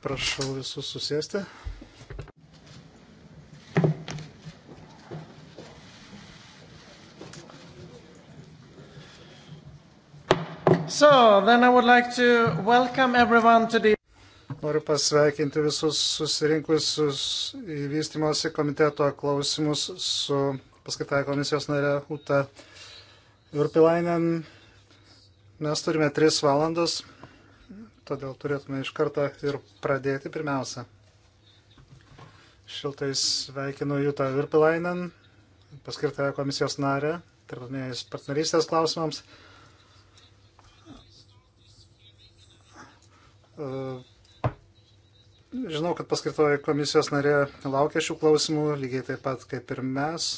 Prašau visus susėsti. So, then I would like to welcome everyone to the... Noriu pasveikinti visus susirinkusius į vystimosi komiteto klausimus su paskaitai komisijos nare Uta Jurpilainen. Mes turime tris valandas todėl turėtume iš karto ir pradėti pirmiausia. Šiltai sveikinu Jutą Virpilainen, paskirtąją komisijos narę, tarptautinės partnerystės klausimams. E, žinau, kad paskirtoji komisijos narė laukia šių klausimų, lygiai taip pat kaip ir mes,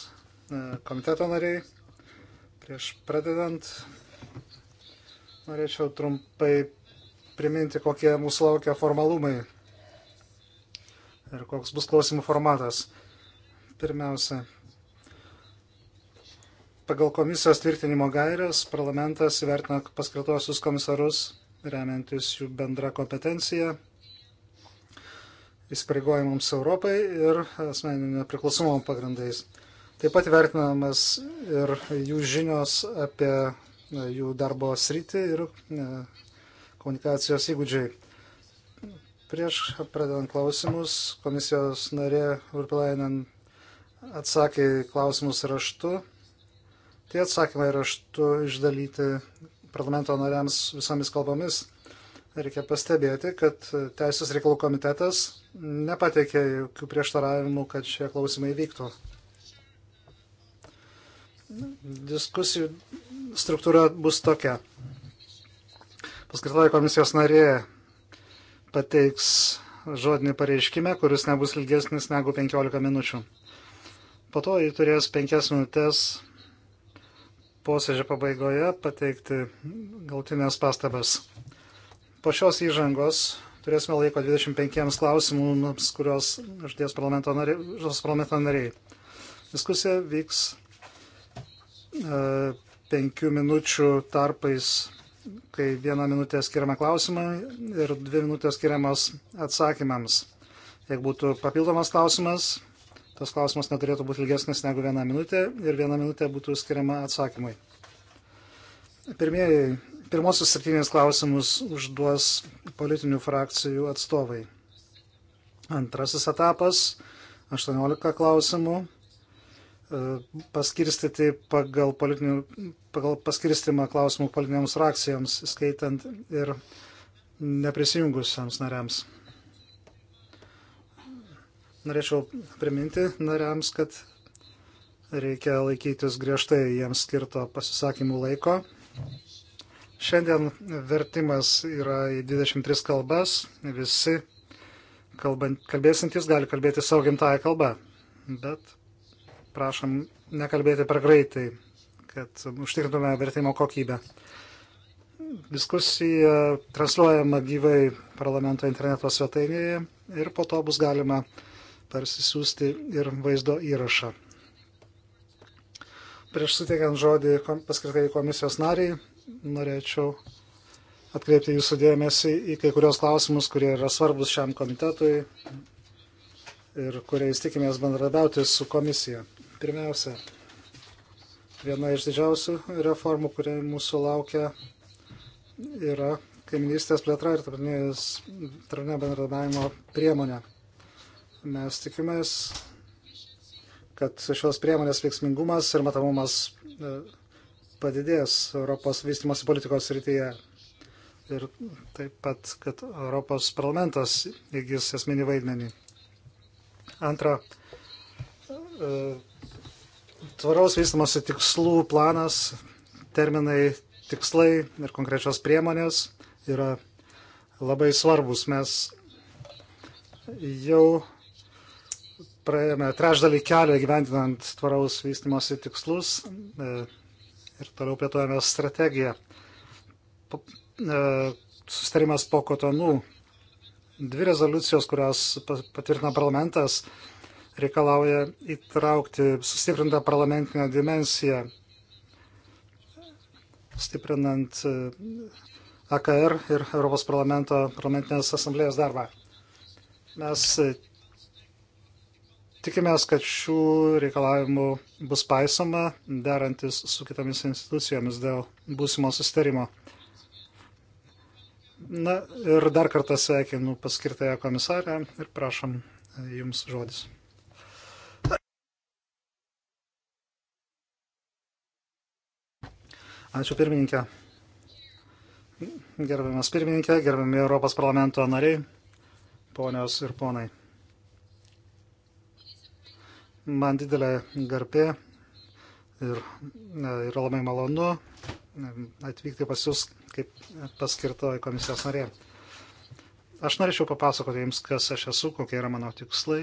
e, komiteto nariai. Prieš pradedant, norėčiau trumpai priminti, kokie mūsų laukia formalumai ir koks bus klausimų formatas. Pirmiausia, pagal komisijos tvirtinimo gairias parlamentas įvertina paskirtuosius komisarus, remiantis jų bendrą kompetenciją, įsipareigojimams Europai ir asmeninio priklausomo pagrindais. Taip pat vertinamas ir jų žinios apie jų darbo sritį ir e, komunikacijos įgūdžiai. Prieš pradedant klausimus, komisijos narė Urpilainen atsakė klausimus raštu. Tie atsakymai raštu išdalyti parlamento nariams visomis kalbomis. Reikia pastebėti, kad Teisės reikalų komitetas nepateikė jokių prieštaravimų, kad šie klausimai vyktų. Diskusijų struktūra bus tokia paskirtoji komisijos narė pateiks žodinį pareiškimą, kuris nebus ilgesnis negu 15 minučių. Po to jį turės 5 minutės posėdžio pabaigoje pateikti galtinės pastabas. Po šios įžangos turėsime laiko 25 klausimams, kuriuos uždės parlamento, narė, parlamento nariai. Diskusija vyks e, penkių minučių tarpais kai vieną minutę skiriama klausimai ir dvi minutės skiriamas atsakymams. Jeigu būtų papildomas klausimas, tas klausimas neturėtų būti ilgesnis negu viena minutė ir viena minutė būtų skiriama atsakymui. Pirmieji, pirmosius septynis klausimus užduos politinių frakcijų atstovai. Antrasis etapas - 18 klausimų paskirstyti pagal, pagal paskirstimą klausimų politinėms frakcijoms, skaitant ir neprisijungusiams nariams. Norėčiau priminti nariams, kad reikia laikytis griežtai jiems skirto pasisakymų laiko. Šiandien vertimas yra į 23 kalbas, visi kalbant, kalbėsintys gali kalbėti savo gimtają kalbą, bet prašom nekalbėti per greitai, kad užtikrintume vertimo kokybę. Diskusija transliuojama gyvai parlamento interneto svetainėje ir po to bus galima parsisiųsti ir vaizdo įrašą. Prieš suteikiant žodį paskirtai komisijos nariai, norėčiau atkreipti jūsų dėmesį į kai kurios klausimus, kurie yra svarbus šiam komitetui ir kuriais tikimės bendradauti su komisija. Pirmiausia, viena iš didžiausių reformų, kurie mūsų laukia, yra kaiminystės plėtra ir tarptautinė bendradavimo priemonė. Mes tikimės, kad šios priemonės veiksmingumas ir matomumas e, padidės Europos vystimosi politikos rytyje. Ir taip pat, kad Europos parlamentas įgis esminį vaidmenį. Antra, e, Tvaraus vystimosi tikslų planas, terminai, tikslai ir konkrečios priemonės yra labai svarbus. Mes jau praėjome trečdalį kelio gyvendinant tvaraus vystimosi tikslus e, ir toliau plėtojame strategiją. E, sustarimas po kotonų. Dvi rezoliucijos, kurios patvirtina parlamentas, reikalauja įtraukti sustiprintą parlamentinę dimensiją, stiprinant e, AKR ir Europos parlamento parlamentinės asamblėjos darbą. Mes e, tikimės, kad šių reikalavimų bus paisoma, derantis su kitomis institucijomis dėl būsimo susitarimo. Na ir dar kartą sveikinu paskirtąją komisarę ir prašom e, jums žodis. Ačiū pirmininkė. Gerbiamas pirmininkė, gerbiami Europos parlamento nariai, ponios ir ponai. Man didelė garbė ir e, yra labai malonu e, atvykti pas Jūs kaip paskirtoji komisijos narė. Aš norėčiau papasakoti Jums, kas aš esu, kokie yra mano tikslai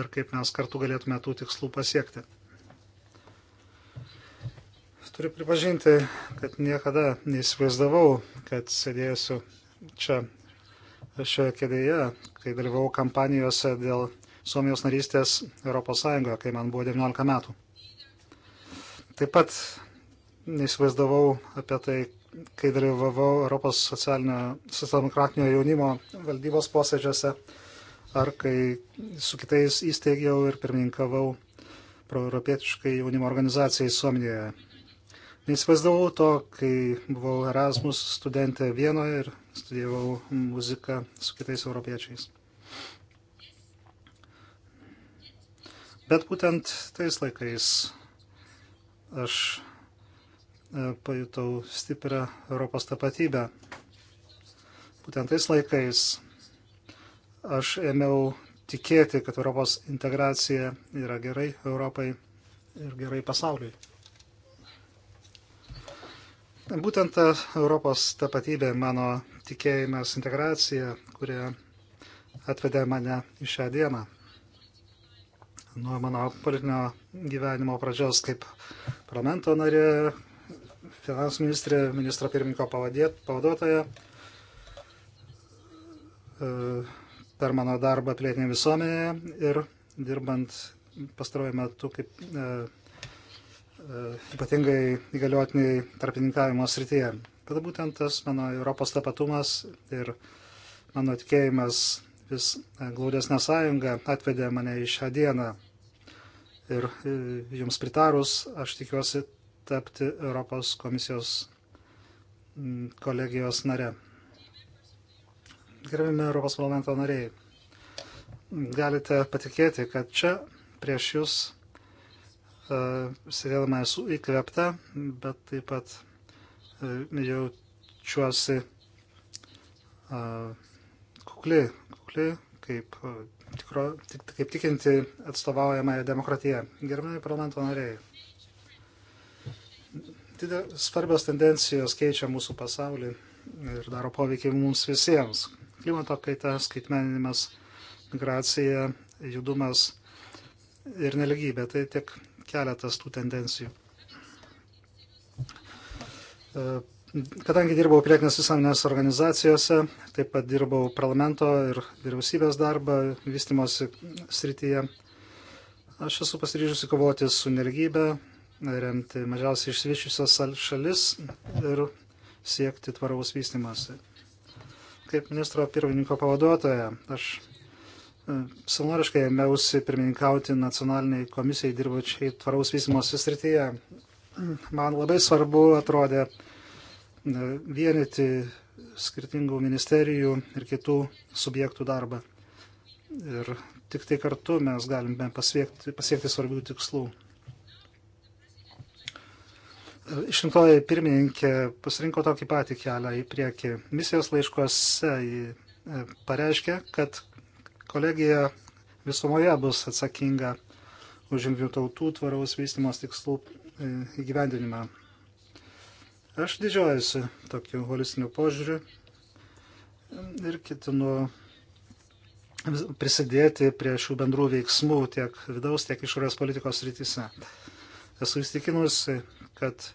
ir kaip mes kartu galėtume tų tikslų pasiekti. Turiu pripažinti, kad niekada neįsivaizdavau, kad sėdėsiu čia šioje kėdėje, kai dalyvau kampanijose dėl Suomijos narystės Europos Sąjungoje, kai man buvo 19 metų. Taip pat neįsivaizdavau apie tai, kai dalyvavau Europos socialdemokratinio jaunimo valdybos posėdžiuose, ar kai su kitais įsteigiau ir pirmininkavau proeuropietiškai jaunimo organizacijai Suomijoje. Neįsivaizdavau to, kai buvau Erasmus studentė Vienoje ir studijavau muziką su kitais europiečiais. Bet būtent tais laikais aš e, pajutau stiprią Europos tapatybę. Būtent tais laikais aš ėmiau tikėti, kad Europos integracija yra gerai Europai ir gerai pasauliui. Būtent ta Europos tapatybė, mano tikėjimas integracija, kurie atvedė mane į šią dieną. Nuo mano politinio gyvenimo pradžios kaip parlamento narė, finansų ministrė, ministro pirmininko pavaduotoja, e, per mano darbą pilietinėje visuomenėje ir dirbant pastaruoju metu kaip e, E, ypatingai įgaliotiniai tarpininkavimo srityje. Tada būtent tas mano Europos tapatumas ir mano tikėjimas vis e, glaudesnė sąjunga atvedė mane į šią dieną. Ir e, jums pritarus, aš tikiuosi tapti Europos komisijos kolegijos nare. Gerbimi Europos parlamento nariai, galite patikėti, kad čia prieš jūs E, sėdėdama esu įkvėpta, bet taip pat e, jaučiuosi e, kukli, kukli kaip, tikro, tik, kaip tikinti atstovaujamąją demokratiją. Gerbėjai parlamento nariai. Svarbios tendencijos keičia mūsų pasaulį ir daro poveikį mums visiems. Klimato kaita, skaitmeninimas, migracija, judumas ir neligybė. Tai tik keletas tų tendencijų. E, kadangi dirbau pilietinės visuomenės organizacijose, taip pat dirbau parlamento ir vyriausybės darbą vystimosi srityje, aš esu pasiryžusi kovoti su nergybė, remti mažiausiai išsivyščiusias šalis ir siekti tvaraus vystimasi. Kaip ministro pirmininko pavaduotoja, aš savanoriškai ėmiausi pirmininkauti nacionaliniai komisijai dirbačiai tvaraus vystimosi srityje. Man labai svarbu atrodė e, vienyti skirtingų ministerijų ir kitų subjektų darbą. Ir tik tai kartu mes galime pasiekti, pasiekti svarbių tikslų. E, išrinktoji pirmininkė pasirinko tokį patį kelią į priekį. Misijos laiškos e, pareiškė, kad Kolegija visumoje bus atsakinga už jungtinių tautų tvaraus vystimos tikslų e, įgyvendinimą. Aš didžiuojasi tokiu holistiniu požiūriu mm, ir ketinu prisidėti prie šių bendrų veiksmų tiek vidaus, tiek išorės politikos rytise. Esu įstikinusi, kad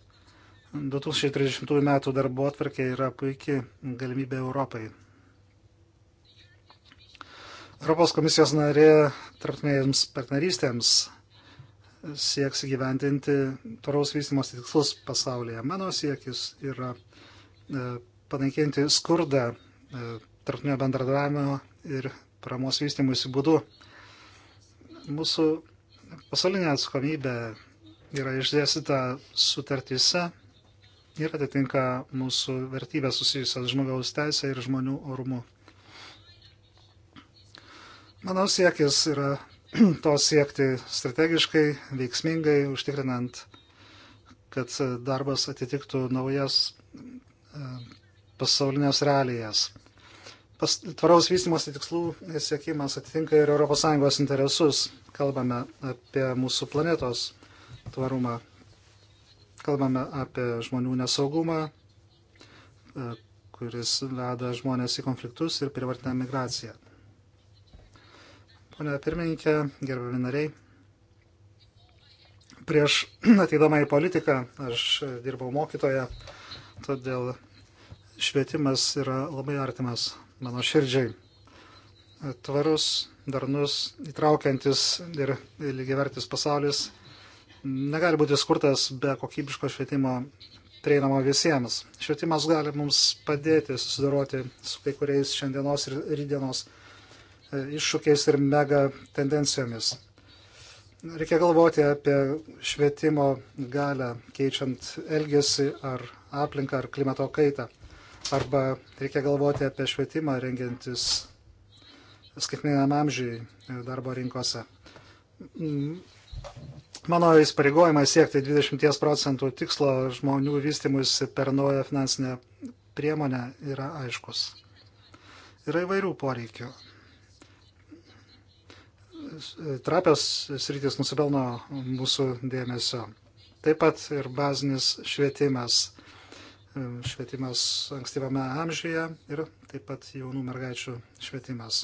2030 m. darbo atvarkė yra puikiai galimybė Europai Europos komisijos narė tarptautinėms partnerystėms sieks įgyventinti tvaraus vystimos tikslus pasaulyje. Mano siekis yra e, panaikinti skurdą e, tarptautinio bendradavimo ir paramos vystimuisi būdu. Mūsų pasaulinė atsakomybė yra išdėstyta sutartyse ir atitinka mūsų vertybės susijusias žmogaus teisę ir žmonių orumu. Mano siekis yra to siekti strategiškai, veiksmingai, užtikrinant, kad darbas atitiktų naujas e, pasaulinės realijas. Pas, tvaraus vystimosi tikslų siekimas atitinka ir ES interesus. Kalbame apie mūsų planetos tvarumą, kalbame apie žmonių nesaugumą, e, kuris veda žmonės į konfliktus ir privartinę migraciją. Pone pirmininkė, gerbami nariai, prieš ateidama į politiką aš dirbau mokytoje, todėl švietimas yra labai artimas mano širdžiai. Tvarus, darnus, įtraukiantis ir lygiavertis pasaulis negali būti skurtas be kokybiško švietimo prieinamo visiems. Švietimas gali mums padėti susidoroti su kai kuriais šiandienos ir rydienos iššūkiais ir mega tendencijomis. Reikia galvoti apie švietimo galę, keičiant elgesį ar aplinką ar klimato kaitą. Arba reikia galvoti apie švietimą rengiantis skaitmeniniam amžiui darbo rinkose. Mano įsipareigojimas siekti 20 procentų tikslo žmonių vystimus per naują finansinę priemonę yra aiškus. Yra įvairių poreikių. E, trapios sritis nusipelno mūsų dėmesio. Taip pat ir bazinis švietimas. E, švietimas ankstyvame amžiuje ir taip pat jaunų mergaičių švietimas.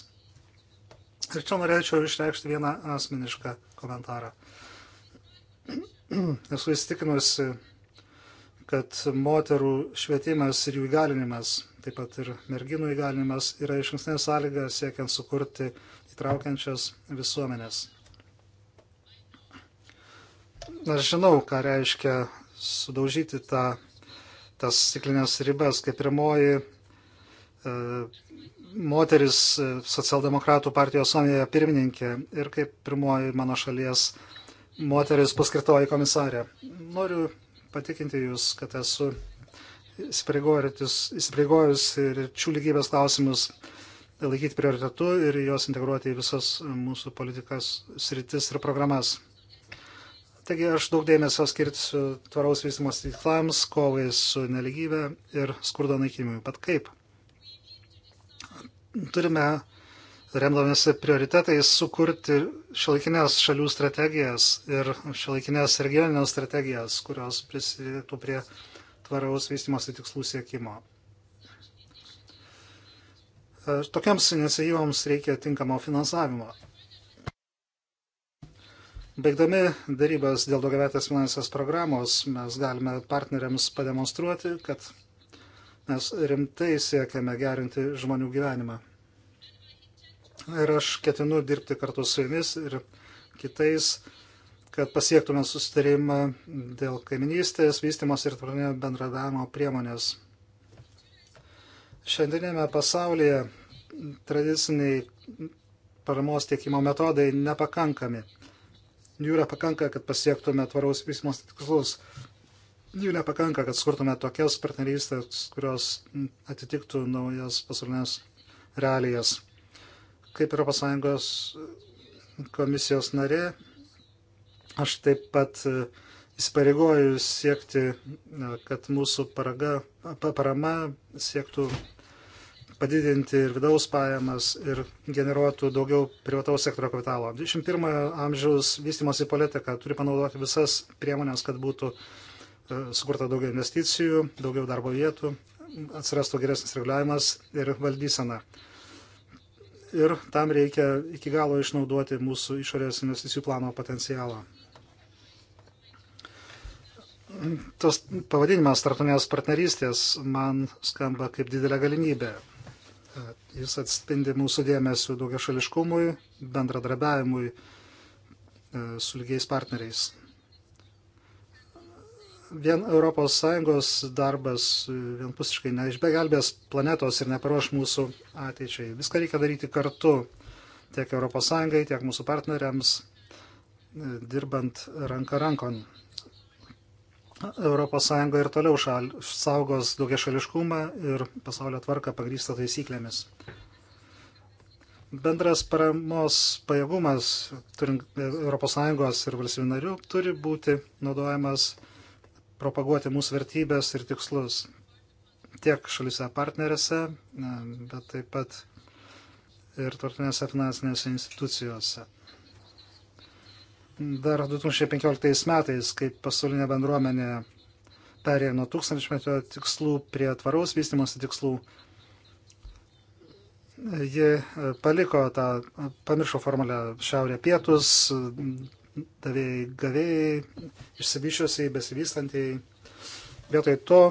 Ir čia norėčiau išreikšti vieną asmenišką komentarą. Esu įstikinusi, kad moterų švietimas ir jų įgalinimas, taip pat ir merginų įgalinimas yra išankstinė sąlyga siekiant sukurti įtraukiančias visuomenės. Aš žinau, ką reiškia sudaužyti tą, tas stiklinės ribas, kaip pirmoji e, moteris e, socialdemokratų partijos Suomijoje pirmininkė ir kaip pirmoji mano šalies moteris paskirtoji komisarė. Noriu patikinti Jūs, kad esu įsipareigojusi ir čių lygybės klausimus laikyti prioritetu ir juos integruoti į visas mūsų politikas, sritis ir programas. Taigi aš daug dėmesio skirsiu tvaraus vystimo tikslams, kovai su neligybė ir skurdo naikymui. Bet kaip? Turime, remdamėsi prioritetais, sukurti šiolaikinės šalių strategijas ir šiolaikinės regioninės strategijas, kurios prisidėtų prie tvaraus vystimosi tikslų siekimo. E, Tokiams iniciatyvams reikia tinkamo finansavimo. Baigdami darybas dėl daugiavetės finansinės programos, mes galime partneriams pademonstruoti, kad mes rimtai siekiame gerinti žmonių gyvenimą. Ir aš ketinu dirbti kartu su jumis ir kitais, kad pasiektume susitarimą dėl kaiminystės, vystimos ir tvarinio bendradavimo priemonės Šiandienėme pasaulyje tradiciniai paramos tiekimo metodai nepakankami. Jų yra pakanka, kad pasiektume tvaraus vystimos tikslus. Jų nepakanka, kad skurtume tokias partnerystės, kurios atitiktų naujas pasaulinės realijas. Kaip ES komisijos narė, aš taip pat uh, įsipareigoju siekti, kad mūsų paraga, parama siektų padidinti ir vidaus pajamas ir generuotų daugiau privataus sektorio kapitalo. 21 amžiaus vystimosi politika turi panaudoti visas priemonės, kad būtų e, sukurta daugiau investicijų, daugiau darbo vietų, atsirastų geresnis reguliavimas ir valdysena. Ir tam reikia iki galo išnaudoti mūsų išorės investicijų plano potencialą tas pavadinimas tartunės partnerystės man skamba kaip didelė galimybė. Jis atspindi mūsų dėmesių daugiašališkumui, bendradarbiavimui e, su lygiais partneriais. Vien ES darbas e, vienpusiškai neišbegelbės planetos ir neparuoš mūsų ateičiai. Viską reikia daryti kartu tiek ES, tiek mūsų partneriams, e, dirbant ranka rankon. ES ir toliau šal, saugos daugia šališkumą ir pasaulio tvarką pagrįstą taisyklėmis. Bendras paramos pajėgumas ES ir valstybių narių turi būti naudojamas propaguoti mūsų vertybės ir tikslus tiek šalise partnerėse, e, bet taip pat ir tarptautinėse finansinėse institucijose dar 2015 metais, kai pasaulinė bendruomenė perėjo nuo tūkstančio tikslų prie tvaraus vystimosi tikslų, ji e, paliko tą, pamiršo formulę šiaurė pietus, davėjai gavėjai, išsivyščiusiai, besivystantieji. Vietoj to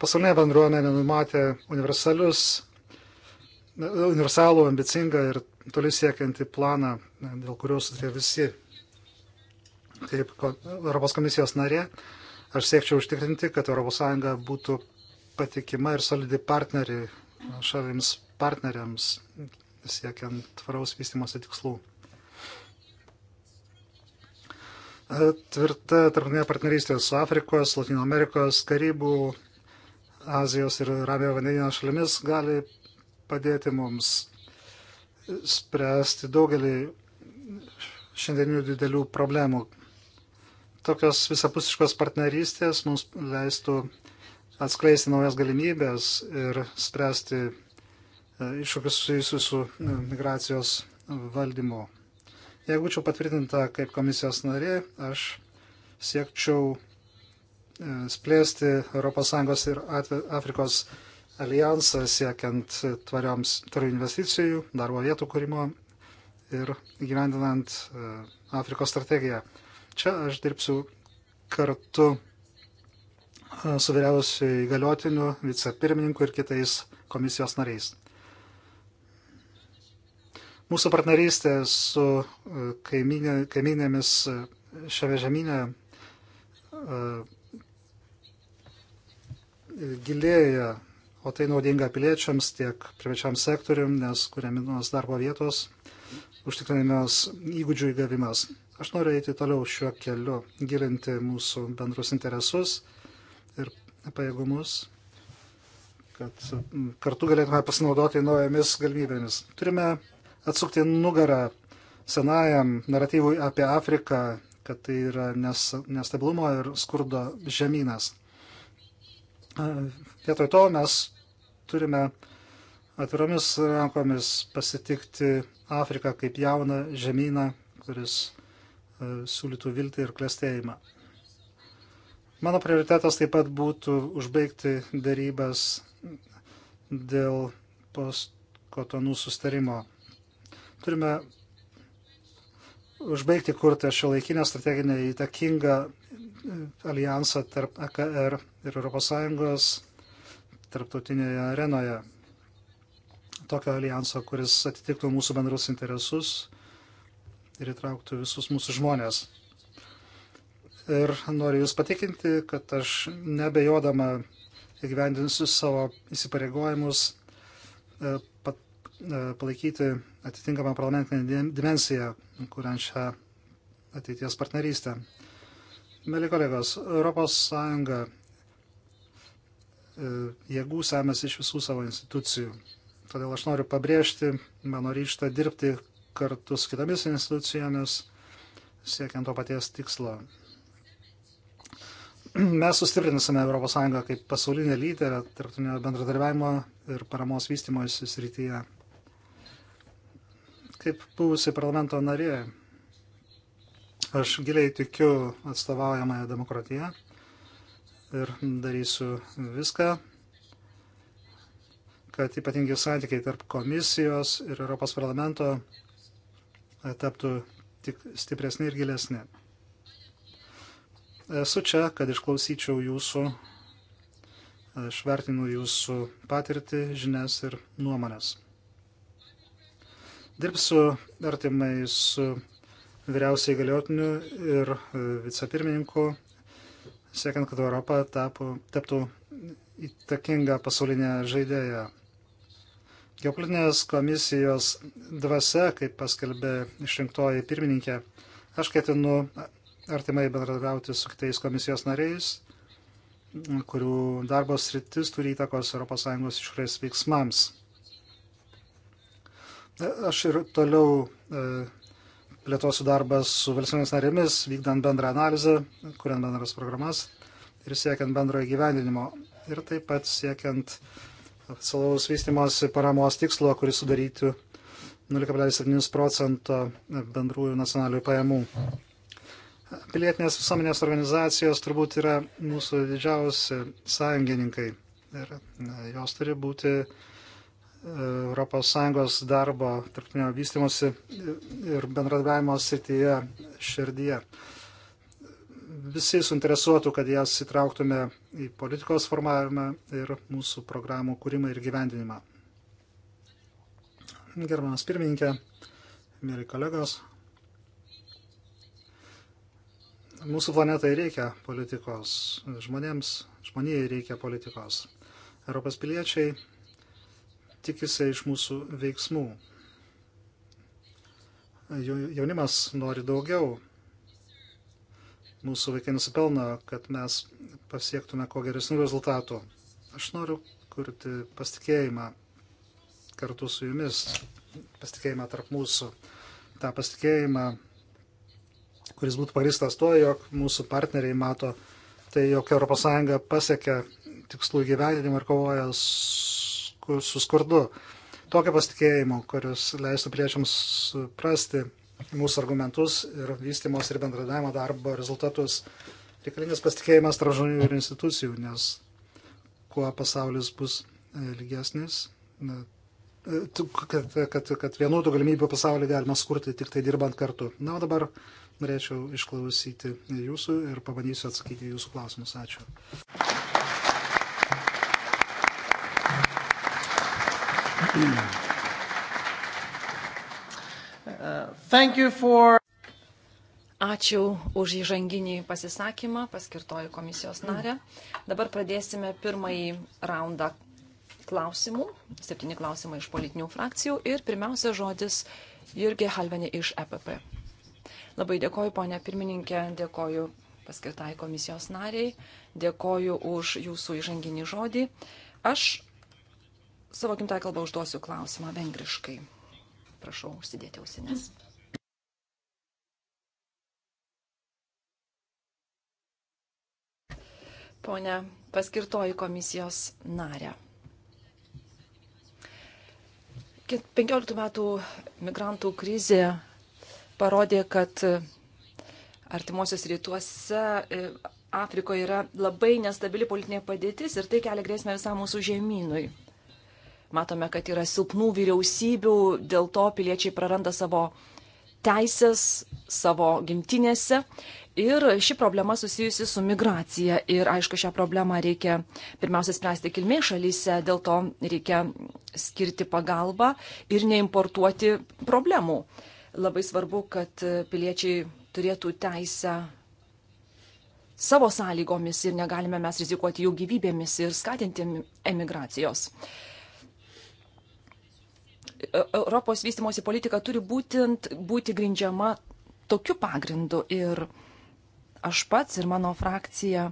pasaulinė bendruomenė numatė universalius, universalų, ambicingą ir toli siekiantį planą, dėl kurio sutrė visi Kaip Europos komisijos narė, aš siekčiau užtikrinti, kad ES būtų patikima ir solidi partneri šalims partneriams siekiant tvaraus vystimosi tikslų. E, tvirta tarptautinė partnerystė su Afrikos, Latino Amerikos, Karibų, Azijos ir Ramio vandenino šalimis gali padėti mums spręsti daugelį šiandieninių didelių problemų, tokios visapusiškos partnerystės mums leistų atskleisti naujas galimybės ir spręsti e, iššūkius susijusius su e, migracijos valdymu. Jeigu būčiau patvirtinta kaip komisijos narė, aš siekčiau e, splėsti ES ir Afrikos alijansą siekiant tvarioms, tvarių investicijų, darbo vietų kūrimo ir gyvendinant Afrikos strategiją. Čia aš dirbsiu kartu su vyriausiu įgaliotiniu, vicepirmininku ir kitais komisijos nariais. Mūsų partnerystė su kaiminė, kaiminėmis šiame žemynė gilėja, o tai naudinga piliečiams tiek privačiam sektorium, nes kuriaminos darbo vietos, užtikrinamos įgūdžių įgavimas. Aš noriu eiti toliau šiuo keliu, gilinti mūsų bendrus interesus ir pajėgumus, kad mm, kartu galėtume pasinaudoti naujomis galimybėmis. Turime atsukti nugarą senajam naratyvui apie Afriką, kad tai yra nestabilumo ir skurdo žemynas. Vietoj to mes turime atviromis rankomis pasitikti Afriką kaip jauną žemyną, kuris E, siūlytų viltį ir klėstėjimą. Mano prioritetas taip pat būtų užbaigti darybas dėl postkotonų sustarimo. Turime užbaigti kurti šio laikinę strateginę įtakingą e, alijansą tarp AKR ir ES tarptautinėje arenoje. Tokio alijanso, kuris atitiktų mūsų bendrus interesus ir įtrauktų visus mūsų žmonės. Ir noriu Jūs patikinti, kad aš nebejodama įgyvendinsiu savo įsipareigojimus e, e, palaikyti atitinkamą parlamentinę dimensiją, kuriant šią ateities partnerystę. Mėly kolegos, ES e, jėgų semės iš visų savo institucijų. Todėl aš noriu pabrėžti mano ryštą dirbti kartu su kitomis institucijomis, siekiant to paties tikslo. Mes sustiprinsime ES kaip pasaulinė lyderė tarptautinio bendradarbiavimo ir paramos vystimosi srityje. Kaip buvusi parlamento narė, aš giliai tikiu atstovaujamąją demokratiją ir darysiu viską, kad ypatingi santykiai tarp komisijos ir Europos parlamento taptų tik stipresnė ir gilesnė. Esu čia, kad išklausyčiau jūsų, aš vertinu jūsų patirtį, žinias ir nuomonės. Dirbsiu artimai su vyriausiai galiotiniu ir vicepirmininku, siekiant, kad Europa tapo, taptų įtakinga pasaulinė žaidėja. Geopolitinės komisijos dvasia, kaip paskelbė išrinktoji pirmininkė, aš ketinu artimai bendradarbiauti su kitais komisijos nariais, kurių darbos sritis turi įtakos ES išorės veiksmams. Aš ir toliau e, plėtosiu darbą su valstybėmis narėmis, vykdant bendrą analizę, kuriant bendras programas ir siekiant bendro įgyvendinimo ir taip pat siekiant uh, salaus vystimosi paramos tikslo, kuris sudarytų 0,7 procento bendrųjų nacionalių pajamų. Pilietinės visuomenės organizacijos turbūt yra mūsų didžiausi sąjungininkai ir jos turi būti ES darbo, tarptautinio vystimosi ir bendradavimo srityje širdyje visi suinteresuotų, kad jas įtrauktume į politikos formavimą ir mūsų programų kūrimą ir gyvendinimą. Gerbamas pirmininkė, mėly kolegos, mūsų planetai reikia politikos, žmonėms, žmonijai reikia politikos. Europos piliečiai tikisi iš mūsų veiksmų. Jaunimas nori daugiau mūsų vaikai nusipelno, kad mes pasiektume kuo geresnių rezultatų. Aš noriu kurti pasitikėjimą kartu su jumis, pasitikėjimą tarp mūsų. Ta pasitikėjimą, kuris būtų paristas tuo, jog mūsų partneriai mato tai, jog ES pasiekia tikslų gyvenimą ir kovoja su skurdu. Tokio pasitikėjimo, kuris leistų priečiams suprasti, mūsų argumentus ir vystimos ir bendradavimo darbo rezultatus. Reikalingas pasitikėjimas tarp žmonių ir institucijų, nes kuo pasaulis bus e, lygesnis, e, kad, kad, kad vienodų galimybių pasaulį galima skurti tik tai dirbant kartu. Na, o dabar norėčiau išklausyti jūsų ir pabandysiu atsakyti jūsų klausimus. Ačiū. Thank you. For... Ačiū už įžanginį pasisakymą, paskirtoji komisijos narė. Dabar pradėsime pirmąjį raundą klausimų. Septyni klausimai iš politinių frakcijų ir pirmiausia žodis Jurgė Halvenė iš EPP. Labai dėkoju, ponė pirmininkė, dėkoju paskirtai komisijos nariai, dėkoju už jūsų įžanginį žodį. Aš savo gimtąją kalbą užduosiu klausimą vengriškai. Prašau užsidėti ausinės. Mm. ponę paskirtoji komisijos narę. 15 metų migrantų krizė parodė, kad e, artimuosios rytuose e, Afrikoje yra labai nestabili politinė padėtis ir tai kelia grėsmę visam mūsų žemynui. Matome, kad yra silpnų vyriausybių, dėl to piliečiai praranda savo teisės savo gimtinėse Ir ši problema susijusi su migracija. Ir aišku, šią problemą reikia pirmiausia spręsti kilmės šalyse, dėl to reikia skirti pagalbą ir neimportuoti problemų. Labai svarbu, kad piliečiai turėtų teisę savo sąlygomis ir negalime mes rizikuoti jų gyvybėmis ir skatinti emigracijos. E-, Europos vystimosi politika turi būtent būti grindžiama tokiu pagrindu ir aš pats ir mano frakcija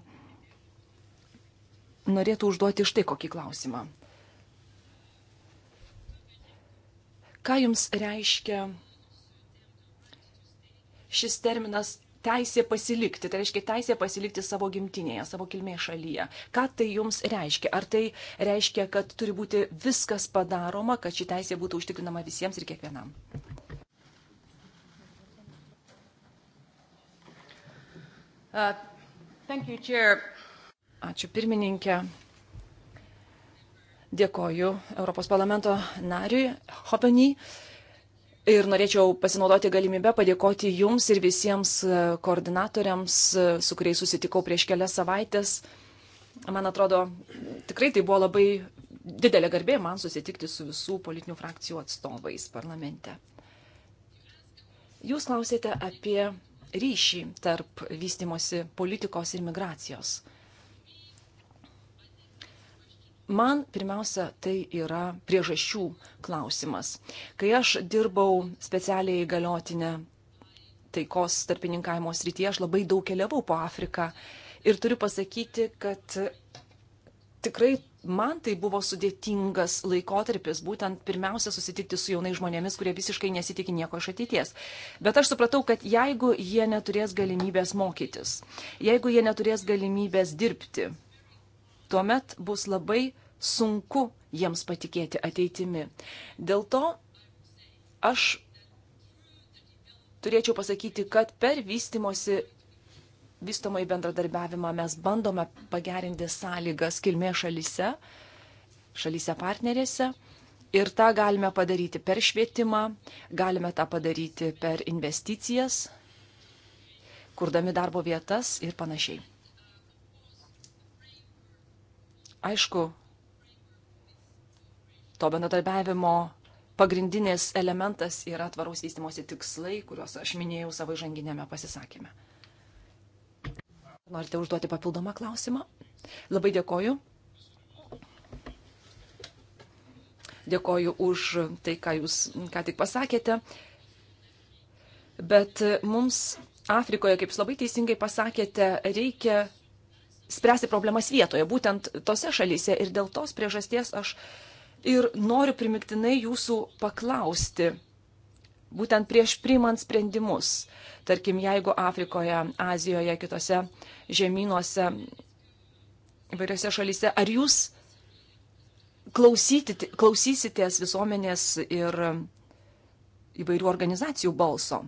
norėtų užduoti štai kokį klausimą. Ką jums reiškia šis terminas teisė pasilikti, tai reiškia teisė pasilikti savo gimtinėje, savo kilmės šalyje. Ką tai jums reiškia? Ar tai reiškia, kad turi būti viskas padaroma, kad ši teisė būtų užtikrinama visiems ir kiekvienam? Uh, you, Chair. Ačiū pirmininkė. Dėkoju Europos parlamento nariui Hopenį ir norėčiau pasinaudoti galimybę padėkoti Jums ir visiems koordinatoriams, su kuriais susitikau prieš kelias savaitės. Man atrodo, tikrai tai buvo labai didelė garbė man susitikti su visų politinių frakcijų atstovais parlamente. Jūs klausėte apie ryšį tarp vystimosi politikos ir migracijos. Man pirmiausia, tai yra priežasčių klausimas. Kai aš dirbau specialiai įgaliotinę taikos tarpininkavimo srityje, aš labai daug keliavau po Afriką ir turiu pasakyti, kad tikrai man tai buvo sudėtingas laikotarpis, būtent pirmiausia susitikti su jaunais žmonėmis, kurie visiškai nesitikė nieko iš ateities. Bet aš supratau, kad jeigu jie neturės galimybės mokytis, jeigu jie neturės galimybės dirbti, tuomet bus labai sunku jiems patikėti ateitimi. Dėl to aš turėčiau pasakyti, kad per vystimosi vystomą į bendradarbiavimą mes bandome pagerinti sąlygas kilmės šalyse, šalyse partnerėse. Ir tą galime padaryti per švietimą, galime tą padaryti per investicijas, kurdami darbo vietas ir panašiai. Aišku, to bendradarbiavimo pagrindinis elementas yra tvaraus vystimosi tikslai, kuriuos aš minėjau savo žanginėme pasisakymė. Norite užduoti papildomą klausimą? Labai dėkoju. Dėkoju už tai, ką jūs ką tik pasakėte. Bet mums Afrikoje, kaip jūs labai teisingai pasakėte, reikia spręsti problemas vietoje, būtent tose šalyse. Ir dėl tos priežasties aš ir noriu primiktinai jūsų paklausti būtent prieš priimant sprendimus. Tarkim, jeigu Afrikoje, Azijoje, kitose žemynuose, įvairiose šalyse, ar jūs klausyti, klausysitės visuomenės ir įvairių organizacijų balso?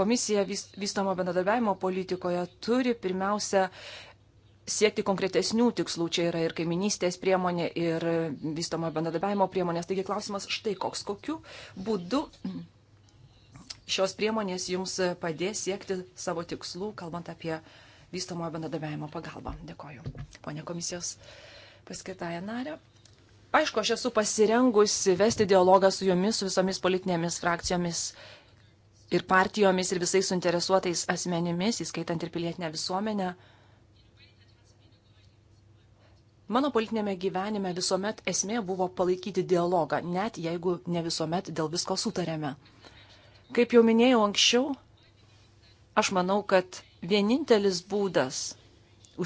Komisija vystomo bendradarbiavimo politikoje turi pirmiausia siekti konkretesnių tikslų. Čia yra ir kaiminystės priemonė, ir vystomo bendradarbiavimo priemonės. Taigi klausimas štai koks, kokiu būdu šios priemonės jums padės siekti savo tikslų, kalbant apie vystomo bendradarbiavimo pagalbą. Dėkoju, ponė komisijos paskirtąją narę. Aišku, aš esu pasirengusi vesti dialogą su jumis, su visomis politinėmis frakcijomis ir partijomis ir visais suinteresuotais asmenimis, įskaitant ir pilietinę visuomenę. Mano politinėme gyvenime visuomet esmė buvo palaikyti dialogą, net jeigu ne visuomet dėl visko sutarėme. Kaip jau minėjau anksčiau, aš manau, kad vienintelis būdas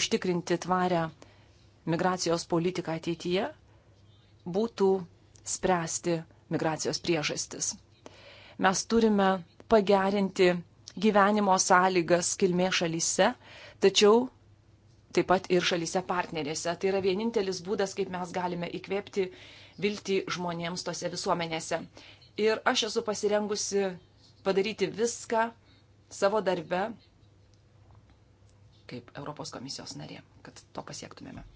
užtikrinti tvarę migracijos politiką ateityje būtų spręsti migracijos priežastis. Mes turime pagerinti gyvenimo sąlygas kilmė šalyse, tačiau taip pat ir šalyse partnerėse. Tai yra vienintelis būdas, kaip mes galime įkvėpti viltį žmonėms tose visuomenėse. Ir aš esu pasirengusi padaryti viską savo darbe kaip Europos komisijos narė, kad to pasiektumėme.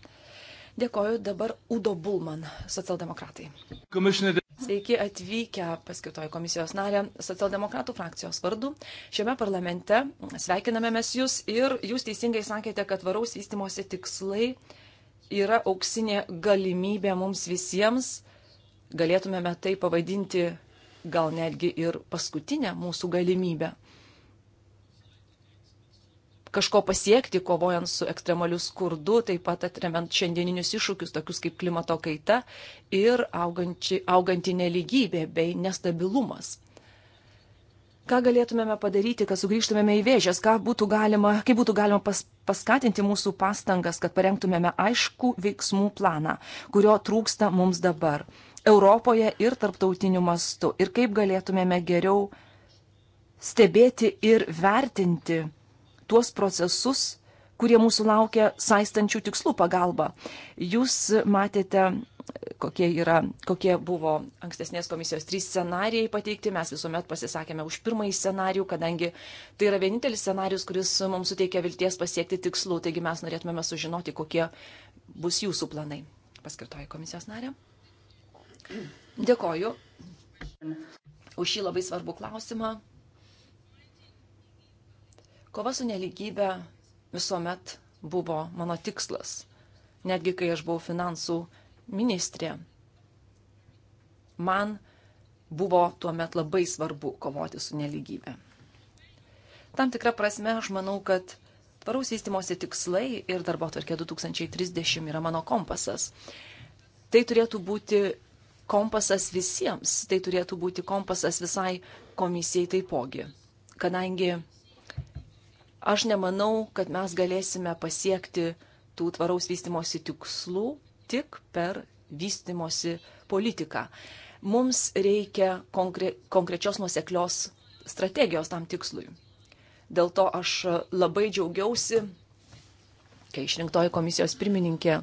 Dėkoju dabar Udo Bulman, socialdemokratai. Komisinė... Sveiki atvykę paskirtoji komisijos narė socialdemokratų frakcijos vardu. Šiame parlamente sveikiname mes jūs ir jūs teisingai sakėte, kad varaus vystimosi tikslai yra auksinė galimybė mums visiems. Galėtumėme tai pavadinti gal netgi ir paskutinę mūsų galimybę kažko pasiekti, kovojant su ekstremaliu skurdu, taip pat atremiant šiandieninius iššūkius, tokius kaip klimato kaita ir auganti, auganti neligybė bei nestabilumas. Ką galėtumėme padaryti, kad sugrįžtumėme į vėžės, būtų galima, kaip būtų galima pas, paskatinti mūsų pastangas, kad parengtumėme aišku veiksmų planą, kurio trūksta mums dabar Europoje ir tarptautiniu mastu ir kaip galėtumėme geriau stebėti ir vertinti tuos procesus, kurie mūsų laukia saistančių tikslų pagalba. Jūs matėte, kokie, yra, kokie buvo ankstesnės komisijos trys scenarijai pateikti. Mes visuomet pasisakėme už pirmąjį scenarijų, kadangi tai yra vienintelis scenarius, kuris mums suteikia vilties pasiekti tikslų. Taigi mes norėtumėme sužinoti, kokie bus jūsų planai. Paskirtoji komisijos narė. Dėkoju už šį labai svarbų klausimą. Kova su neligybė visuomet buvo mano tikslas, netgi kai aš buvau finansų ministrė. Man buvo tuo met labai svarbu kovoti su neligybė. Tam tikrą prasme aš manau, kad tvaraus vystimosi tikslai ir darbo tvarkė 2030 yra mano kompasas. Tai turėtų būti kompasas visiems, tai turėtų būti kompasas visai komisijai taipogi, kadangi Aš nemanau, kad mes galėsime pasiekti tų tvaraus vystimosi tikslų tik per vystimosi politiką. Mums reikia konkre konkrečios nuoseklios strategijos tam tikslui. Dėl to aš labai džiaugiausi, kai išrinktoji komisijos pirmininkė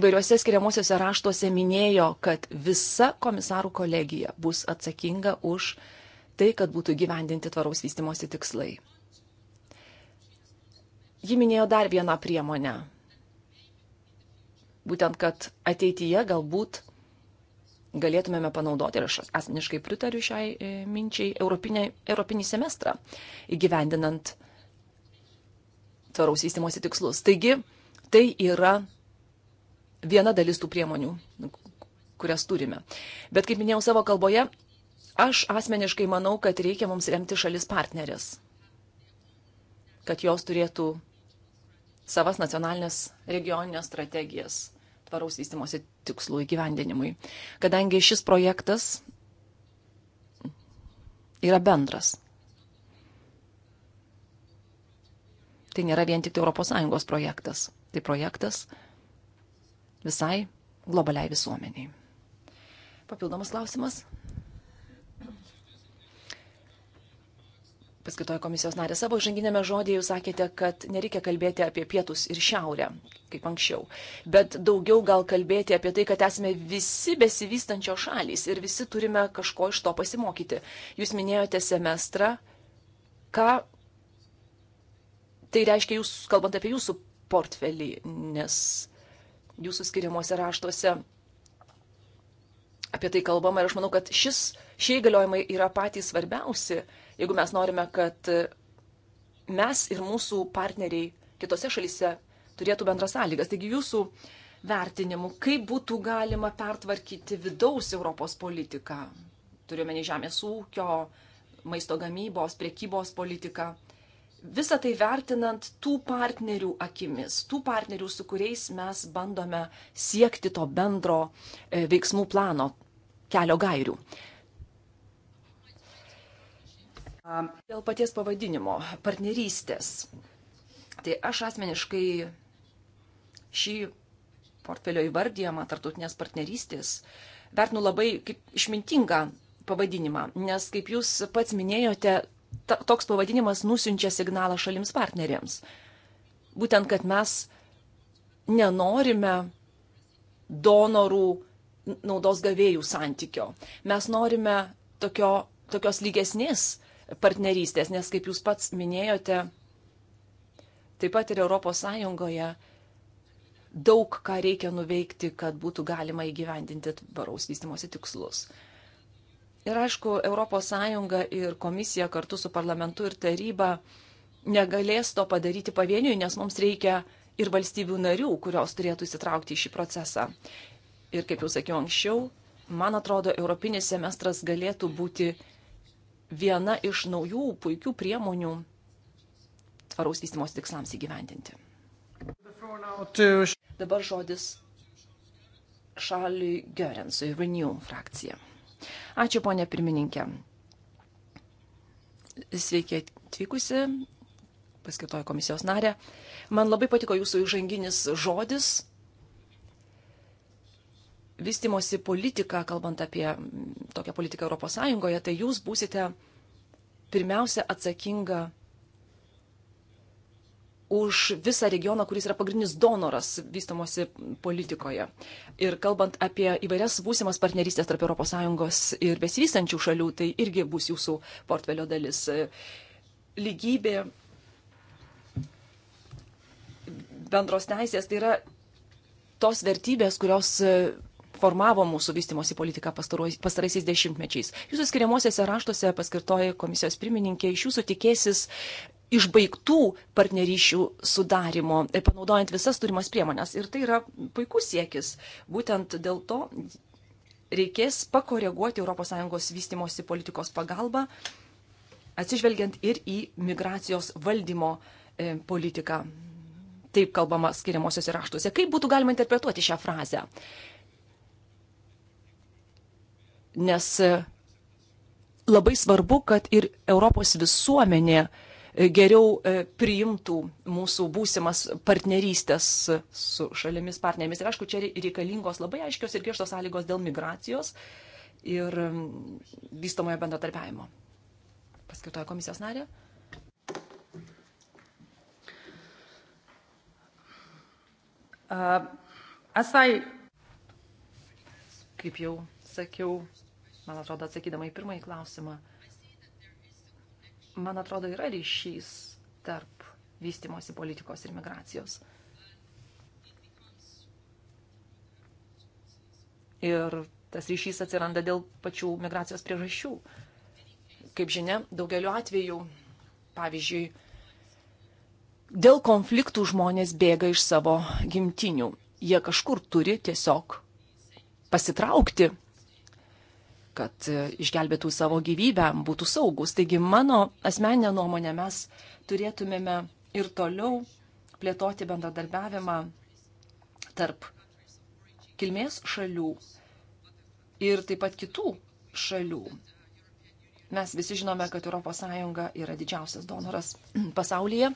įvairiuose skiriamuosiuose raštuose minėjo, kad visa komisarų kolegija bus atsakinga už tai, kad būtų gyvendinti tvaraus vystimosi tikslai. Ji minėjo dar vieną priemonę. Būtent, kad ateityje galbūt galėtumėme panaudoti, ir aš asmeniškai pritariu šiai e, minčiai, europinė, europinį semestrą įgyvendinant tvaraus vystimosi tikslus. Taigi, tai yra viena dalis tų priemonių, nu, kurias turime. Bet kaip minėjau savo kalboje, Aš asmeniškai manau, kad reikia mums remti šalis partneris, kad jos turėtų savas nacionalinės regioninės strategijas tvaraus vystimosi tikslų įgyvendinimui, kadangi šis projektas yra bendras. Tai nėra vien tik tai ES projektas, tai projektas visai globaliai visuomeniai. Papildomas klausimas? paskaitoja komisijos narė. Savo žanginėme žodėje jūs sakėte, kad nereikia kalbėti apie pietus ir šiaurę, kaip anksčiau, bet daugiau gal kalbėti apie tai, kad esame visi besivystančios šalys ir visi turime kažko iš to pasimokyti. Jūs minėjote semestrą. Ką tai reiškia jūs, kalbant apie jūsų portfelį, nes jūsų skiriamuose raštuose apie tai kalbama ir aš manau, kad šis, šie įgaliojimai yra patys svarbiausi jeigu mes norime, kad mes ir mūsų partneriai kitose šalyse turėtų bendras sąlygas. Taigi jūsų vertinimu, kaip būtų galima pertvarkyti vidaus Europos politiką, turiuomenį žemės ūkio, maisto gamybos, priekybos politiką, visą tai vertinant tų partnerių akimis, tų partnerių, su kuriais mes bandome siekti to bendro e, veiksmų plano kelio gairių. Dėl paties pavadinimo - partnerystės. Tai aš asmeniškai šį portfelio įvardyjamą tartutinės partnerystės vertinu labai kaip išmintingą pavadinimą, nes kaip jūs pats minėjote, ta, toks pavadinimas nusinčia signalą šalims partneriams. Būtent, kad mes nenorime donorų naudos gavėjų santykio. Mes norime tokio, tokios lygesnės partnerystės, nes kaip jūs pats minėjote, taip pat ir ES daug ką reikia nuveikti, kad būtų galima įgyvendinti tvaraus vystimosi tikslus. Ir aišku, ES ir komisija kartu su parlamentu ir taryba negalės to padaryti pavieniui, nes mums reikia ir valstybių narių, kurios turėtų įsitraukti į šį procesą. Ir kaip jau sakiau anksčiau, man atrodo, europinis semestras galėtų būti viena iš naujų puikių priemonių tvaraus vystimos tikslams įgyvendinti. Dabar žodis Šaliui Gerensui, Renew frakcija. Ačiū, ponė pirmininkė. Sveiki atvykusi, paskirtoji komisijos narė. Man labai patiko jūsų įžanginis žodis vystimosi politiką, kalbant apie mm, tokią politiką ES, tai jūs būsite pirmiausia atsakinga už visą regioną, kuris yra pagrindinis donoras vystimosi politikoje. Ir kalbant apie įvairias būsimas partnerystės tarp ES ir besivystančių šalių, tai irgi bus jūsų portfelio dalis. Lygybė, bendros teisės, tai yra tos vertybės, kurios formavo mūsų vystimosi politiką pastaraisiais dešimtmečiais. Jūsų skiriamuosiuose raštuose paskirtoji komisijos pirmininkė iš jūsų tikėsis išbaigtų partnerysčių sudarimo, e, panaudojant visas turimas priemonės. Ir tai yra puikus siekis. Būtent dėl to reikės pakoreguoti ES vystimosi politikos pagalbą, atsižvelgiant ir į migracijos valdymo e, politiką. Taip kalbama skiriamosios raštuose. Kaip būtų galima interpretuoti šią frazę? nes e, labai svarbu, kad ir Europos visuomenė e, geriau e, priimtų mūsų būsimas partnerystės su šalimis partnerėmis. Ir aišku, čia reikalingos labai aiškios ir griežtos sąlygos dėl migracijos ir vystomojo bendradarbiavimo. Paskirtoja komisijos narė. Uh, asai. Kaip jau atsakiau, man atrodo, atsakydama į pirmąjį klausimą. Man atrodo, yra ryšys tarp vystimosi politikos ir migracijos. Ir tas ryšys atsiranda dėl pačių migracijos priežasčių. Kaip žinia, daugeliu atveju, pavyzdžiui, dėl konfliktų žmonės bėga iš savo gimtinių. Jie kažkur turi tiesiog pasitraukti kad e, išgelbėtų savo gyvybę, būtų saugus. Taigi mano asmeninė nuomonė, mes turėtumėme ir toliau plėtoti bendradarbiavimą tarp kilmės šalių ir taip pat kitų šalių. Mes visi žinome, kad ES yra didžiausias donoras pasaulyje.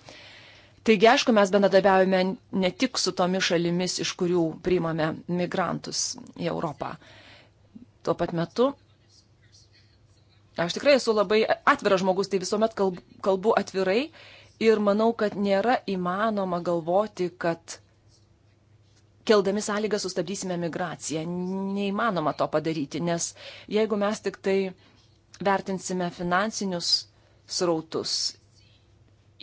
Taigi, aišku, mes bendradarbiaujame ne tik su tomis šalimis, iš kurių priimame migrantus į Europą. Tuo pat metu Aš tikrai esu labai atviras žmogus, tai visuomet kalbu, kalbu atvirai ir manau, kad nėra įmanoma galvoti, kad keldami sąlygą sustabdysime migraciją. Neįmanoma to padaryti, nes jeigu mes tik tai vertinsime finansinius srautus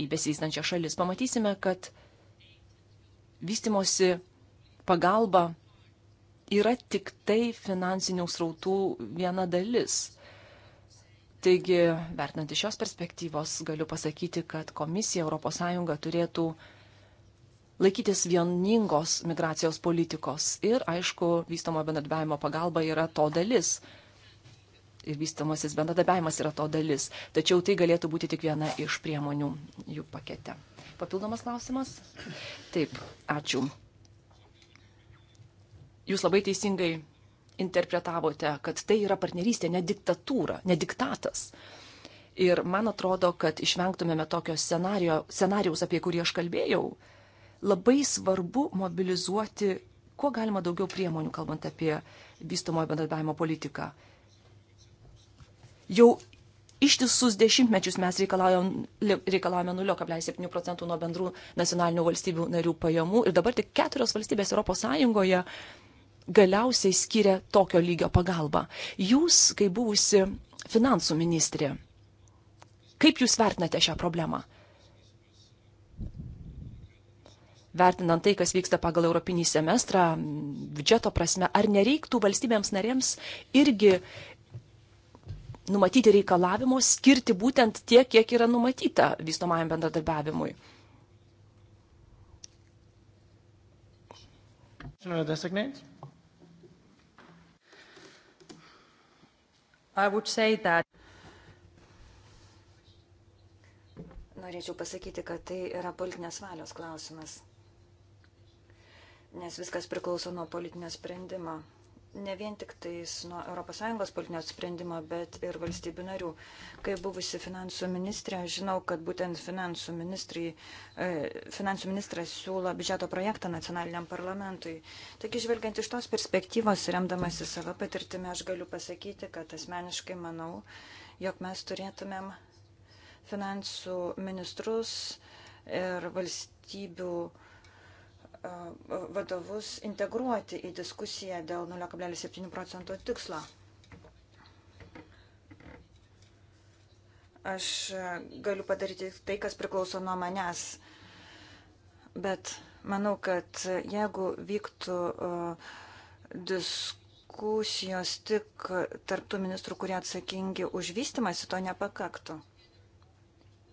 į besivystančią šalis, pamatysime, kad vystimosi pagalba yra tik tai finansinių srautų viena dalis. Taigi, vertinant iš šios perspektyvos, galiu pasakyti, kad komisija ES turėtų laikytis vieningos migracijos politikos ir, aišku, vystamo bendradarbiavimo pagalba yra to dalis. Ir vystamasis bendradarbiavimas yra to dalis. Tačiau tai galėtų būti tik viena iš priemonių jų pakete. Papildomas klausimas? Taip, ačiū. Jūs labai teisingai interpretavote, kad tai yra partnerystė, ne diktatūra, ne diktatas. Ir man atrodo, kad išvengtumėme tokio scenario, scenarijaus, apie kurį aš kalbėjau, labai svarbu mobilizuoti kuo galima daugiau priemonių, kalbant apie vystomojo bendradarbiavimo politiką. Jau ištisus dešimtmečius mes reikalavome 0,7 procentų nuo bendrų nacionalinių valstybių narių pajamų ir dabar tik keturios valstybės ES galiausiai skiria tokio lygio pagalbą. Jūs, kai buvusi finansų ministrė, kaip jūs vertinate šią problemą? Vertinant tai, kas vyksta pagal Europinį semestrą, biudžeto prasme, ar nereiktų valstybėms narėms irgi numatyti reikalavimo skirti būtent tiek, kiek yra numatyta vystomajam bendradarbiavimui. Designate? I would say that Norėčiau pasakyti, kad tai yra politinės valios klausimas, nes viskas priklauso nuo politinio sprendimo ne vien tik tais nuo ES politinio sprendimo, bet ir valstybių narių. Kai buvusi finansų ministrė, žinau, kad būtent finansų, e, finansų ministras siūlo biudžeto projektą nacionaliniam parlamentui. Taigi, žvelgiant iš tos perspektyvos, remdamasi savo patirtimi, aš galiu pasakyti, kad asmeniškai manau, jog mes turėtumėm finansų ministrus ir valstybių uh, vadovus integruoti į diskusiją dėl 0,7 procento tikslo. Aš galiu padaryti tai, kas priklauso nuo manęs, bet manau, kad jeigu vyktų diskusijos tik tarptų ministrų, kurie atsakingi už vystimąsi, to nepakaktų.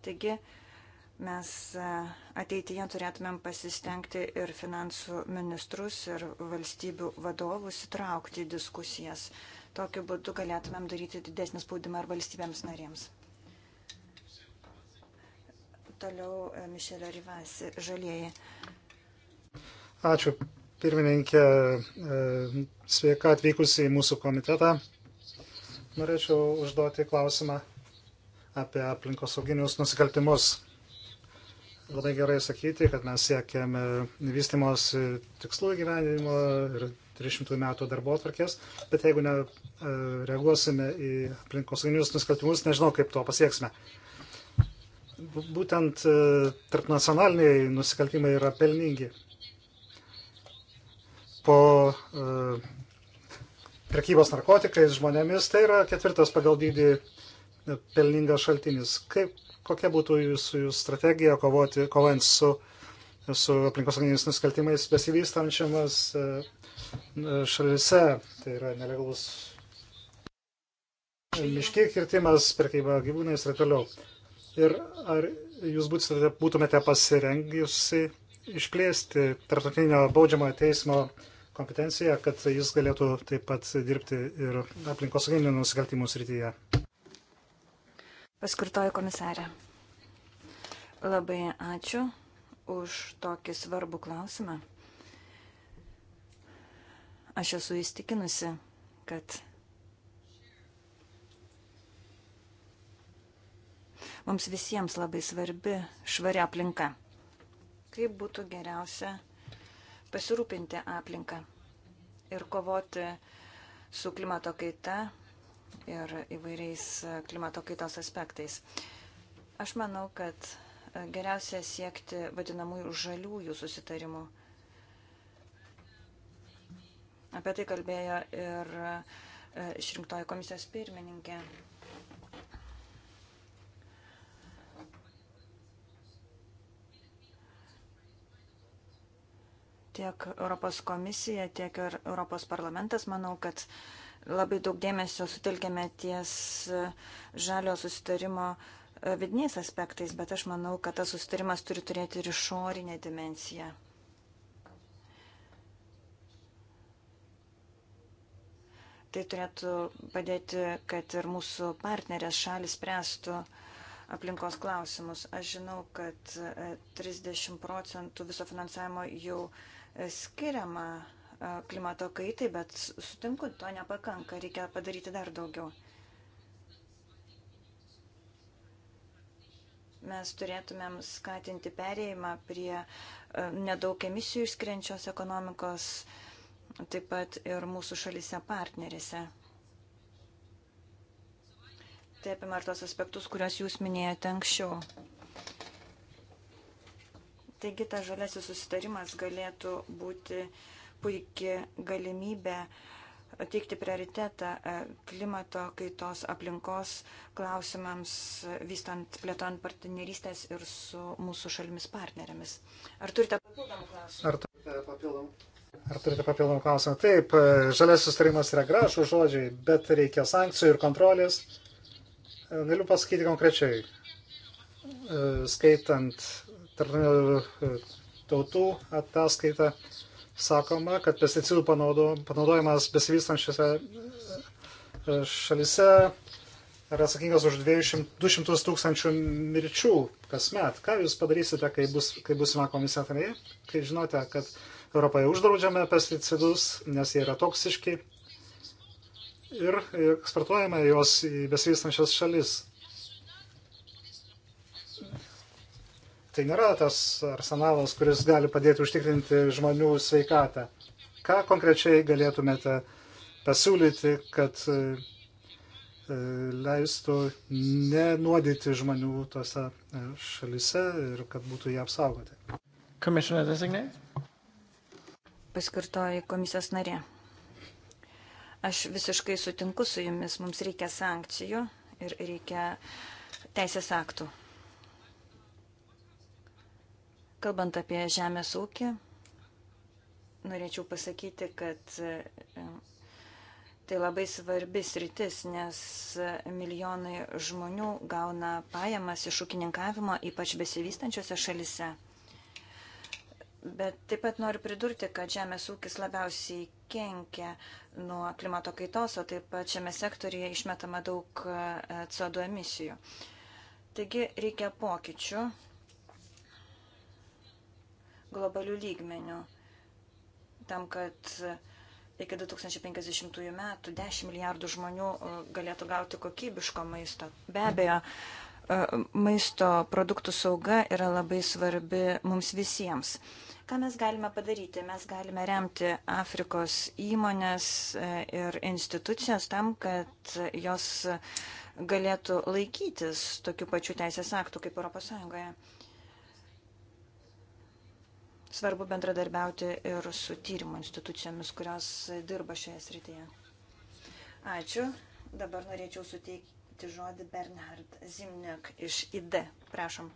Taigi, uh, mes e, ateityje turėtumėm pasistengti ir finansų ministrus, ir valstybių vadovus įtraukti į diskusijas. Tokiu būdu galėtumėm daryti didesnį spaudimą ir valstybėms narėms. Toliau e, Mišelė Rivasi, žalieji. Ačiū, pirmininkė. E, sveika atvykusi į mūsų komitetą. Norėčiau užduoti klausimą apie aplinkosauginius nusikaltimus labai gerai sakyti, kad mes siekiame vystimos tikslų gyvenimo ir 300 metų darbo atvarkės, bet jeigu nereaguosime e, į aplinkosauginius nusikaltimus, nežinau, kaip to pasieksime. Būtent e, tarpnacionaliniai nusikaltimai yra pelningi. Po e, prekybos narkotikais žmonėmis tai yra ketvirtas pagal dydį pelningas šaltinis. Kaip Kokia būtų jūsų, jūsų strategija kovoti, kovant su, su aplinkosauginiais nusikaltimais besivystančiamas e, šalise, tai yra nelegalus miškiai kirtimas, prekyba gyvūnais ir toliau. Ir ar jūs būtumėte pasirengusi išplėsti tarptautinio baudžiamojo teismo kompetenciją, kad jis galėtų taip pat dirbti ir aplinkosauginių nusikaltimų srityje paskirtoji komisarė. Labai ačiū už tokį svarbų klausimą. Aš esu įstikinusi, kad mums visiems labai svarbi švari aplinka. Kaip būtų geriausia pasirūpinti aplinką ir kovoti su klimato kaita ir įvairiais e, klimato kaitos aspektais. Aš manau, kad e, geriausia siekti vadinamųjų žaliųjų susitarimų. Apie tai kalbėjo ir e, išrinktoji komisijos pirmininkė. Tiek Europos komisija, tiek ir Europos parlamentas, manau, kad uh, Labai daug dėmesio sutelkėme ties e, žalio susitarimo e, vidiniais aspektais, bet aš manau, kad tas susitarimas turi turėti ir išorinę dimenciją. Tai turėtų padėti, kad ir mūsų partnerės šalis spręstų aplinkos klausimus. Aš žinau, kad 30 e, procentų viso finansavimo jau skiriama klimato kaitai, bet sutinku, to nepakanka, reikia padaryti dar daugiau. Mes turėtumėm skatinti perėjimą prie nedaug emisijų išskrenčios ekonomikos, taip pat ir mūsų šalise partnerėse. Tai apima ir tos aspektus, kuriuos jūs minėjote anksčiau. Taigi ta žalesis susitarimas galėtų būti uh, puikia galimybė teikti prioritetą e, klimato kaitos aplinkos klausimams, vystant, plėtojant partnerystės ir su mūsų šalimis partnerėmis. Ar turite papildomų klausimų? Ar turite papildomų? Ar turite papildomų klausimų? Taip, e, žalės sustarimas yra gražų žodžiai, bet reikia sankcijų ir kontrolės. E, galiu pasakyti konkrečiai, skaitant tarptautinių tautų ataskaitą, sakoma, kad pesticidų panaudojimas besivystančiose e, šalise yra atsakingas už 200 tūkstančių mirčių kasmet. Ką jūs padarysite, kai, bus, kai busime komisatariai, kai žinote, kad Europoje uždraudžiame pesticidus, nes jie yra toksiški ir eksportuojame juos į besivystančias šalis. tai nėra tas arsenalas, kuris gali padėti užtikrinti žmonių sveikatą. Ką konkrečiai galėtumėte pasiūlyti, kad e, leistų nenuodyti žmonių tose e, šalise ir kad būtų jie apsaugoti. Komisijos designė. Paskirtoji komisijos narė. Aš visiškai sutinku su jumis, mums reikia sankcijų ir reikia teisės aktų. Kalbant apie žemės ūkį, norėčiau pasakyti, kad e, tai labai svarbi sritis, nes milijonai žmonių gauna pajamas iš ūkininkavimo, ypač besivystančiose šalise. Bet taip pat noriu pridurti, kad žemės ūkis labiausiai kenkia nuo klimato kaitos, o taip pat šiame sektorija išmetama daug e, CO2 emisijų. Taigi reikia pokyčių globalių lygmenių, tam, kad iki 2050 metų 10 milijardų žmonių e, galėtų gauti kokybiško maisto. Be abejo, e, maisto produktų sauga yra labai svarbi mums visiems. Ką mes galime padaryti? Mes galime remti Afrikos įmonės e, ir institucijas tam, kad jos galėtų laikytis tokių pačių teisės aktų kaip ES. Svarbu bendradarbiauti ir su tyrimo institucijomis, kurios dirba šioje srityje. Ačiū. Dabar norėčiau suteikti žodį Bernhard Zimnek iš ID. Prašom.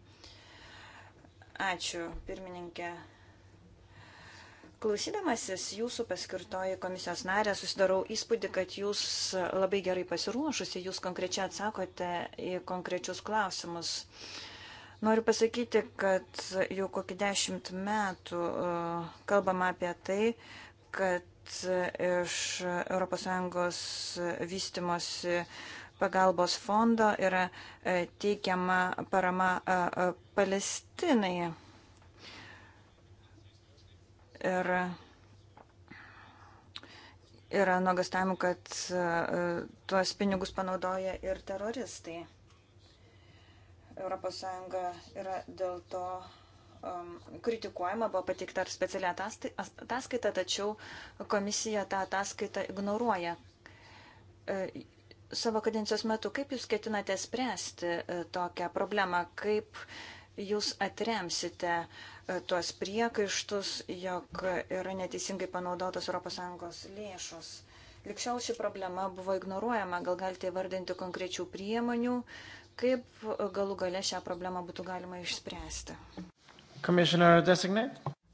Ačiū, pirmininkė. Klausydamasis jūsų paskirtoji komisijos narė, susidarau įspūdį, kad jūs labai gerai pasiruošusi, jūs konkrečiai atsakote į konkrečius klausimus. Uh, Noriu pasakyti, kad jau kokį dešimt metų e, kalbama apie tai, kad iš ES vystimosi pagalbos fondo yra e, teikiama parama e, Palestinai. Ir yra nuogastavimų, kad tuos pinigus panaudoja ir teroristai. ES yra dėl to um, kritikuojama, buvo patikta ir speciali ataskaita, tačiau komisija tą ataskaitą ignoruoja. E, savo kadencijos metu, kaip jūs ketinate spręsti e, tokią problemą, kaip jūs atremsite e, tuos priekaištus, jog yra neteisingai panaudotos ES lėšos. Likščiau ši problema buvo ignoruojama, gal galite įvardinti konkrečių priemonių, kaip e, galų gale šią problemą būtų galima išspręsti.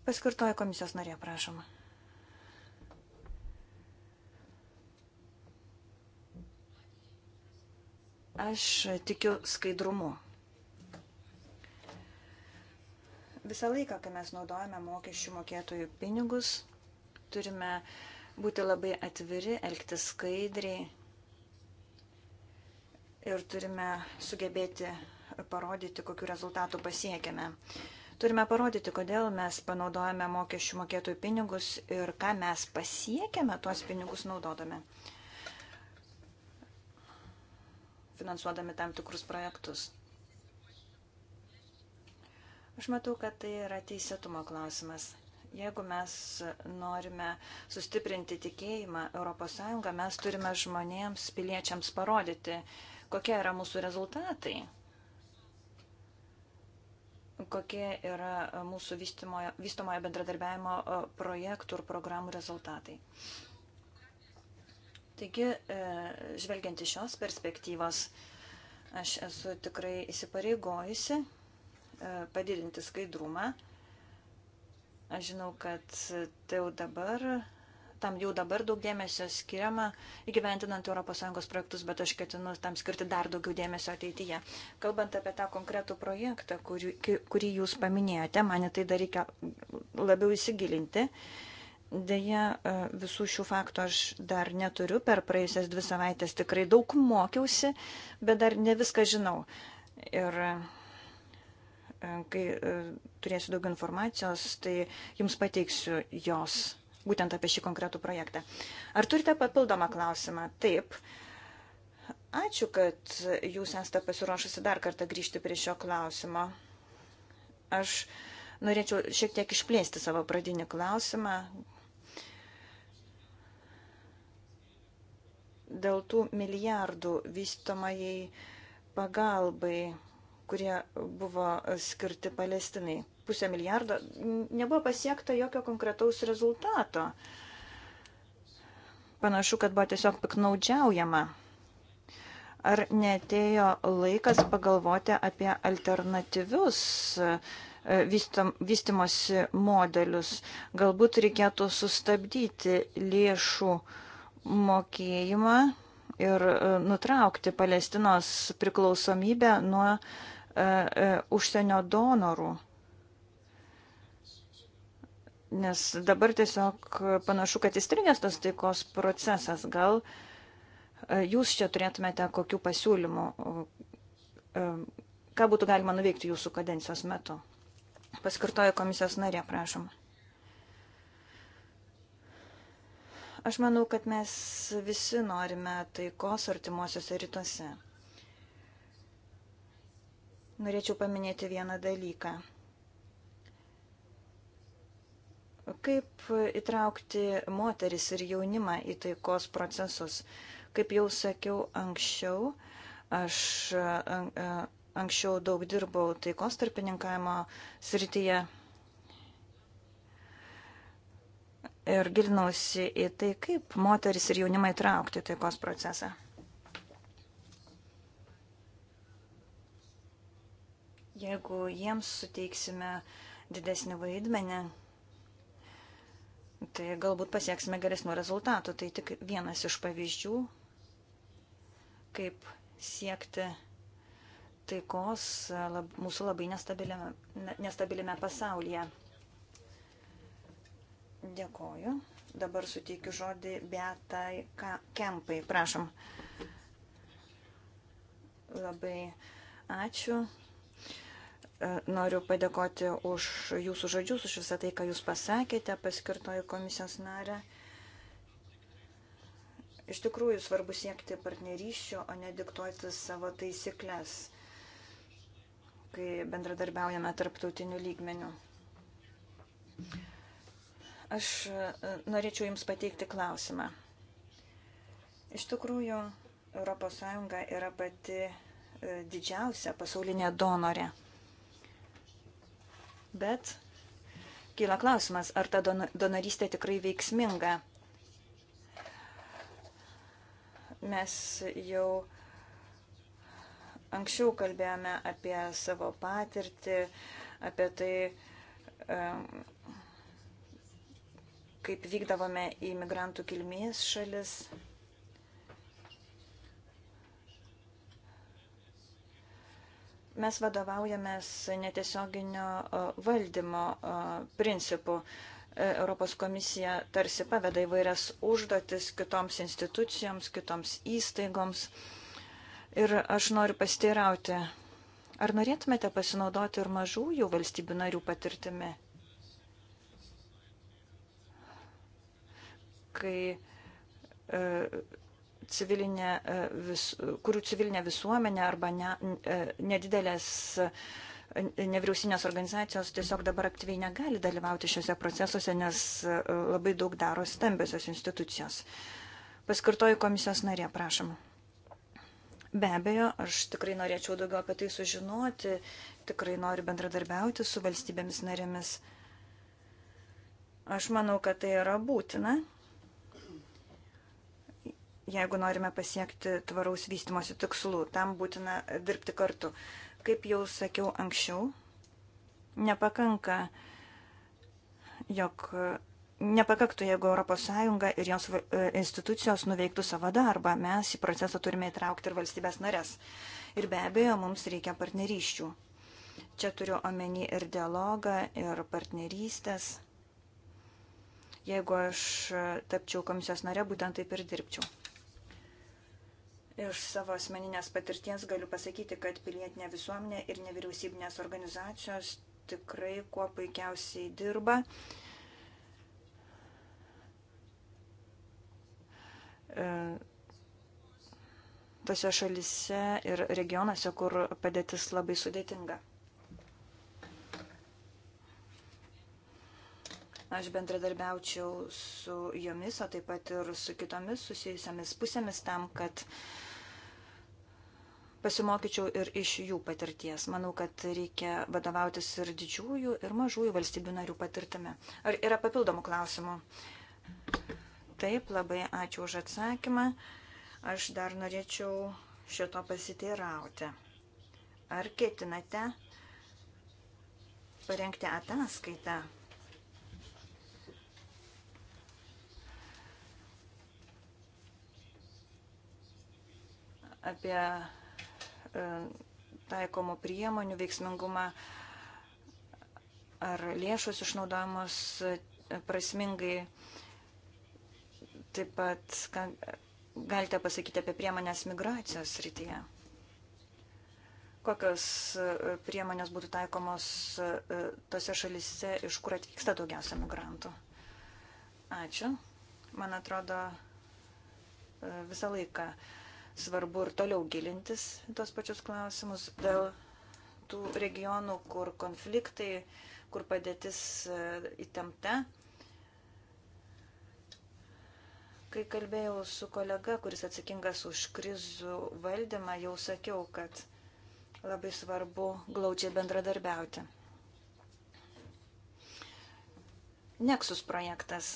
Paskirtoji komisijos narė, prašom. Aš tikiu skaidrumu. Visą laiką, kai mes naudojame mokesčių mokėtojų pinigus, turime būti labai atviri, elgtis skaidriai ir turime sugebėti parodyti, kokiu rezultatu pasiekėme. Turime parodyti, kodėl mes panaudojame mokesčių mokėtojų pinigus ir ką mes pasiekėme tuos pinigus naudodami, finansuodami tam tikrus projektus. Aš matau, kad tai yra teisėtumo klausimas. Jeigu mes norime sustiprinti tikėjimą ES, mes turime žmonėms, piliečiams parodyti, uh, kokie yra mūsų rezultatai, kokie yra mūsų vystomojo bendradarbiavimo e, projektų ir programų rezultatai. Taigi, e, žvelgiant iš šios perspektyvos, aš esu tikrai įsipareigojusi e, padidinti skaidrumą. Aš žinau, kad tai jau dabar tam jau dabar daug dėmesio skiriama įgyventinant ES projektus, bet aš ketinu tam skirti dar daugiau dėmesio ateityje. Kalbant apie tą konkretų projektą, kurį, kurį jūs paminėjote, man tai dar reikia labiau įsigilinti. Deja, e, visų šių faktų aš dar neturiu, per praėjusias dvi savaitės tikrai daug mokiausi, bet dar ne viską žinau. Ir e, kai e, turėsiu daug informacijos, tai jums pateiksiu jos būtent apie šį konkretų projektą. Ar turite papildomą klausimą? Taip. Ačiū, kad jūs esate pasiruošusi dar kartą grįžti prie šio klausimo. Aš norėčiau šiek tiek išplėsti savo pradinį klausimą dėl tų milijardų vystomajai pagalbai, kurie buvo skirti Palestinai pusę milijardo, nebuvo pasiekta jokio konkretaus rezultato. Panašu, kad buvo tiesiog piknaudžiaujama. Ar netėjo laikas pagalvoti apie alternatyvius e, vystimosi modelius? Galbūt reikėtų sustabdyti lėšų mokėjimą ir e, nutraukti Palestinos priklausomybę nuo e, e, užsienio donorų. Nes dabar tiesiog panašu, kad įstringęs tas taikos procesas. Gal e, jūs čia turėtumėte kokių pasiūlymų, e, ką būtų galima nuveikti jūsų kadencijos metu? Paskirtoja komisijos narė, prašom. Aš manau, kad mes visi norime taikos artimuosiuose rytuose. Norėčiau paminėti vieną dalyką. Kaip įtraukti moteris ir jaunimą į taikos procesus? Kaip jau sakiau anksčiau, aš anksčiau daug dirbau taikos tarpininkavimo srityje ir gilinausi į tai, kaip moteris ir jaunimą įtraukti taikos procesą. Jeigu jiems suteiksime didesnį vaidmenį, tai galbūt pasieksime geresnių rezultatų. Tai tik vienas iš pavyzdžių, kaip siekti taikos lab, mūsų labai nestabilime, nestabilime pasaulyje. Dėkoju. Dabar suteikiu žodį Beatai Kempai. Prašom. Labai ačiū. E, noriu padėkoti už jūsų žodžius, už visą tai, ką jūs pasakėte, paskirtoji komisijos narė. Iš tikrųjų, svarbu siekti partnerysčio, o ne diktuoti savo taisyklės, kai bendradarbiaujame tarptautiniu lygmeniu. Aš e, norėčiau Jums pateikti klausimą. Iš tikrųjų, ES yra pati e, didžiausia pasaulinė donorė bet kyla klausimas, ar ta donorystė tikrai veiksminga. Mes jau anksčiau kalbėjome apie savo patirtį, apie tai, kaip vykdavome į migrantų kilmės šalis. mes vadovaujamės netiesioginio e, valdymo e, principu. E, Europos komisija tarsi paveda įvairias užduotis kitoms institucijoms, kitoms įstaigoms. Ir aš noriu pasteirauti, ar norėtumėte pasinaudoti ir mažųjų valstybių narių patirtimi? Kai civilinė, e, vis, kurių civilinė visuomenė arba ne, e, nedidelės e, nevyriausinės organizacijos tiesiog dabar aktyviai negali dalyvauti šiuose procesuose, nes labai daug daro stambiosios institucijos. Paskirtoju komisijos narė, prašom. Be abejo, aš tikrai norėčiau daugiau apie tai sužinoti, tikrai noriu bendradarbiauti su valstybėmis narėmis. Aš manau, kad tai yra būtina jeigu norime pasiekti tvaraus vystimosi tikslų. Tam būtina dirbti kartu. Kaip jau sakiau anksčiau, nepakanka, jog nepakaktų, jeigu ES ir jos e, institucijos nuveiktų savo darbą. Mes į procesą turime įtraukti ir valstybės narės. Ir be abejo, mums reikia partnerysčių. Čia turiu omeny ir dialogą, ir partnerystės. Jeigu aš tapčiau komisijos nare, būtent taip ir dirbčiau. Iš savo asmeninės patirties galiu pasakyti, kad pilietinė visuomenė ir nevyriausybinės organizacijos tikrai kuo puikiausiai dirba. E, tose šalise ir regionuose, kur padėtis labai sudėtinga. aš bendradarbiaučiau su jomis, o taip pat ir su kitomis susijusiamis pusėmis tam, kad pasimokyčiau ir iš jų patirties. Manau, kad reikia vadovautis ir didžiųjų, ir mažųjų valstybių narių patirtimi. Ar yra papildomų klausimų? Taip, labai ačiū už atsakymą. Aš dar norėčiau šito pasiteirauti. Ar ketinate parengti ataskaitą? apie E, taikomų priemonių veiksmingumą, ar lėšus išnaudojamos prasmingai. Taip pat, ką galite pasakyti apie priemonės migracijos rytyje? Kokios e, priemonės būtų taikomos e, tose šalise, iš kur atvyksta daugiausia migrantų? Ačiū. Man atrodo, visą laiką uh, svarbu ir toliau gilintis tos pačius klausimus dėl tų regionų, kur konfliktai, kur padėtis e, įtempta. Kai kalbėjau su kolega, kuris atsakingas už krizių valdymą, jau sakiau, kad labai svarbu glaudžiai bendradarbiauti. Nexus projektas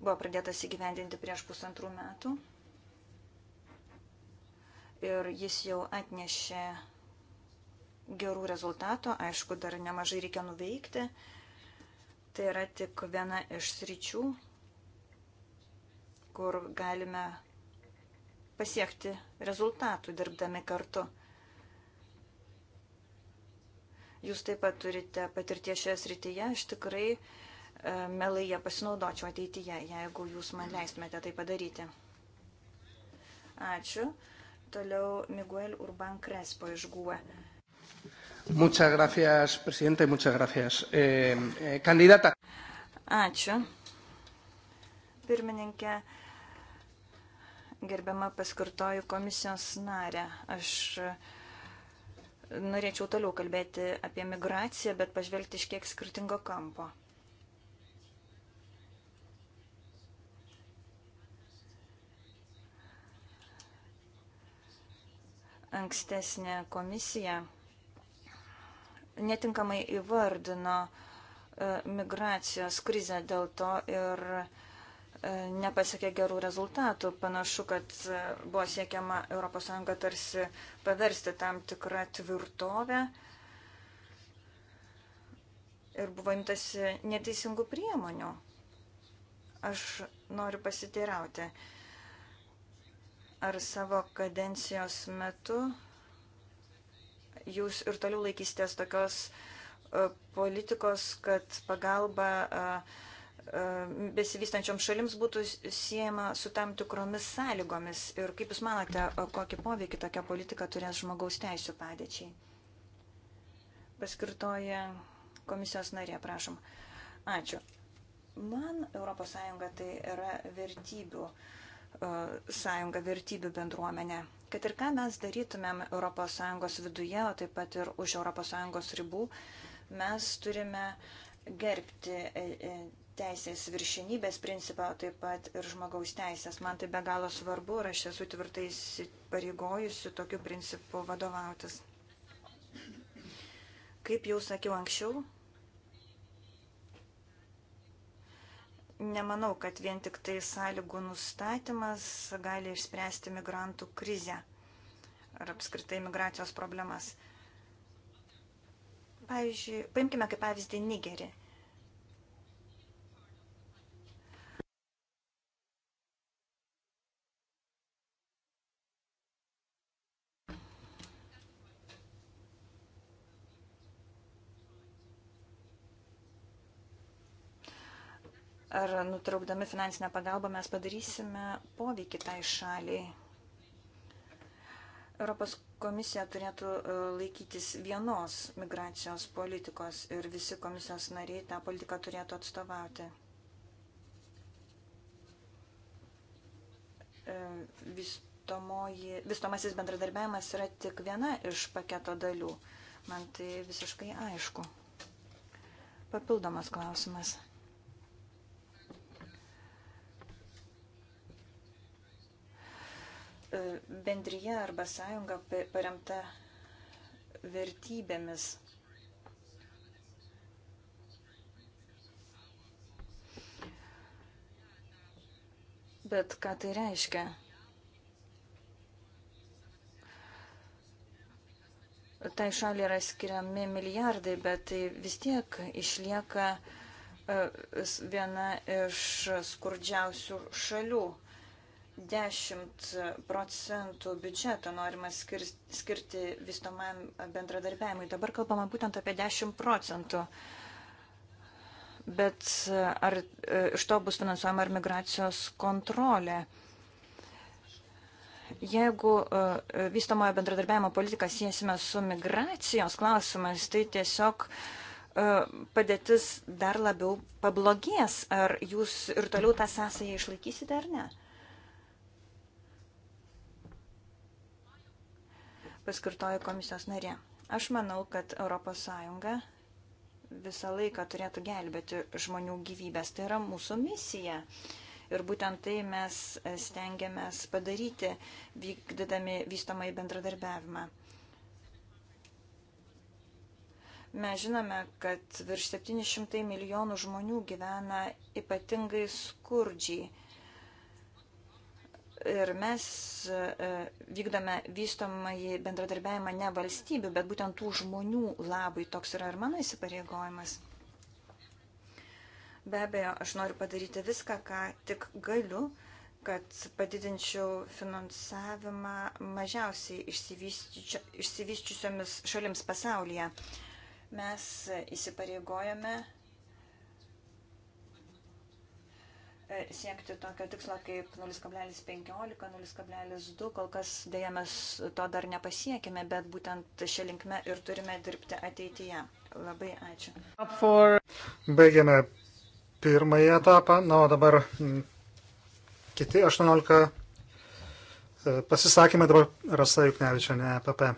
buvo pradėtas įgyvendinti prieš pusantrų metų ir jis jau atnešė gerų rezultatų, aišku, dar nemažai reikia nuveikti. Tai yra tik viena iš sričių, kur galime pasiekti rezultatų dirbdami kartu. Jūs taip pat turite patirties šioje srityje, aš tikrai e, melai ją pasinaudočiau ateityje, jeigu jūs man leistumėte tai padaryti. Ačiū. Toliau Miguel Urban Crespo iš GUE. Muchas gracias, presidente, muchas gracias. Eh, eh, kandidata. Ačiū. Pirmininkė, gerbiama paskirtoju komisijos narė. Aš norėčiau toliau kalbėti apie migraciją, bet pažvelgti iš kiek skirtingo kampo. ankstesnė komisija netinkamai įvardino e, migracijos krizę, dėl to ir e, nepasiekė gerų rezultatų. Panašu, kad e, buvo siekiama ES tarsi paversti tam tikrą tvirtovę ir buvo imtasi neteisingų priemonių. Aš noriu pasiteirauti, ar savo kadencijos metu jūs ir toliau laikysitės tokios e, politikos, kad pagalba e, e, besivystančiom šalims būtų siejama su tam tikromis sąlygomis ir kaip Jūs manote, kokį poveikį tokia politika turės žmogaus teisų padėčiai? Paskirtoja komisijos narė, prašom. Ačiū. Man ES tai yra vertybių uh, sąjungą, vertybių bendruomenę. Kad ir ką mes darytumėm ES viduje, o taip pat ir už ES ribų, mes turime gerbti e, e, teisės viršinybės principą, o taip pat ir žmogaus teisės. Man tai be galo svarbu ir aš esu tvirtai pareigojusi tokiu principu vadovautis. Kaip jau sakiau anksčiau, Nemanau, kad vien tik tai sąlygų nustatymas gali išspręsti migrantų krizę ar apskritai migracijos problemas. Pavyzdžiui, paimkime kaip pavyzdį Nigerį. ar nutraukdami finansinę pagalbą mes padarysime poveikį tai šaliai. Europos komisija turėtų e, laikytis vienos migracijos politikos ir visi komisijos nariai tą politiką turėtų atstovauti. E, vystomoji, vystomasis bendradarbiavimas yra tik viena iš paketo dalių. Man tai visiškai aišku. Papildomas klausimas. E, bendryje arba sąjunga paremta vertybėmis. Bet ką tai reiškia? Tai šaliai yra skiriami milijardai, bet tai vis tiek išlieka e, viena iš skurdžiausių šalių. 10 procentų biudžeto norima skirti vystomam bendradarbiavimui. Dabar kalbama būtent apie 10 procentų. Bet ar iš to bus finansuojama ir migracijos kontrolė? Jeigu e, vystomojo bendradarbiavimo politiką siesime su migracijos klausimas, tai tiesiog e, padėtis dar labiau pablogės. Ar jūs ir toliau tą sąsąją išlaikysite ar ne? paskirtoji komisijos narė. Aš manau, kad ES visą laiką turėtų gelbėti žmonių gyvybės. Tai yra mūsų misija. Ir būtent tai mes stengiamės padaryti, vykdydami vystomą į bendradarbiavimą. Mes žinome, kad virš 700 milijonų žmonių gyvena ypatingai skurdžiai Ir mes e, vykdome vystomąjį bendradarbiavimą ne valstybių, bet būtent tų žmonių labui. Toks yra ir mano įsipareigojimas. Be abejo, aš noriu padaryti viską, ką tik galiu, kad padidinčiau finansavimą mažiausiai išsivyščiusiomis šalims pasaulyje. Mes įsipareigojame E, siekti tokio tikslo kaip 0,15, 0,2. Kol kas dėja mes to dar nepasiekime, bet būtent šią linkmę ir turime dirbti ateityje. Labai ačiū. For... Baigiame pirmąjį etapą. Na, o dabar kiti 18 e, pasisakymai dabar Rasa Juknevičiane, PP.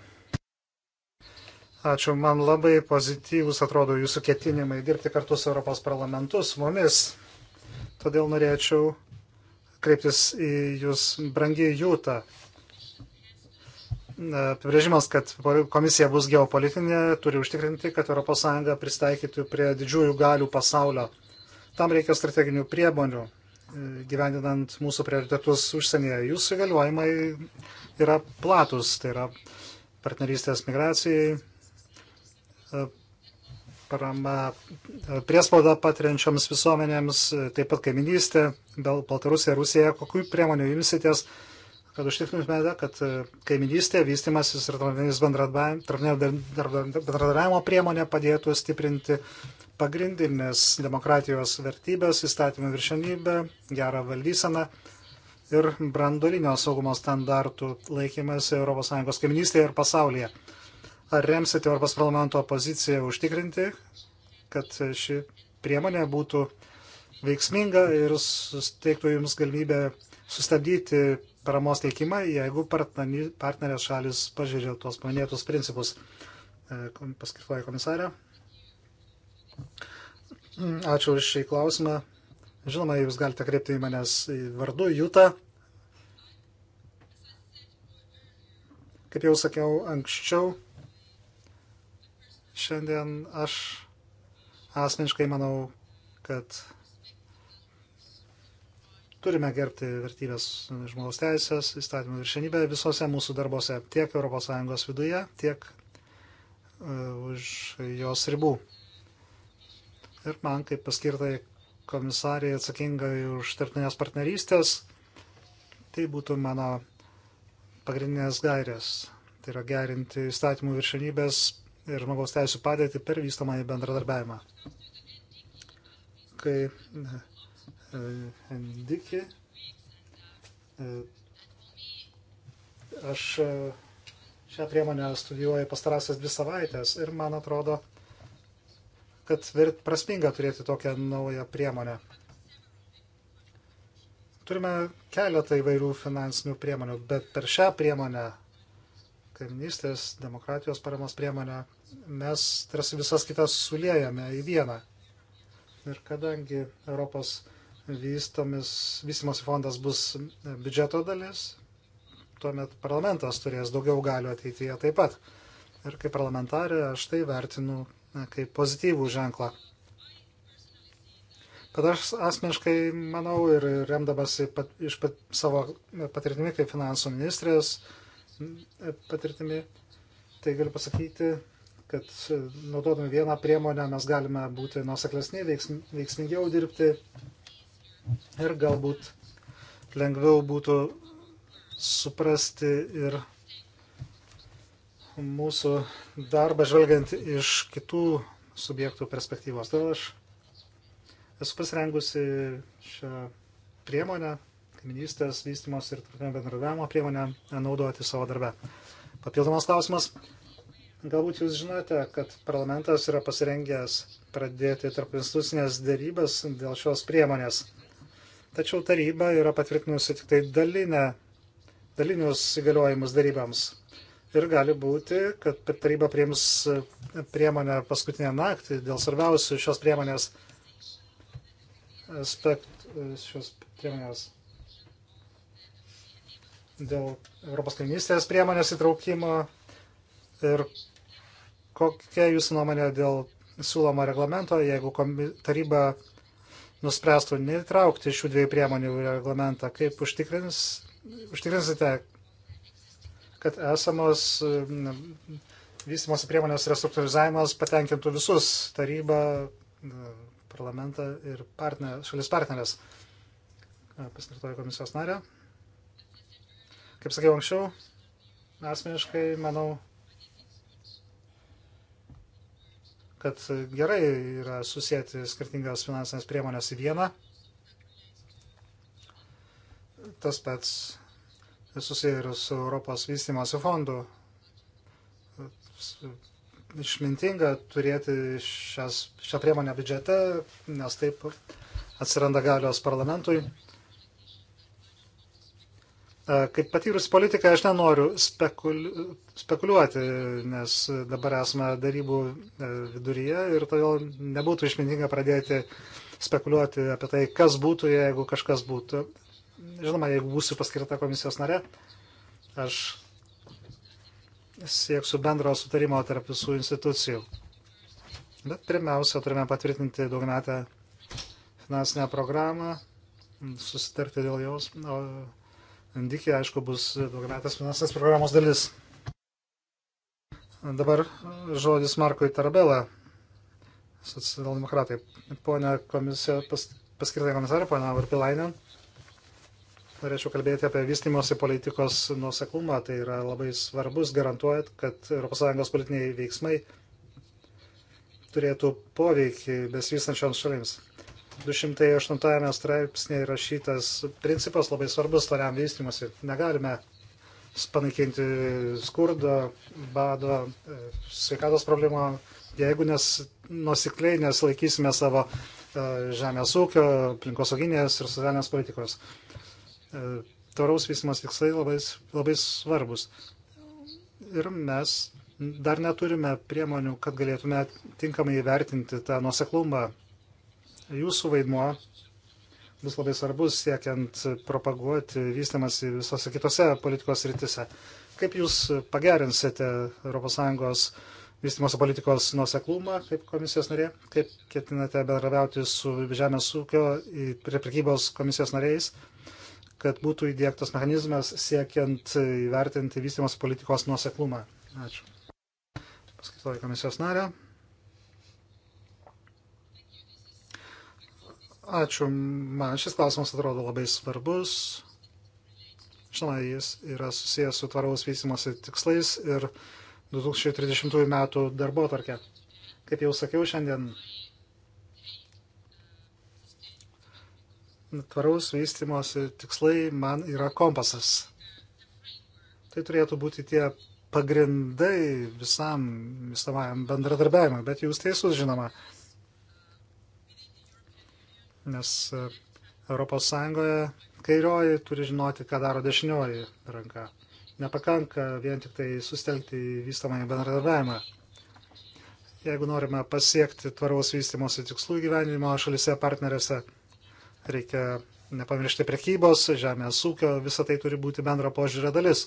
Ačiū, man labai pozityvus atrodo jūsų ketinimai dirbti kartu su Europos parlamentu, su mumis. Todėl norėčiau kreiptis į Jūs, brangi Jūta. Apibrėžimas, kad komisija bus geopolitinė, turi užtikrinti, kad ES pristaikytų prie didžiųjų galių pasaulio. Tam reikia strateginių priemonių, e, gyvendinant mūsų prioritetus užsienyje. Jūsų įgaliojimai yra platus, tai yra partnerystės migracijai, e, parama e, priespaudą patiriančioms visuomenėms, e, taip pat kaiminystė, Baltarusija, Rusija, kokiu priemonių imsitės, kad užtikrintumėte, kad e, kaiminystė, vystimasis ir tarptautinis bendradarbiavimo priemonė padėtų stiprinti pagrindinės demokratijos vertybės, įstatymų viršenybę, gerą valdyseną ir brandolinio saugumo standartų laikymasi ES kaiminystėje ir pasaulyje. Ar remsite Europos parlamento poziciją užtikrinti, kad ši priemonė būtų veiksminga ir susteiktų jums galimybę sustabdyti paramos teikimą, jeigu partnerės šalis pažiūrė tuos paminėtus principus. E, Paskirtoja komisarė. Ačiū už šį klausimą. Žinoma, jūs galite kreipti į manęs vardu Jūta. Kaip jau sakiau anksčiau, Šiandien aš asmeniškai manau, kad turime gerbti vertybės žmogaus teisės, įstatymų viršenybę visose mūsų darbose, tiek ES viduje, tiek uh, už jos ribų. Ir man, kaip paskirtai komisariai atsakingai už tarptautinės partnerystės, tai būtų mano pagrindinės gairės. Tai yra gerinti įstatymų viršenybės ir žmogaus teisų padėtį per vystamąjį bendradarbiavimą. Kai e, Ndiki, e, aš e, šią priemonę studijuoju pastarąsias dvi savaitės ir man atrodo, kad prasminga turėti tokią naują priemonę. Turime keletą įvairių finansinių priemonių, bet per šią priemonę, kaiminystės, demokratijos paramos priemonę, mes tarsi visas kitas suliejame į vieną. Ir kadangi Europos vystimosi fondas bus biudžeto dalis, tuomet parlamentas turės daugiau galių ateityje taip pat. Ir kaip parlamentarė aš tai vertinu kaip pozityvų ženklą. Bet aš asmeniškai manau ir remdamasi pat, iš pat, savo patirtimi kaip finansų ministrės patirtimi, tai galiu pasakyti, kad e, naudodami vieną priemonę mes galime būti nuoseklesni, veiksm, veiksmingiau dirbti ir galbūt lengviau būtų suprasti ir mūsų darbą žvelgiant iš kitų subjektų perspektyvos. Todėl aš esu pasirengusi šią priemonę, kaiminystės vystimos ir bendradarbiavimo priemonę naudoti savo darbę. Papildomas klausimas. Galbūt jūs žinote, kad parlamentas yra pasirengęs pradėti tarp institucinės dėrybas dėl šios priemonės. Tačiau taryba yra patvirtinusi tik tai dalinę, dalinius įgaliojimus dėrybams. Ir gali būti, kad taryba priims priemonę paskutinę naktį dėl svarbiausių šios priemonės aspektų, šios priemonės dėl Europos kaimynystės priemonės įtraukimo Ir kokia jūsų nuomonė dėl siūlomo reglamento, jeigu taryba nuspręstų netraukti šių dviejų priemonių reglamentą, kaip užtikrins, užtikrinsite, kad esamos vystimosi priemonės restruktūrizavimas patenkintų visus tarybą, parlamentą ir partner, šalis partnerės. Pasinartoju komisijos narę. Kaip sakiau anksčiau, asmeniškai manau, kad gerai yra susijęti skirtingas finansinės priemonės į vieną. Tas pats susiję ir su Europos vystimosi fondu. Išmintinga turėti šias, šią priemonę biudžete, nes taip atsiranda galios parlamentui. Kaip patyrus politiką, aš nenoriu spekuli spekuliuoti, nes dabar esame darybų e, viduryje ir todėl nebūtų išmintinga pradėti spekuliuoti apie tai, kas būtų, jeigu kažkas būtų. Žinoma, jeigu būsiu paskirta komisijos nare, aš sieksiu bendro sutarimo tarp visų institucijų. Bet pirmiausia, turime patvirtinti daugiametę finansinę programą, susitarti dėl jos. O, Indikė, aišku, bus daugiametės finansinės programos dalis. Dabar žodis Markui Tarabela, socialdemokratai. Pone komisija, pas, paskirtai komisarė, pone Varpilainen. Norėčiau kalbėti apie vystimosi politikos nuoseklumą. Tai yra labai svarbus, garantuojant, kad ES politiniai veiksmai turėtų poveikį besivystančioms šalims. 208 straipsnėje rašytas principas labai svarbus tvariam vystimusi. Negalime panaikinti skurdo, bado, e, sveikatos problemo, jeigu nes nusikliai nesilaikysime savo e, žemės ūkio, aplinkosauginės ir socialinės politikos. E, tvaraus vystimas tikslai labai, labai svarbus. Ir mes dar neturime priemonių, kad galėtume tinkamai įvertinti tą nuoseklumą Jūsų vaidmuo bus labai svarbus siekiant propaguoti vystimasi visose kitose politikos rytise. Kaip jūs pagerinsite ES vystimosi politikos nuoseklumą kaip komisijos narė, kaip ketinate bendraviauti su Žemės ūkio ir prekybos komisijos nariais, kad būtų įdėktas mechanizmas siekiant įvertinti vystimosi politikos nuoseklumą. Ačiū. Paskaitoju komisijos narę. Ačiū. Man šis klausimas atrodo labai svarbus. Žinoma, jis yra susijęs su tvaraus vystimosi tikslais ir 2030 metų darbo tarkė. Kaip jau sakiau šiandien, tvaraus vystimosi tikslai man yra kompasas. Tai turėtų būti tie pagrindai visam visamajam bendradarbiavimui, bet jūs teisus, žinoma nes ES kairioji turi žinoti, ką daro dešinioji ranka. Nepakanka vien tik tai sustelkti į vystamąjį bendradarbiavimą. Jeigu norime pasiekti tvaraus vystimosi tikslų gyvenimo šalise partnerėse, reikia nepamiršti prekybos, žemės ūkio, visa tai turi būti bendro požiūrio dalis.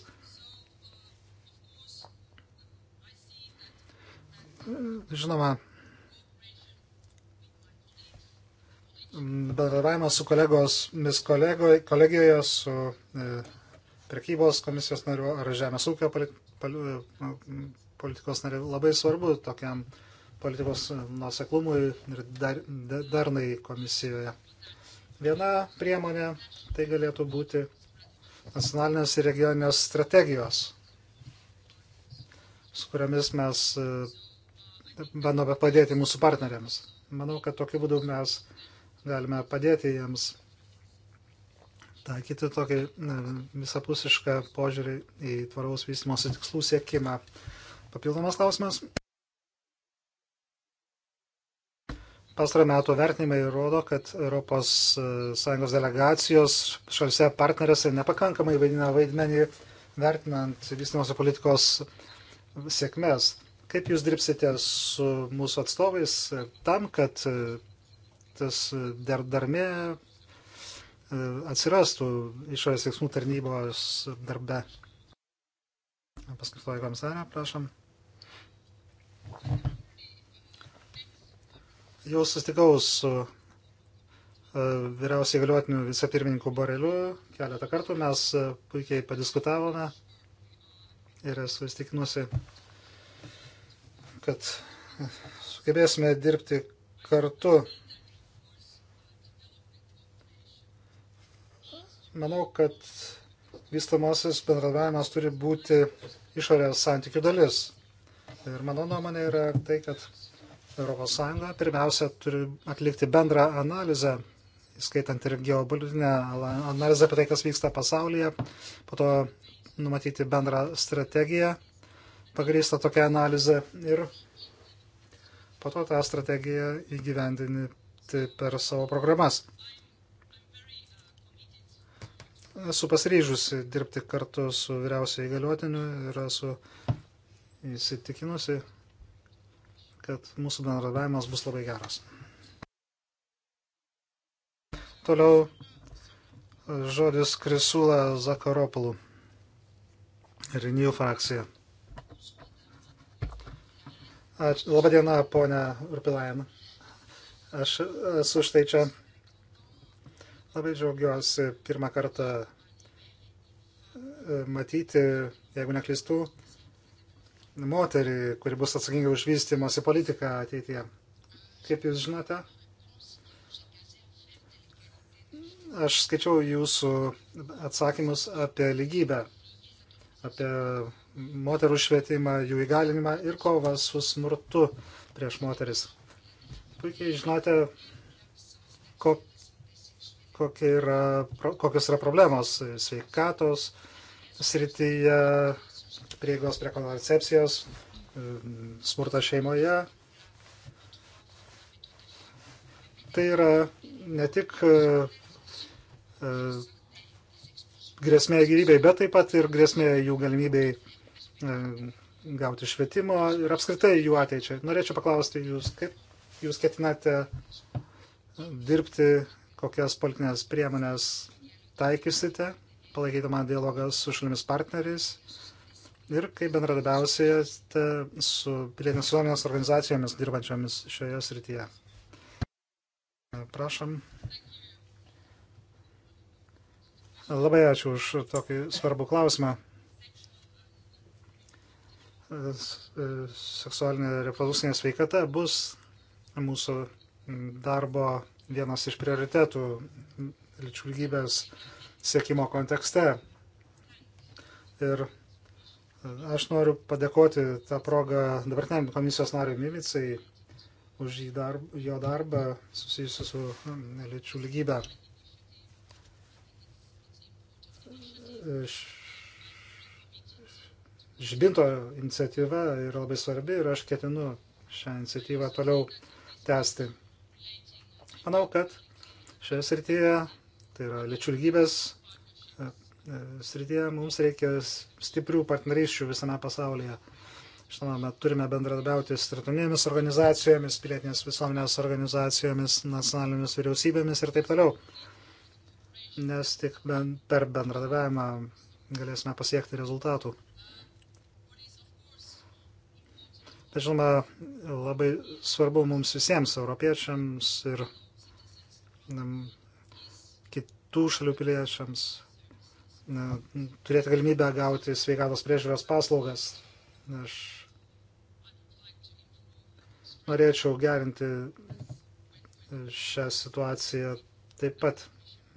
Žinoma, bendradavimas su kolegos kolego, kolegijoje, su e, prekybos komisijos nariu ar žemės ūkio pali, pali, e, nu, politikos nariu labai svarbu tokiam politikos e, nuoseklumui ir dar, darnai komisijoje. Viena priemonė tai galėtų būti nacionalinės ir regioninės strategijos, su kuriamis mes e, bandome padėti mūsų partneriams. Manau, kad tokiu būdu mes galime padėti jiems taikyti tokį visapusišką požiūrį į tvaraus vystimosi tikslų siekimą. Papildomas klausimas. Pastarą metų vertinimai rodo, kad ES e, delegacijos šalise partnerėse nepakankamai vaidina vaidmenį vertinant vystimosi politikos sėkmes. Kaip jūs dirbsite su mūsų atstovais tam, kad e, elgtis e, dar darmė e, atsirastų išorės veiksmų tarnybos darbe. Paskirtoji komisarė, prašom. Jau sustikau su e, vyriausiai galiuotiniu vicepirmininku Boreliu keletą kartų, mes puikiai padiskutavome ir esu įstikinusi, kad sugebėsime dirbti kartu Manau, kad vystomasis bendradavimas turi būti išorės santykių dalis. Ir mano nuomonė yra tai, kad ES pirmiausia turi atlikti bendrą analizę, įskaitant ir geopolitinę analizę apie tai, kas vyksta pasaulyje, po to numatyti bendrą strategiją, pagrįstą tokią analizę ir po to tą strategiją įgyvendinti per savo programas esu pasiryžusi dirbti kartu su vyriausiai įgaliotiniu ir esu įsitikinusi, kad mūsų bendradavimas bus labai geras. Toliau žodis Krisula Zakaropulų. Renew frakcija. Ačiū. Labadiena, ponia Urpilajan. Aš esu štai čia Labai džiaugiuosi pirmą kartą e, matyti, jeigu neklistų, moterį, kuri bus atsakinga už vystimosi politiką ateityje. Kaip jūs žinote, aš skaičiau jūsų atsakymus apie lygybę, apie moterų švietimą, jų įgalinimą ir kovą su smurtu prieš moteris. Puikiai žinote, kokia kokie yra, kokios yra problemos sveikatos srityje, prieigos prie kontracepcijos, mm, smurtas šeimoje. Tai yra ne tik e, e, grėsmė gyvybei, bet taip pat ir grėsmė jų galimybei e, gauti švietimo ir apskritai jų ateičiai. Norėčiau paklausti jūs, kaip jūs ketinate dirbti kokias politinės priemonės taikysite, palaikydama dialogą su šalimis partneriais ir kaip bendradabiausite su pilietinės visuomenės organizacijomis dirbančiomis šioje srityje. Prašom. Labai ačiū už tokį svarbų klausimą. Seksualinė reprodukcinė sveikata bus mūsų darbo vienas iš prioritetų lyčių lygybės siekimo kontekste. Ir aš noriu padėkoti tą progą dabartiniam komisijos nariui Mimicai už darb, jo darbą susijusiu su lyčių lygybė. Žibinto iniciatyva yra labai svarbi ir aš ketinu šią iniciatyvą toliau tęsti. Manau, kad šioje srityje, tai yra lyčių lygybės e, e, srityje, mums reikia stiprių partnerysčių visame pasaulyje. Žinoma, turime bendradarbiauti su tarptautinėmis organizacijomis, pilietinės visuomenės organizacijomis, nacionalinėmis vyriausybėmis ir taip toliau. Nes tik ben, per bendradarbiavimą galėsime pasiekti rezultatų. Tai žinoma, labai svarbu mums visiems, europiečiams ir kitų šalių piliečiams na, turėti galimybę gauti sveikatos priežiūros paslaugas. Aš norėčiau gerinti šią situaciją taip pat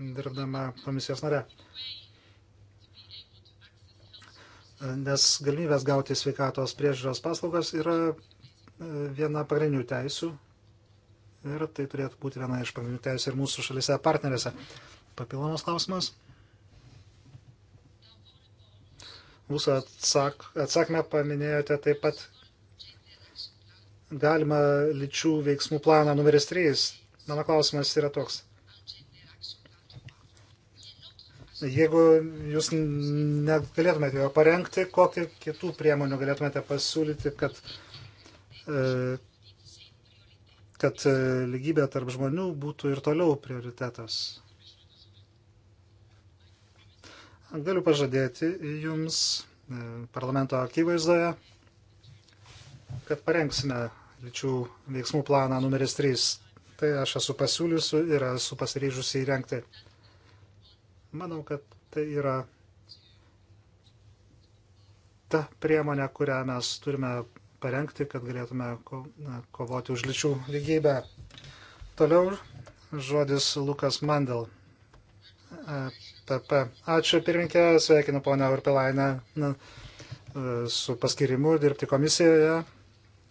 dirbdama komisijos nare. Nes galimybės gauti sveikatos priežiūros paslaugas yra e, viena pagrindinių teisių Ir tai turėtų būti viena iš pagrindinių teisų ir mūsų šalise partnerėse. Papildomas klausimas. Mūsų atsak, atsakymę paminėjote taip pat galima lyčių veiksmų planą numeris 3. Mano klausimas yra toks. Jeigu jūs negalėtumėte jo parengti, kokį kitų priemonių galėtumėte pasiūlyti, kad e, kad e, lygybė tarp žmonių būtų ir toliau prioritetas. Galiu pažadėti Jums e, parlamento akivaizdoje, kad parengsime lyčių veiksmų planą numeris 3. Tai aš esu pasiūliusi ir esu pasiryžusi įrengti. Manau, kad tai yra ta priemonė, kurią mes turime parengti, kad galėtume kovoti už lyčių lygybę. Toliau žodis Lukas Mandel. PP. E Ačiū pirminkė, sveikinu ponę Urpilainę e, su paskirimu dirbti komisijoje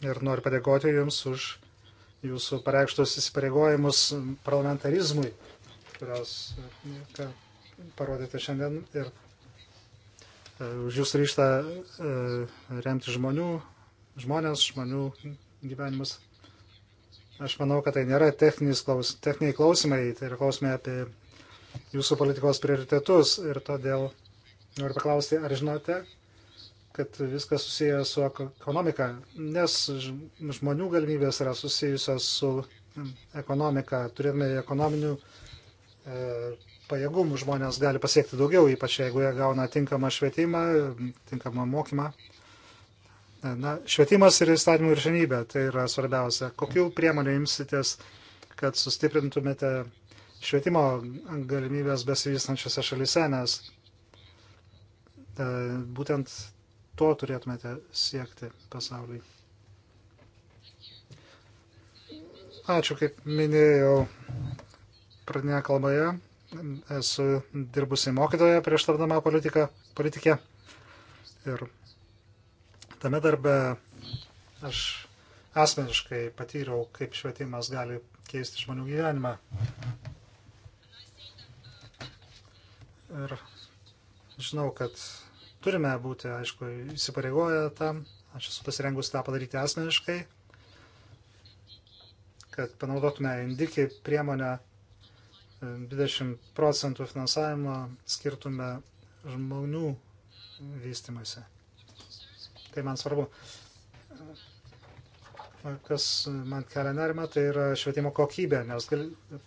ir noriu padėkoti Jums už Jūsų pareikštus įsipareigojimus parlamentarizmui, kurios parodėte šiandien ir e, už Jūsų ryštą remti žmonių žmonės, žmonių gyvenimus. Aš manau, kad tai nėra klaus, techniniai klausimai, tai yra klausimai apie jūsų politikos prioritetus ir todėl noriu paklausti, ar žinote, kad viskas susiję su ekonomika, nes žmonių galimybės yra susijusios su ekonomika. Turėtume ekonominių e, pajėgumų žmonės gali pasiekti daugiau, ypač jeigu jie gauna tinkamą švietimą, tinkamą mokymą. Na, švietimas ir įstatymų viršinybė tai yra svarbiausia. Kokių priemonių imsitės, kad sustiprintumėte švietimo galimybės besivystančiose šalise, nes e, būtent to turėtumėte siekti pasauliui. Ačiū, kaip minėjau pradinėje kalboje, esu dirbusi mokytoja prieš tapdama politiką, politikė ir Tame darbe aš asmeniškai patyriau, kaip švietimas gali keisti žmonių gyvenimą. Ir žinau, kad turime būti, aišku, įsipareigoję tam. Aš esu pasirengus tą padaryti asmeniškai, kad panaudotume indikį priemonę 20 procentų finansavimo skirtume žmonių vystimuose tai man svarbu. Kas man kelia nerima, tai yra švietimo kokybė, nes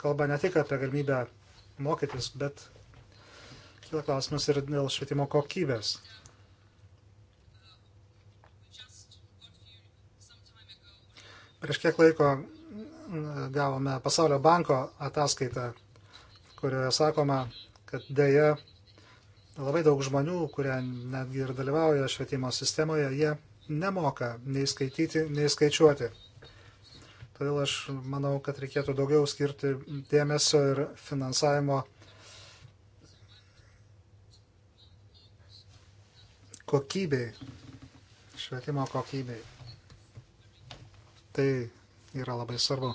kalba ne tik apie galimybę mokytis, bet kyla klausimas ir dėl švietimo kokybės. Prieš kiek laiko gavome Pasaulio banko ataskaitą, kurioje sakoma, kad dėja Labai daug žmonių, kurie netgi ir dalyvauja švietimo sistemoje, jie nemoka nei skaityti, nei skaičiuoti. Todėl aš manau, kad reikėtų daugiau skirti dėmesio ir finansavimo kokybei, švietimo kokybei. Tai yra labai svarbu.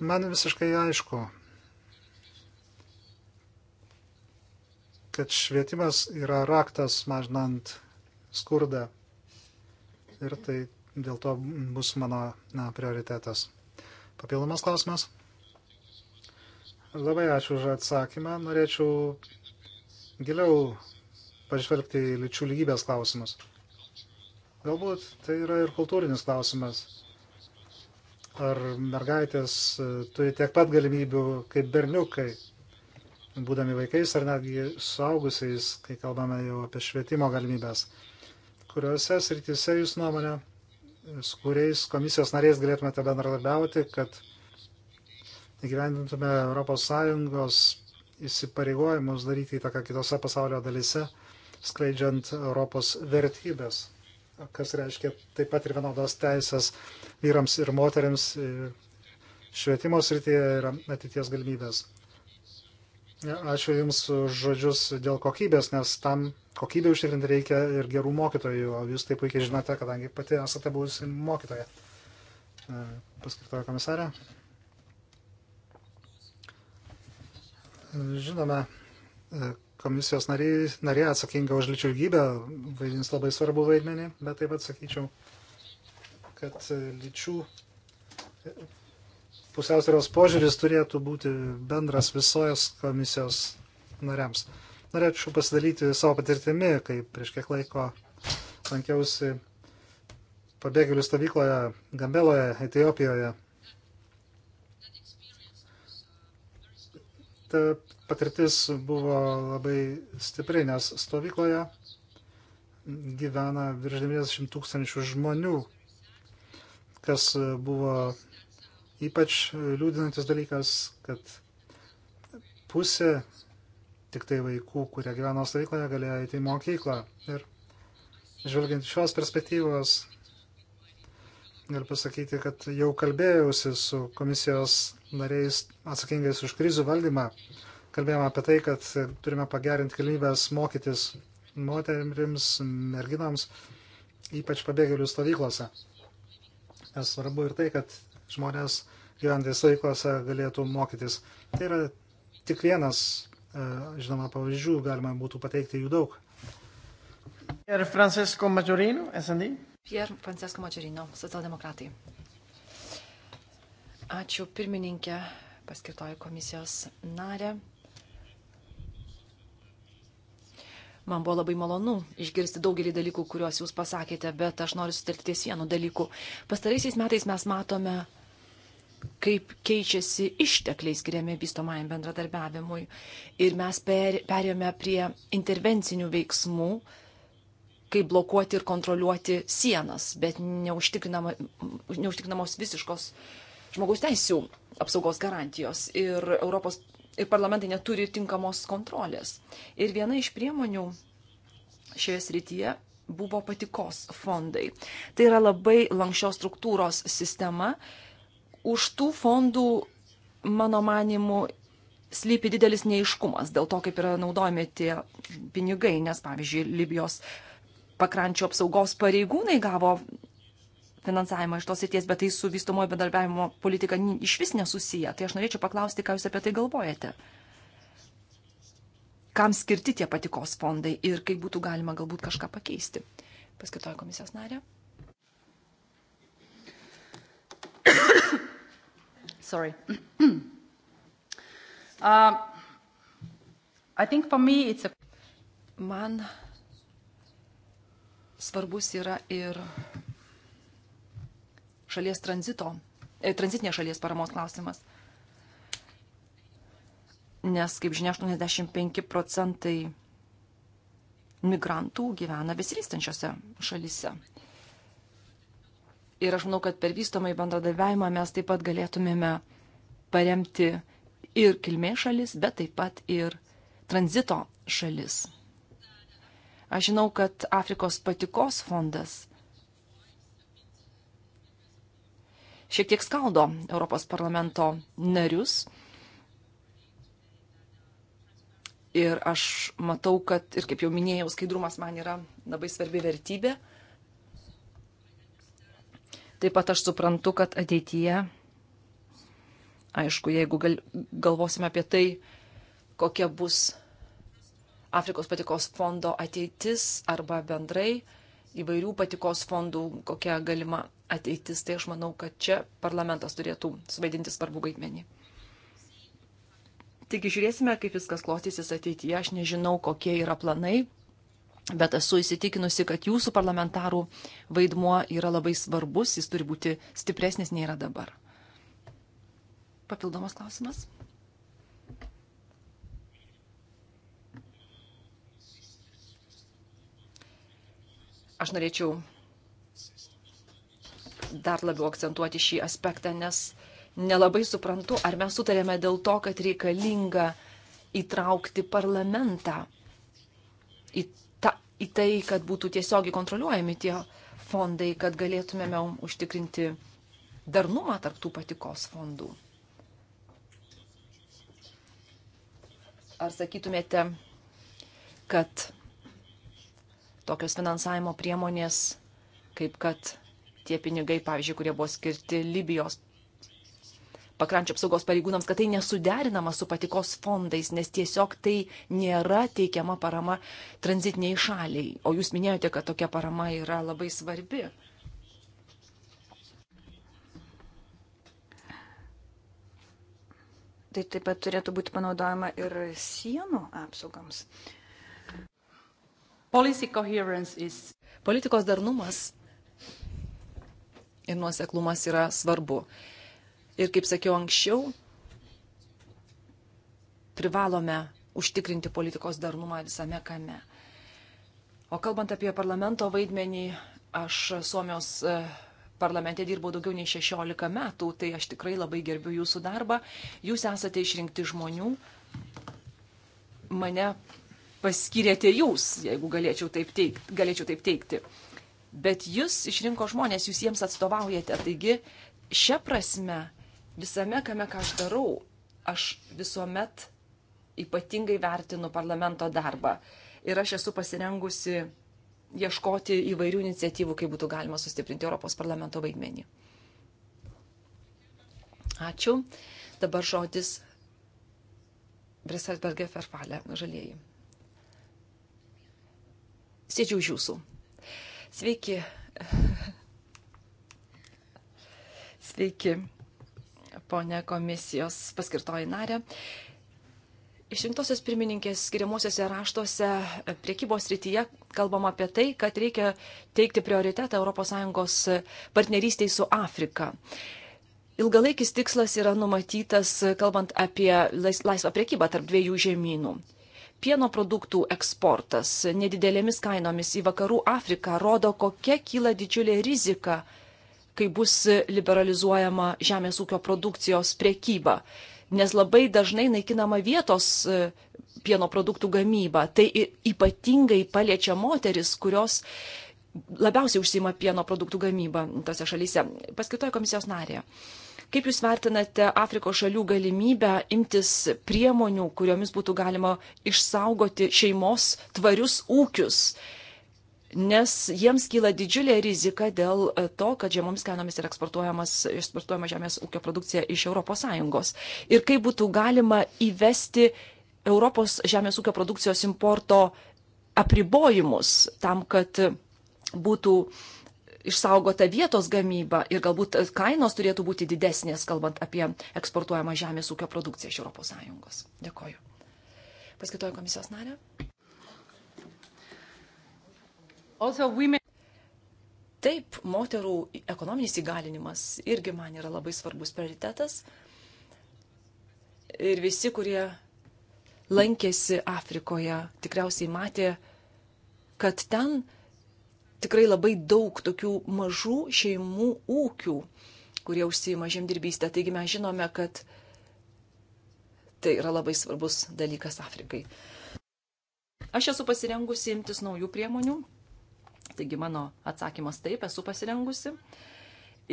Man visiškai aišku, kad švietimas yra raktas mažinant skurdą. Ir tai dėl to bus mano na, prioritetas. Papildomas klausimas. Labai ačiū už atsakymą. Norėčiau giliau pažvelgti į lyčių lygybės klausimus. Galbūt tai yra ir kultūrinis klausimas. Ar mergaitės turi tiek pat galimybių kaip berniukai? būdami vaikais ar netgi suaugusiais, kai kalbame jau apie švietimo galimybės. Kuriuose srityse jūs nuomonė, su kuriais komisijos nariais galėtumėte bendradarbiauti, kad įgyvendintume ES įsipareigojimus daryti įtaką kitose pasaulio dalise, skleidžiant Europos vertybės, kas reiškia taip pat ir vienodos teisės vyrams ir moteriams švietimo srityje ir ateities galimybės. Ačiū Jums už žodžius dėl kokybės, nes tam kokybė užtikrinti reikia ir gerų mokytojų, o Jūs tai puikiai žinote, kadangi pati esate buvusi mokytoja. E, Paskirtoja komisarė. Žinome, e, komisijos narė, narė atsakinga už lyčių lygybę vaidins labai svarbu vaidmenį, bet taip pat sakyčiau, kad lyčių pusiausvėros požiūris turėtų būti bendras visos komisijos nariams. Norėčiau pasidalyti savo patirtimi, kai prieš kiek laiko lankiausi pabėgėlių stovykloje Gambeloje, Etijopijoje. Ta patirtis buvo labai stipri, nes stovykloje gyvena virš 90 tūkstančių žmonių, kas buvo Ypač liūdinantis dalykas, kad pusė tik tai vaikų, kurie gyveno stovykloje, galėjo eiti į mokyklą. Ir žvelgiant šios perspektyvos, galiu pasakyti, kad jau kalbėjausi su komisijos nariais atsakingais už krizių valdymą. Kalbėjome apie tai, kad turime pagerinti galimybės mokytis moterims, merginoms, ypač pabėgėlių stovyklose. Nes svarbu ir tai, kad žmonės gyventais laikose galėtų mokytis. Tai yra tik vienas, e, žinoma, pavyzdžių, galima būtų pateikti jų daug. Ir Francesco Maggiorino, SND. Pier Francesco Maggiorino, socialdemokratai. Ačiū pirmininkė, paskirtoji komisijos narė. Man buvo labai malonu išgirsti daugelį dalykų, kuriuos jūs pasakėte, bet aš noriu sutelkti ties vienu dalyku. Pastaraisiais metais mes matome kaip keičiasi ištekliai skiriami vystomajam bendradarbiavimui. Ir mes per, perėjome prie intervencinių veiksmų, kaip blokuoti ir kontroliuoti sienas, bet neužtikrinama, neužtikrinamos visiškos žmogaus teisų apsaugos garantijos. Ir Europos ir parlamentai neturi tinkamos kontrolės. Ir viena iš priemonių šioje srityje buvo patikos fondai. Tai yra labai lankščios struktūros sistema, už tų fondų, mano manimu, slypi didelis neiškumas dėl to, kaip yra naudojami tie pinigai, nes, pavyzdžiui, Libijos pakrančio apsaugos pareigūnai gavo finansavimą iš tos sėties, bet tai su vystumojo bendarbiavimo politika iš vis nesusiję. Tai aš norėčiau paklausti, ką Jūs apie tai galvojate. Kam skirti tie patikos fondai ir kaip būtų galima galbūt kažką pakeisti? Paskitoja komisijos narė. sorry. uh, I think for me it's a... Man svarbus yra ir šalies tranzito, e, tranzitinės šalies paramos klausimas. Nes, kaip žinia, 85 procentai migrantų gyvena besivystančiose šalyse. Ir aš manau, kad per vystomą į bendradarbiavimą mes taip pat galėtumėme paremti ir kilmės šalis, bet taip pat ir tranzito šalis. Aš žinau, kad Afrikos patikos fondas šiek tiek skaldo Europos parlamento narius. Ir aš matau, kad, ir kaip jau minėjau, skaidrumas man yra labai svarbi vertybė. Taip pat aš suprantu, kad ateityje, aišku, jeigu gal, galvosime apie tai, kokia bus Afrikos patikos fondo ateitis arba bendrai įvairių patikos fondų, kokia galima ateitis, tai aš manau, kad čia parlamentas turėtų suvaidinti svarbų vaidmenį. Taigi žiūrėsime, kaip viskas klostysis ateityje. Aš nežinau, kokie yra planai Bet esu įsitikinusi, kad jūsų parlamentarų vaidmuo yra labai svarbus, jis turi būti stipresnis nei yra dabar. Papildomas klausimas? Aš norėčiau dar labiau akcentuoti šį aspektą, nes nelabai suprantu, ar mes sutarėme dėl to, kad reikalinga įtraukti parlamentą į į tai, kad būtų tiesiogiai kontroliuojami tie fondai, kad galėtumėme užtikrinti darnumą tarptų patikos fondų. Ar sakytumėte, kad tokios finansavimo priemonės, kaip kad tie pinigai, pavyzdžiui, kurie buvo skirti Libijos pakrančio apsaugos pareigūnams, kad tai nesuderinama su patikos fondais, nes tiesiog tai nėra teikiama parama tranzitiniai šaliai. O jūs minėjote, kad tokia parama yra labai svarbi. Tai taip pat turėtų būti panaudojama ir sienų apsaugoms. Politikos darnumas ir nuoseklumas yra svarbu. Ir kaip sakiau anksčiau, privalome užtikrinti politikos darnumą visame kame. O kalbant apie parlamento vaidmenį, aš Suomijos e, parlamente dirbau daugiau nei 16 metų, tai aš tikrai labai gerbiu jūsų darbą. Jūs esate išrinkti žmonių. Mane paskirėte jūs, jeigu galėčiau taip, teikt, galėčiau taip teikti. Bet jūs išrinko žmonės, jūs jiems atstovaujate. Taigi, šią prasme visame, kame ką aš darau, aš visuomet ypatingai vertinu parlamento darbą. Ir aš esu pasirengusi ieškoti įvairių iniciatyvų, kaip būtų galima sustiprinti Europos parlamento vaidmenį. Ačiū. Dabar žodis Briselbergė Ferfalė, žalieji. Sėdžiu už jūsų. Sveiki. Sveiki ponė komisijos paskirtoji narė. Išrinktosios pirmininkės skiriamuosiuose raštuose e, priekybos rytyje kalbama apie tai, kad reikia teikti prioritetą ES e, partnerystiai su Afrika. Ilgalaikis tikslas yra numatytas, e, kalbant apie laisvą priekybą tarp dviejų žemynų. Pieno produktų eksportas nedidelėmis kainomis į vakarų Afriką rodo, kokia kyla didžiulė rizika kai bus liberalizuojama žemės ūkio produkcijos priekyba, nes labai dažnai naikinama vietos e, pieno produktų gamyba. Tai ypatingai paliečia moteris, kurios labiausiai užsima pieno produktų gamybą tose šalyse. Paskitoje komisijos narėje. Kaip Jūs vertinate Afrikos šalių galimybę imtis priemonių, kuriomis būtų galima išsaugoti šeimos tvarius ūkius? nes jiems kyla didžiulė rizika dėl e, to, kad žemoms kainomis yra eksportuojama žemės ūkio produkcija iš ES. Ir kaip būtų galima įvesti Europos žemės ūkio produkcijos importo apribojimus tam, kad būtų išsaugota vietos gamyba ir galbūt kainos turėtų būti didesnės, kalbant apie eksportuojamą žemės ūkio produkciją iš ES. Dėkoju. Paskitoju komisijos narė women... Taip, moterų ekonominis įgalinimas irgi man yra labai svarbus prioritetas. Ir visi, kurie lankėsi Afrikoje, tikriausiai matė, kad ten tikrai labai daug tokių mažų šeimų ūkių, kurie užsima žemdirbystę. Taigi mes žinome, kad tai yra labai svarbus dalykas Afrikai. Aš esu pasirengusi imtis naujų priemonių Taigi mano atsakymas taip, esu pasirengusi.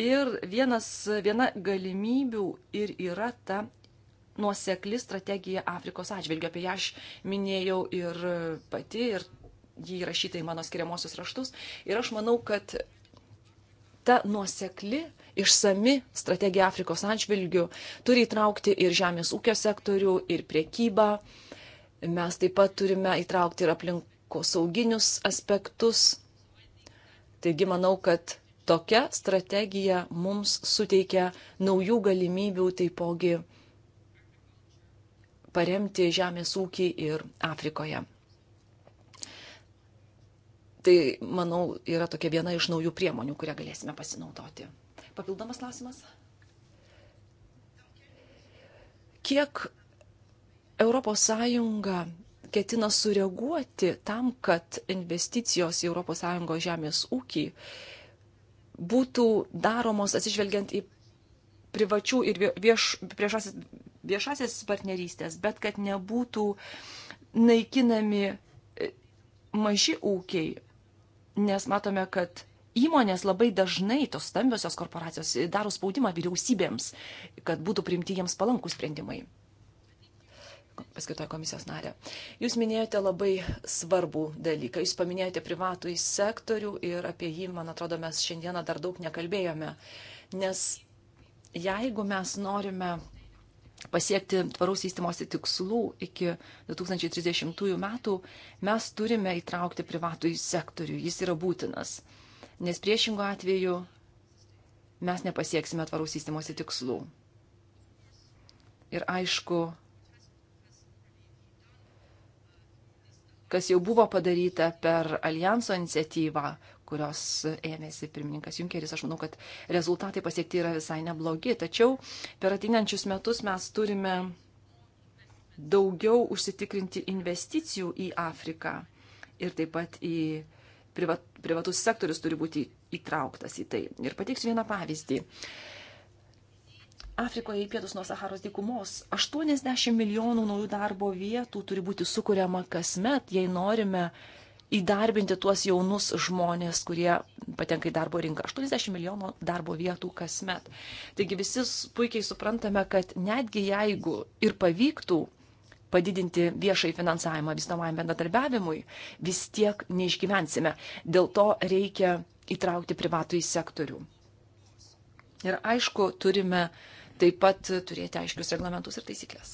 Ir vienas, viena galimybių ir yra ta nuosekli strategija Afrikos atžvilgiu. Apie ją aš minėjau ir pati, ir jį įrašyta į mano skiriamosius raštus. Ir aš manau, kad ta nuosekli, išsami strategija Afrikos atžvilgiu turi įtraukti ir žemės ūkio sektorių, ir priekybą. Mes taip pat turime įtraukti ir aplinkos sauginius aspektus Taigi manau, kad tokia strategija mums suteikia naujų galimybių taipogi paremti žemės ūkį ir Afrikoje. Tai, manau, yra tokia viena iš naujų priemonių, kurią galėsime pasinaudoti. Papildomas klausimas? Kiek ES ketina sureaguoti tam, kad investicijos į ES žemės ūkį būtų daromos atsižvelgiant į privačių ir vieš, priešasis, viešasis partnerystės, bet kad nebūtų naikinami e, maži ūkiai, nes matome, kad įmonės labai dažnai, tos stambiosios korporacijos, daro spaudimą vyriausybėms, kad būtų priimti jiems palankų sprendimai paskitoje komisijos narė. Jūs minėjote labai svarbų dalyką. Jūs paminėjote privatų į sektorių ir apie jį, man atrodo, mes šiandieną dar daug nekalbėjome. Nes jeigu mes norime pasiekti tvaraus įstymosi tikslų iki 2030 metų, mes turime įtraukti privatų į sektorių. Jis yra būtinas. Nes priešingo atveju mes nepasieksime tvaraus įstymosi tikslų. Ir aišku, kas jau buvo padaryta per Alijanso iniciatyvą, kurios ėmėsi pirmininkas Junkeris. Aš manau, kad rezultatai pasiekti yra visai neblogi. Tačiau per ateinančius metus mes turime daugiau užsitikrinti investicijų į Afriką ir taip pat į privat, privatus sektorius turi būti įtrauktas į tai. Ir pateiksiu vieną pavyzdį. Afrikoje į pietus nuo Saharos dykumos 80 milijonų naujų darbo vietų turi būti sukuriama kasmet, jei norime įdarbinti tuos jaunus žmonės, kurie patenka į darbo rinką. 80 milijonų darbo vietų kasmet. Taigi visi puikiai suprantame, kad netgi jeigu ir pavyktų padidinti viešai finansavimą vystamajam bendradarbiavimui, vis tiek neišgyvensime. Dėl to reikia įtraukti privatų į sektorių. Ir aišku, turime uh, taip pat turėti aiškius reglamentus ir taisyklės.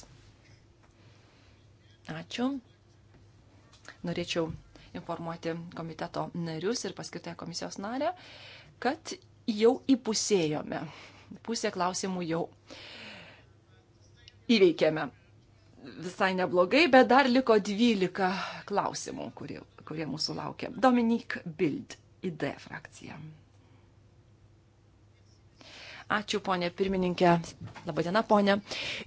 Ačiū. Norėčiau informuoti komiteto narius ir paskirtąją komisijos narę, kad jau įpusėjome. Pusė klausimų jau įveikėme. Visai neblogai, bet dar liko 12 klausimų, kurie, kurie mūsų laukia. Dominik Bild, ID e frakcija. Ačiū, ponė pirmininkė. Labadiena, ponė.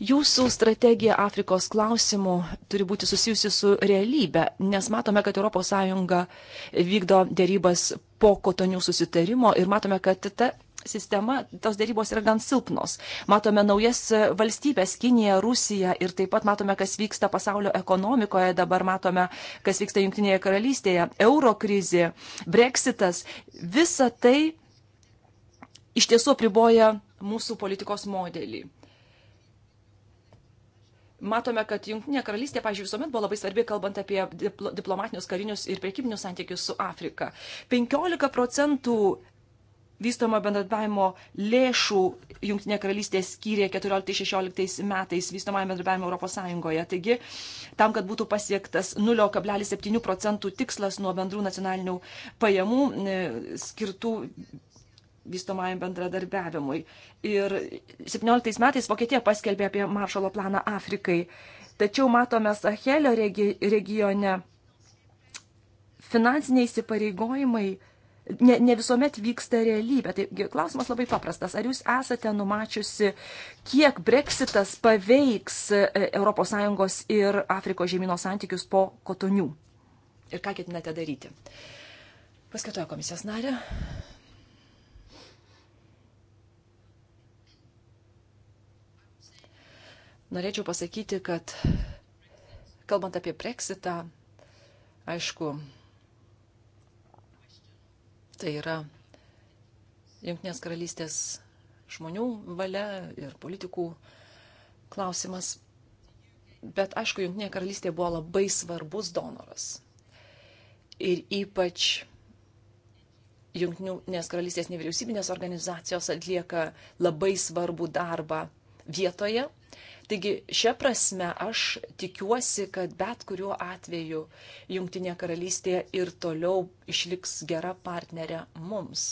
Jūsų strategija Afrikos klausimų turi būti susijusi su realybė, nes matome, kad ES vykdo dėrybas po kotonių susitarimo ir matome, kad ta sistema, tos dėrybos yra gan silpnos. Matome naujas valstybės - Kinija, Rusija ir taip pat matome, kas vyksta pasaulio ekonomikoje, dabar matome, kas vyksta Junktinėje karalystėje, euro krizė, breksitas. Visa tai iš tiesų apriboja mūsų politikos modelį. Matome, kad Junktinė karalystė, pažiūrėjau, visuomet buvo labai svarbi, kalbant apie diplomatinius, karinius ir priekybinius santykius su Afrika. 15 procentų vystomo bendradarbiavimo lėšų Junktinė karalystė skyrė 14-16 metais vystomajam bendradarbiavimui Europos Sąjungoje. Taigi, tam, kad būtų pasiektas 0,7 procentų tikslas nuo bendrų nacionalinių pajamų e, skirtų vystomajam bendradarbiavimui. Ir 17 metais Vokietija paskelbė apie maršalo planą Afrikai. Tačiau matome Sahelio regi regione finansiniai įsipareigojimai ne, ne visuomet vyksta realybė. Tai klausimas labai paprastas. Ar jūs esate numačiusi, kiek breksitas paveiks ES ir Afrikos žemynų santykius po kotonių? Ir ką ketinate daryti? Paskatoja komisijos narė. Norėčiau pasakyti, kad kalbant apie Brexitą, aišku, tai yra Junktinės karalystės žmonių valia ir politikų klausimas. Bet aišku, Junktinė karalystė buvo labai svarbus donoras. Ir ypač Junktinės karalystės nevyriausybinės organizacijos atlieka labai svarbų darbą vietoje Taigi šią prasme aš tikiuosi, kad bet kuriuo atveju Junktinė karalystė ir toliau išliks gera partnerė mums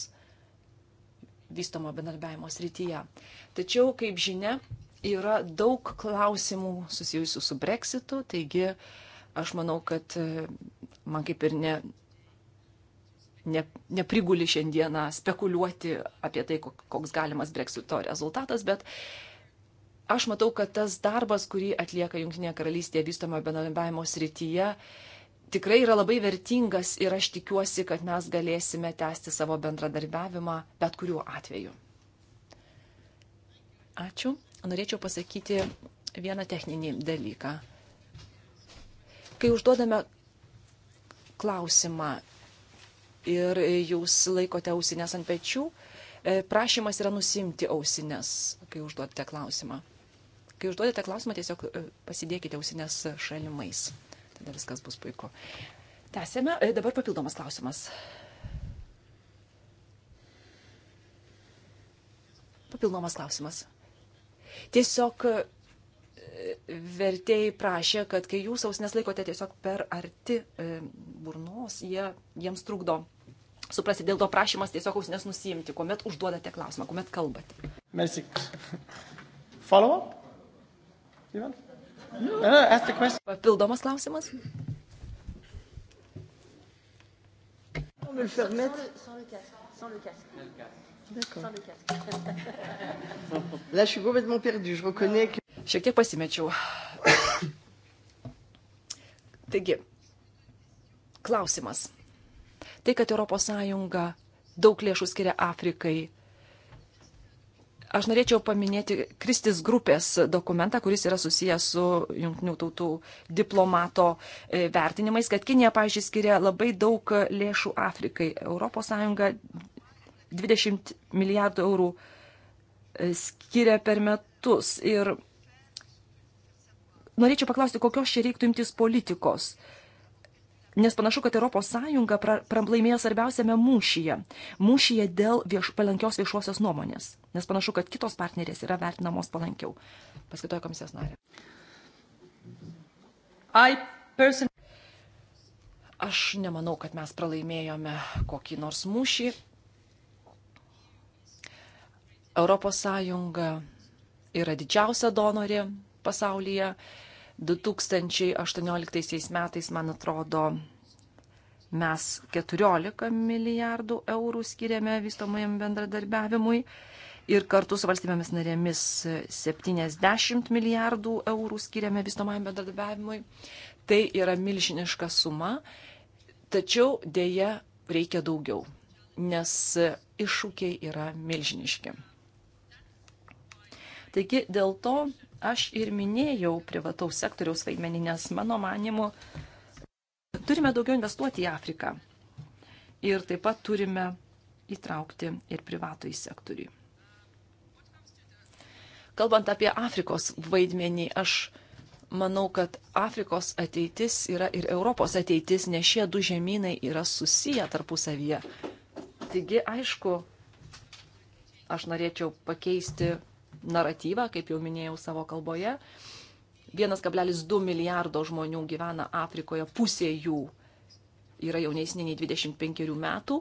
vystomo bendarbiavimo srityje. Tačiau, kaip žinia, yra daug klausimų susijusių su breksitu, taigi aš manau, kad e, man kaip ir ne, ne, nepriguli šiandieną spekuliuoti apie tai, koks galimas breksito rezultatas, bet uh, Aš matau, kad tas darbas, kurį atlieka Junktinė karalystė vystomo bendradarbiavimo srityje, tikrai yra labai vertingas ir aš tikiuosi, kad mes galėsime tęsti savo bendradarbiavimą bet kuriuo atveju. Ačiū. Norėčiau pasakyti vieną techninį dalyką. Kai užduodame klausimą ir jūs laikote ausinės ant pečių, e, prašymas yra nusimti ausinės, kai užduodate klausimą. Kai užduodate klausimą, tiesiog e, pasidėkite ausinės šalimais. Tada viskas bus puiku. Tęsėme. E, dabar papildomas klausimas. Papildomas klausimas. Tiesiog e, vertėjai prašė, kad kai jūs ausinės laikote tiesiog per arti burnos, jie, jiems trukdo suprasti. Dėl to prašymas tiesiog ausinės nusimti, kuomet užduodate klausimą, kuomet kalbate. Merci. Follow up? Papildomas klausimas? on me le faire mettre sans, sans le casque. Sans le casque. Sans le casque. Là, je suis complètement perdue. Je reconnais que. Šiek tiek pasimečiau. Taigi, klausimas. Tai, kad ES daug lėšų skiria Afrikai, Aš norėčiau paminėti Kristis grupės dokumentą, kuris yra susijęs su jungtinių tautų diplomato e, vertinimais, kad Kinija, pažiūrėjau, skiria labai daug lėšų Afrikai. ES 20 milijardų eurų e, skiria per metus. Ir norėčiau paklausti, kokios čia reiktų imtis politikos. Uh, nes panašu, kad ES pralaimėjo svarbiausiame mūšyje - mūšyje dėl vieš, palankios viešuosios nuomonės, nes panašu, kad kitos partnerės yra vertinamos palankiau. Paskitoja komisijos narė. Person... Aš nemanau, kad mes pralaimėjome kokį nors mūšį. ES yra didžiausia donorė pasaulyje 2018 metais, man atrodo, mes 14 milijardų eurų skiriame vystomajam bendradarbiavimui ir kartu su valstybėmis narėmis 70 milijardų eurų skiriame vystomajam bendradarbiavimui. Tai yra milžiniška suma, tačiau dėja reikia daugiau, nes iššūkiai yra milžiniški. Taigi dėl to Aš ir minėjau privataus sektoriaus vaidmenį, nes mano manimu turime daugiau investuoti į Afriką. Ir taip pat turime įtraukti ir privatų į sektorių. Kalbant apie Afrikos vaidmenį, aš manau, kad Afrikos ateitis yra ir Europos ateitis, nes šie du žemynai yra susiję tarpusavyje. Taigi, aišku, aš norėčiau pakeisti naratyvą, kaip jau minėjau savo kalboje. 1,2 milijardo žmonių gyvena Afrikoje, pusė jų yra jaunesnė nei 25 metų.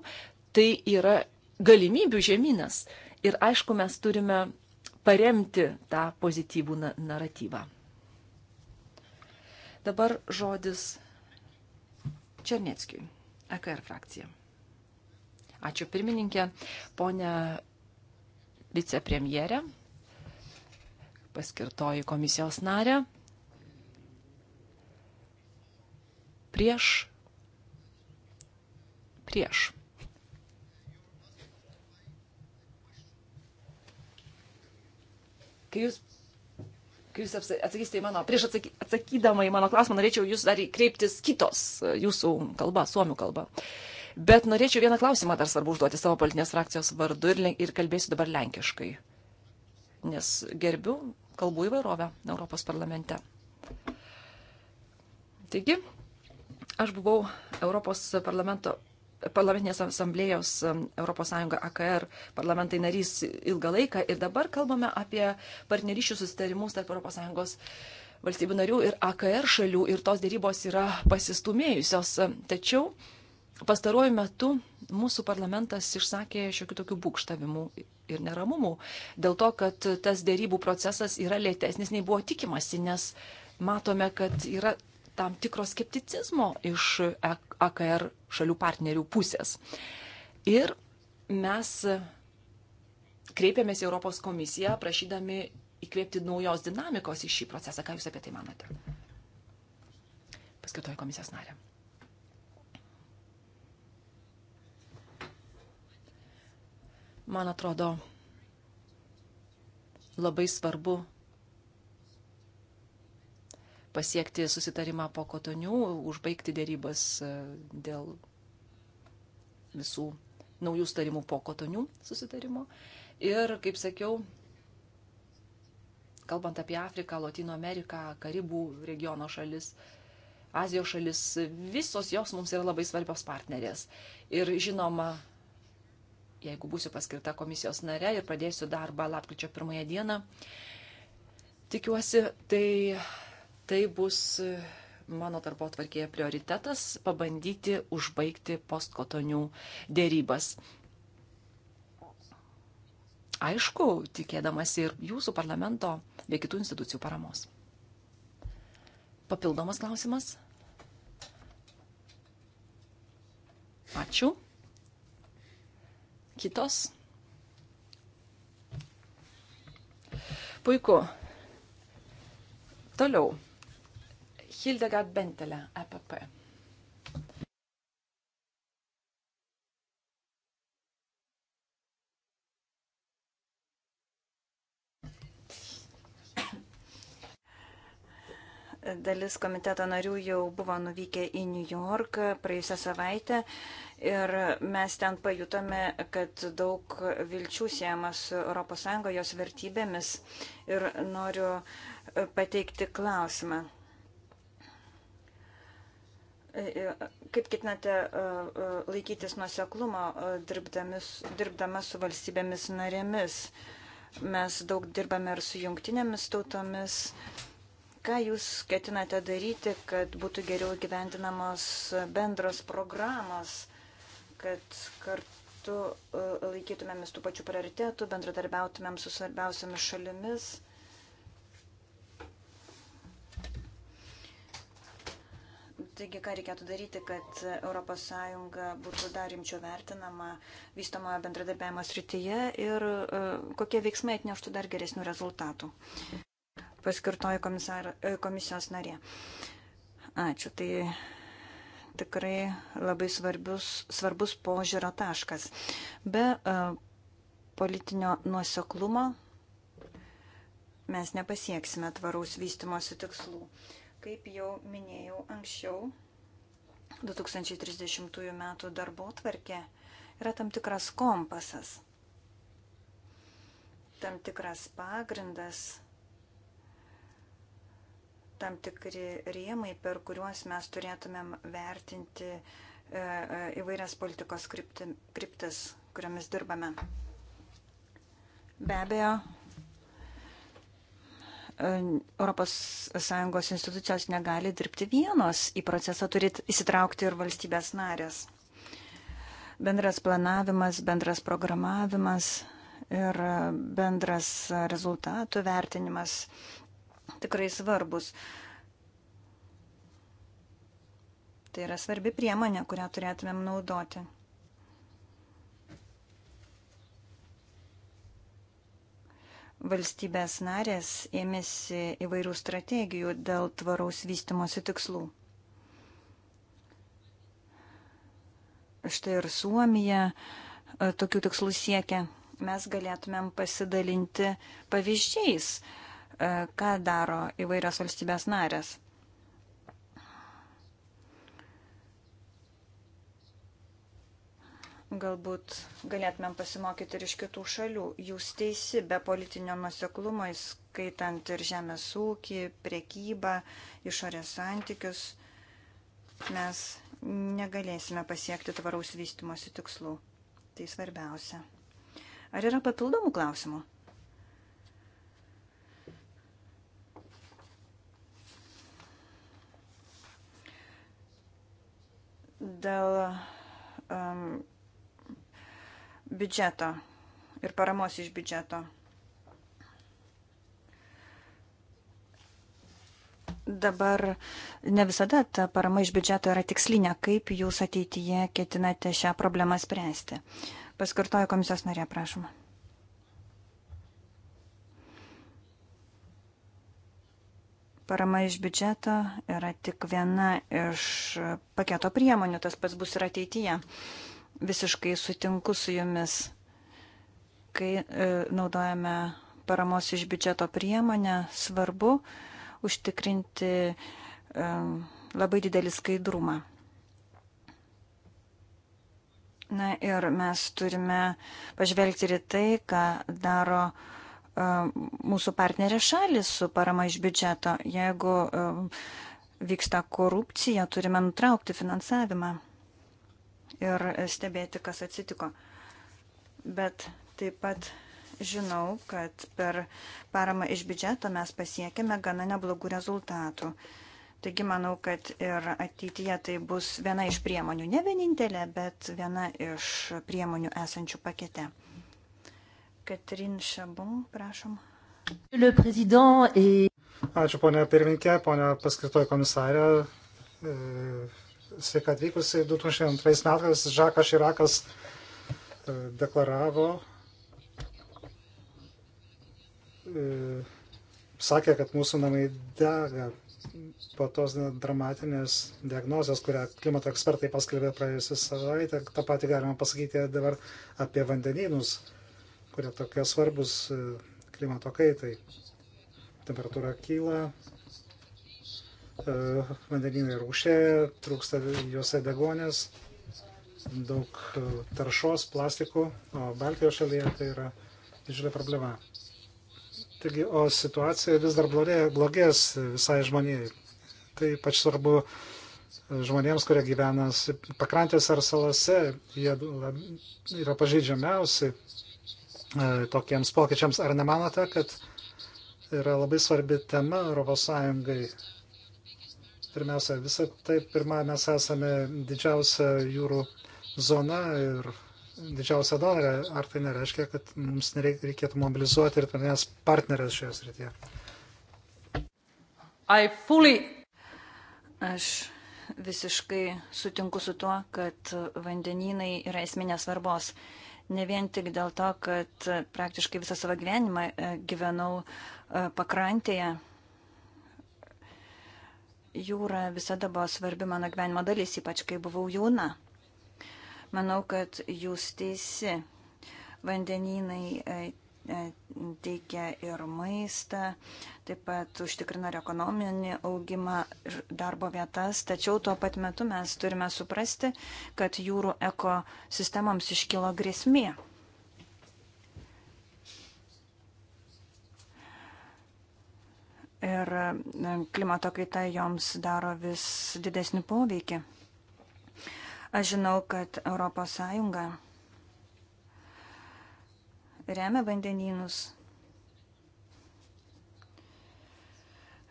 Tai yra galimybių žemynas. Ir aišku, mes turime paremti tą pozityvų naratyvą. Dabar žodis Černieckiui, EKR frakcija. Ačiū pirmininkė, ponė vicepremjerė, paskirtoji komisijos narė. Prieš. Prieš. Kai jūs, kai jūs atsakysite į mano, prieš atsaky, atsakydama į mano klausimą, norėčiau jūs dar kreiptis kitos e, jūsų kalba, suomių kalba. Bet norėčiau vieną klausimą dar svarbu užduoti savo politinės frakcijos vardu ir, ir kalbėsiu dabar lenkiškai nes gerbiu kalbų įvairovę Europos parlamente. Taigi, aš buvau Europos parlamento parlamentinės asamblėjos um, ES AKR parlamentai narys ilgą laiką ir dabar kalbame apie partnerysčių susitarimus tarp ES valstybių narių ir AKR šalių ir tos dėrybos yra pasistumėjusios. Tačiau pastaruoju metu mūsų parlamentas išsakė šiokių tokių būkštavimų ir neramumų dėl to, kad tas dėrybų procesas yra lėtesnis nei buvo tikimasi, nes matome, kad yra tam tikro skepticizmo iš AKR šalių partnerių pusės. Ir mes kreipėmės į Europos komisiją prašydami įkvėpti naujos dinamikos į šį procesą. Ką Jūs apie tai manote? Paskirtoji komisijos narė. Man atrodo, labai svarbu pasiekti susitarimą po kotonių, užbaigti dėrybas e, dėl visų naujų starimų po kotonių susitarimo. Ir, kaip sakiau, kalbant apie Afriką, Latino Ameriką, Karibų regiono šalis, Azijos šalis, visos jos mums yra labai svarbios partnerės. Ir žinoma, jeigu būsiu paskirta komisijos nare ir pradėsiu darbą lapkričio pirmąją dieną. Tikiuosi, tai, tai bus mano darbo atvarkėje prioritetas - pabandyti užbaigti postkotonių dėrybas. Aišku, tikėdamas ir jūsų parlamento bei kitų institucijų paramos. Papildomas klausimas? Ačiū. Kitos? Puiku. Toliau. Hildegard Bentelė, EPP. dalis komiteto narių jau buvo nuvykę į New Yorką praėjusią savaitę ir mes ten pajutome, kad daug vilčių siejama su ES, jos vertybėmis ir noriu e, pateikti klausimą. E, e, kaip ketinate laikytis nuseklumo dirbdama su valstybėmis narėmis? Mes daug dirbame ir su jungtinėmis tautomis, Ką jūs ketinate daryti, kad būtų geriau gyvendinamos bendros programos, kad kartu e, laikytumėmės tų pačių prioritetų, bendradarbiautumėm su svarbiausiamis šalimis? Taigi, ką reikėtų daryti, kad ES būtų dar rimčiau vertinama vystomojo bendradarbiavimo srityje ir e, kokie veiksmai atneštų dar geresnių rezultatų paskirtoji komisar, e, komisijos narė. Ačiū. Tai tikrai labai svarbius, svarbus požiūrio taškas. Be e, politinio nuoseklumo mes nepasieksime tvaraus vystimosi tikslų. Kaip jau minėjau anksčiau, 2030 m. darbo tvarkė yra tam tikras kompasas, tam tikras pagrindas tam tikri rėmai, per kuriuos mes turėtumėm vertinti e, e, įvairias politikos kryptis, kuriomis dirbame. Be abejo, ES institucijos negali dirbti vienos, į procesą turi įsitraukti ir valstybės narės. Bendras planavimas, bendras programavimas ir bendras rezultatų vertinimas tikrai svarbus. Tai yra svarbi priemonė, kurią turėtumėm naudoti. Valstybės narės ėmėsi įvairių strategijų dėl tvaraus vystimosi tikslų. Štai ir Suomija e, tokių tikslų siekia. Mes galėtumėm pasidalinti pavyzdžiais, E, ką daro įvairios valstybės narės. Galbūt galėtumėm pasimokyti ir iš kitų šalių. Jūs teisi, be politinio nuseklumo, skaitant ir žemės ūkį, priekybą, išorės santykius, mes negalėsime pasiekti tvaraus vystimosi tikslų. Tai svarbiausia. Ar yra papildomų klausimų? dėl um, biudžeto ir paramos iš biudžeto. Dabar ne visada ta parama iš biudžeto yra tikslinė, kaip jūs ateityje ketinate šią problemą spręsti. Paskartoju komisijos narė, prašom. Parama iš biudžeto yra tik viena iš paketo priemonių, tas pats bus ir ateityje. Visiškai sutinku su jumis, kai e, naudojame paramos iš biudžeto priemonę, svarbu užtikrinti e, labai didelį skaidrumą. Na ir mes turime pažvelgti ir tai, ką daro e, mūsų partnerė šalis su parama iš biudžeto. Jeigu vyksta korupcija, turime nutraukti finansavimą ir stebėti, kas atsitiko. Bet taip pat žinau, kad per paramą iš biudžeto mes pasiekėme gana neblogų rezultatų. Taigi manau, kad ir ateityje tai bus viena iš priemonių, ne vienintelė, bet viena iš priemonių esančių pakete. Katrin Šabon, prašom. Ačiū, ponia pirminkė, ponia paskirtoji komisarė. E, sveika atvykusi. 2002 metais Žakas Širakas e, deklaravo, e, sakė, kad mūsų namai dega po tos dramatinės diagnozijos, kurią klimato ekspertai paskelbė praėjusią savaitę. Ta pati galima pasakyti dabar apie vandenynus kurie tokie svarbus e, klimato kaitai. Temperatūra kyla, e, vandeninai rūšėja, trūksta juose degonės, daug e, taršos, plastikų, o Baltijos šalyje tai yra didžiulė problema. Taigi, o situacija vis dar blogės, blogės visai žmonijai. Tai ypač svarbu žmonėms, kurie gyvena pakrantės ar salose, jie yra pažeidžiamiausi E, tokiems pokyčiams. Ar nemanote, kad yra labai svarbi tema ES? Pirmiausia, visą tai pirmą mes esame didžiausia jūrų zona ir didžiausia donorė. Ar tai nereiškia, kad mums reikėtų mobilizuoti ir partnerės šioje srityje? Fully... Aš visiškai sutinku su tuo, kad vandenynai yra esminės svarbos. Uh, Ne vien tik dėl to, kad praktiškai visą savo gyvenimą e, gyvenau e, pakrantėje. Jūra visada buvo svarbi mano gyvenimo dalis, ypač kai buvau jauna. Manau, kad jūs teisi. Vandenynai e, E, teikia ir maistą, taip pat užtikrina ir ekonominį augimą darbo vietas, tačiau tuo pat metu mes turime suprasti, kad jūrų ekosistemams iškilo grėsmė. Ir e, klimato kaita joms daro vis didesnį poveikį. Aš žinau, kad ES remia vandenynus,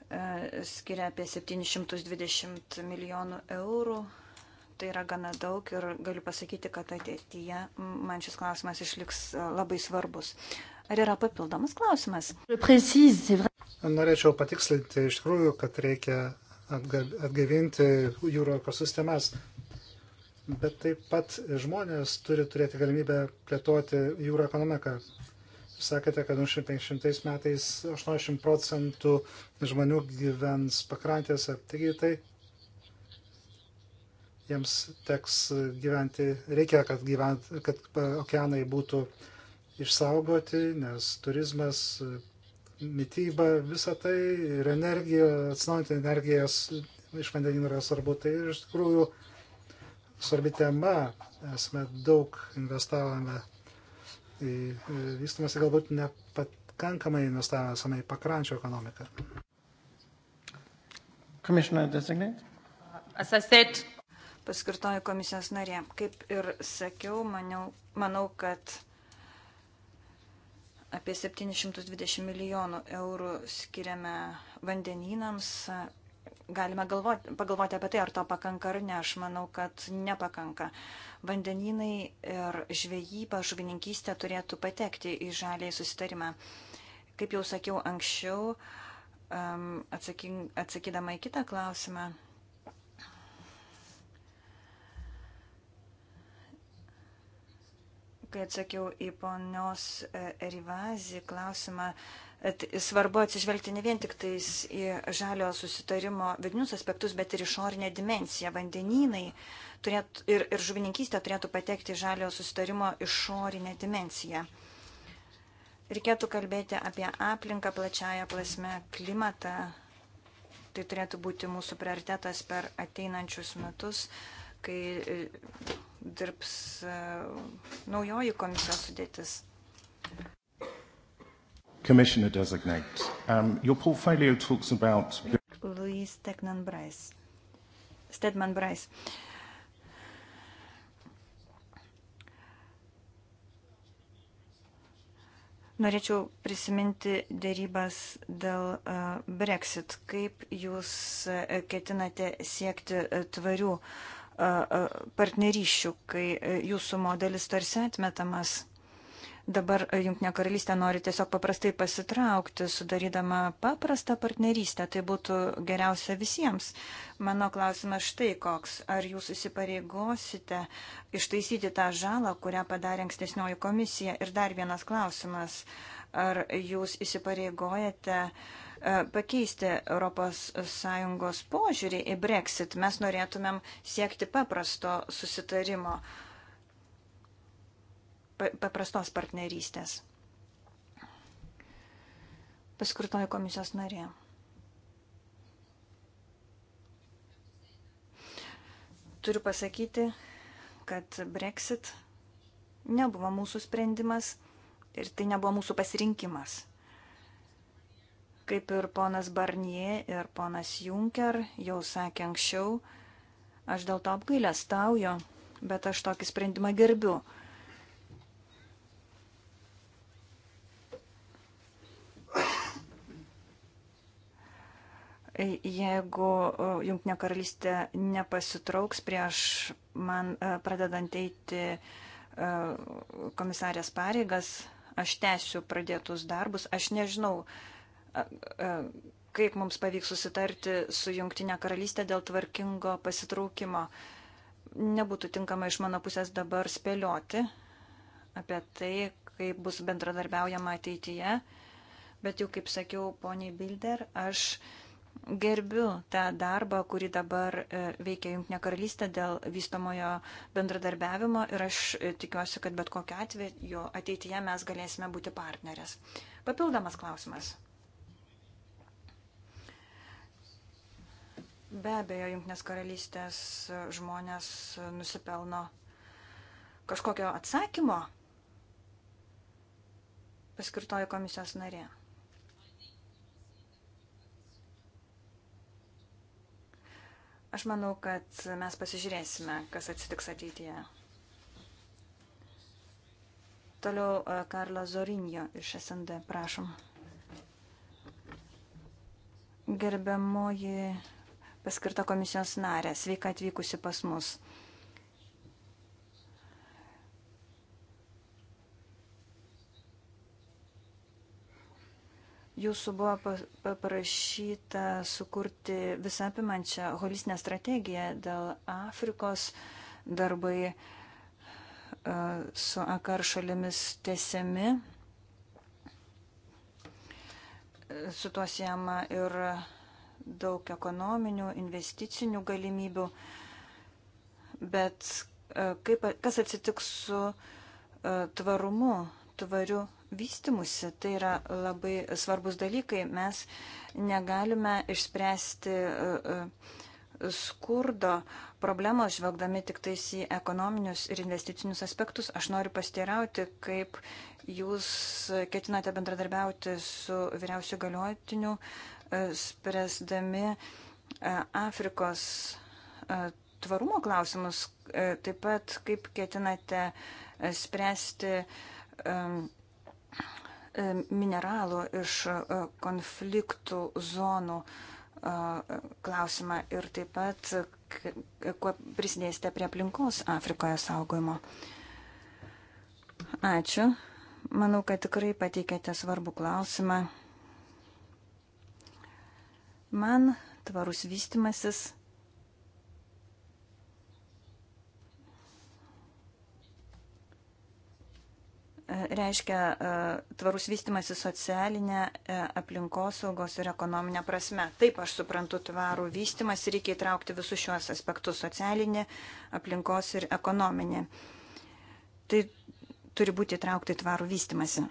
e, skiria apie 720 milijonų eurų. Tai yra gana daug ir galiu pasakyti, kad ateityje man šis klausimas išliks e, labai svarbus. Ar yra papildomas klausimas? Norėčiau patikslinti iš tikrųjų, kad reikia atgaivinti jūrų ekosistemas bet taip pat žmonės turi turėti galimybę plėtoti jūrų ekonomiką. Jūs sakėte, kad 1950 metais 80 procentų žmonių gyvens pakrantėse, taigi tai jiems teks gyventi, reikia, kad, gyvent, kad okeanai būtų išsaugoti, nes turizmas, mytyba, visa tai ir energija, atsinaujinti energijas iš vandenynų yra svarbu. Tai iš tikrųjų svarbi tema. Esame daug investavome į vystimąsi, galbūt nepakankamai investavome į pakrančio ekonomiką. Paskirtoji komisijos narė. Kaip ir sakiau, maniau, manau, kad apie 720 milijonų eurų skiriame vandenynams, galime galvoti, pagalvoti apie tai, ar to pakanka ar ne. Aš manau, kad nepakanka. Vandeninai ir žvejyba, žuvininkystė turėtų patekti į žaliai susitarimą. Kaip jau sakiau anksčiau, atsaking, atsakydama į kitą klausimą. Kai atsakiau į ponios e, Rivazį klausimą, svarbu atsižvelgti ne vien tik tais į žalio susitarimo vidinius aspektus, bet ir išorinę dimenciją. Vandenynai turėtų, ir, ir žuvininkystė turėtų patekti į žalio susitarimo išorinę dimenciją. Reikėtų kalbėti apie aplinką plačiają plasme, klimatą. Tai turėtų būti mūsų prioritetas per ateinančius metus, kai e, dirbs e, naujoji komisijos sudėtis. Commissioner designate. Um, your portfolio talks about. Louise Stegman Bryce. Stedman Bryce. Norėčiau prisiminti dėrybas dėl uh, Brexit. Kaip jūs uh, ketinate siekti uh, tvarių partnerysčių, kai jūsų modelis tarsi atmetamas? Dabar e, Junktinė karalystė nori tiesiog paprastai pasitraukti, sudarydama paprastą partnerystę. Tai būtų geriausia visiems. Mano klausimas štai koks. Ar jūs įsipareigosite ištaisyti tą žalą, kurią padarė ankstesnioji komisija? Ir dar vienas klausimas. Ar jūs įsipareigojate e, pakeisti ES požiūrį į Brexit. Mes norėtumėm siekti paprasto susitarimo paprastos partnerystės. Paskirtoji komisijos narė. Turiu pasakyti, kad Brexit nebuvo mūsų sprendimas ir tai nebuvo mūsų pasirinkimas. Kaip ir ponas Barnie ir ponas Juncker jau sakė anksčiau, aš dėl to apgailę stauju, bet aš tokį sprendimą gerbiu. jeigu e, Junktinė karalystė nepasitrauks prieš man e, pradedant eiti e, komisarės pareigas, aš tęsiu pradėtus darbus. Aš nežinau, kaip mums pavyks susitarti su Junktinė karalystė dėl tvarkingo pasitraukimo. Nebūtų tinkama iš mano pusės dabar spėlioti apie tai, kaip bus bendradarbiaujama ateityje. Bet jau, kaip sakiau, poniai Bilder, aš uh, gerbiu tą darbą, kurį dabar e, veikia Junktinė karalystė dėl vystomojo bendradarbiavimo ir aš e, tikiuosi, kad bet kokiu atveju ateityje mes galėsime būti partnerės. Papildomas klausimas. Be abejo, Junktinės karalystės žmonės nusipelno kažkokio atsakymo paskirtoji komisijos narė. Aš manau, kad mes pasižiūrėsime, kas atsitiks ateityje. Toliau e, Karlo Zorinjo iš SND, prašom. Gerbiamoji paskirta komisijos narė, sveika atvykusi pas mus. Jūsų buvo paprašyta sukurti visapimančią holistinę strategiją dėl Afrikos darbai e, su AKR šalimis tesiami. E, su tuo siejama ir daug ekonominių, investicinių galimybių. Bet e, kaip, kas atsitiks su tvarumu, tvariu vystimusi. Tai yra labai svarbus dalykai. Mes negalime išspręsti e, e, skurdo problemos, žvelgdami tik tais į ekonominius ir investicinius aspektus. Aš noriu pasteirauti, kaip jūs ketinate bendradarbiauti su vyriausiu galiotiniu, e, spręsdami Afrikos tvarumo klausimus, taip pat kaip ketinate spręsti um, E, mineralų iš e, konfliktų zonų e, klausimą ir taip pat, kuo prisidėsite prie aplinkos Afrikoje saugojimo. Ačiū. Manau, kad tikrai pateikėte svarbų klausimą. Man tvarus vystimasis reiškia e, tvarus vystimasi socialinė e, aplinkosaugos ir ekonominė prasme. Taip aš suprantu tvarų vystimasi, reikia įtraukti visus šiuos aspektus - socialinį, aplinkos ir ekonominį. Tai turi būti įtraukti tvarų vystimasi.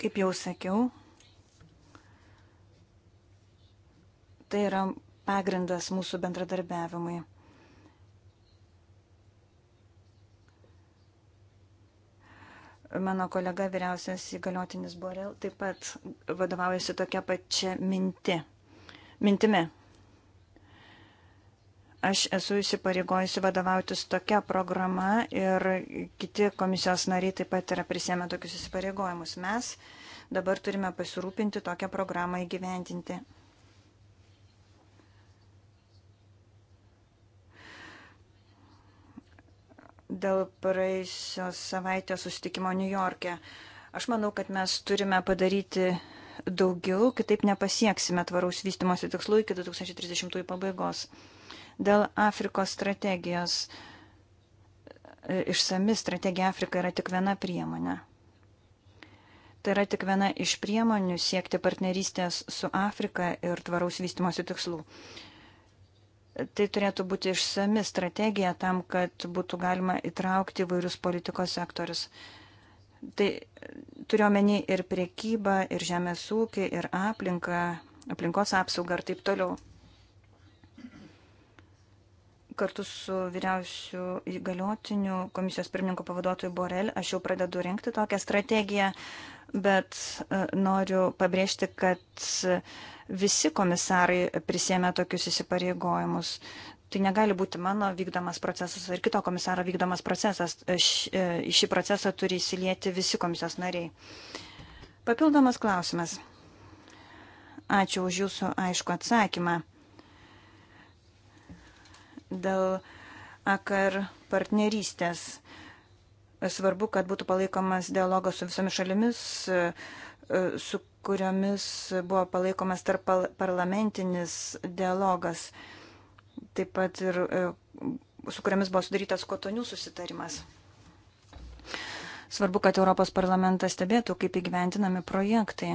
Kaip jau sakiau, tai yra pagrindas mūsų bendradarbiavimui. Mano kolega vyriausias įgaliotinis Borel taip pat vadovaujasi tokia pačia minti. Mintimi. Aš esu įsipareigojusi vadovautis tokia programa ir kiti komisijos nariai taip pat yra prisėmę tokius įsipareigojimus. Mes dabar turime pasirūpinti tokią programą įgyventinti. dėl praėjusios savaitės susitikimo New York'e. Aš manau, kad mes turime padaryti daugiau, kitaip nepasieksime tvaraus vystimosi tikslų iki 2030 pabaigos. Dėl Afrikos strategijos. E, išsami strategija Afrika yra tik viena priemonė. Tai yra tik viena iš priemonių siekti partnerystės su Afrika ir tvaraus vystimosi tikslų tai turėtų būti išsami strategija tam, kad būtų galima įtraukti vairius politikos sektorius. Tai turiuomenį ir priekybą, ir žemės ūkį, ir aplinką, aplinkos apsaugą ir taip toliau. Kartu su vyriausiu įgaliotiniu komisijos pirmininko pavaduotoju Borel aš jau pradedu rinkti tokią strategiją, bet e, noriu pabrėžti, kad Visi komisarai prisėmė tokius įsipareigojimus. Tai negali būti mano vykdomas procesas ar kito komisaro vykdomas procesas. E, į šį procesą turi įsilieti visi komisijos nariai. Papildomas klausimas. Ačiū už jūsų aišku atsakymą. Dėl akar partnerystės svarbu, kad būtų palaikomas dialogas su visomis šalimis, e, e, su kuriomis buvo palaikomas tarp parlamentinis dialogas, taip pat ir e, su kuriamis buvo sudarytas kotonių susitarimas. Svarbu, kad Europos parlamentas stebėtų, kaip įgyventinami projektai.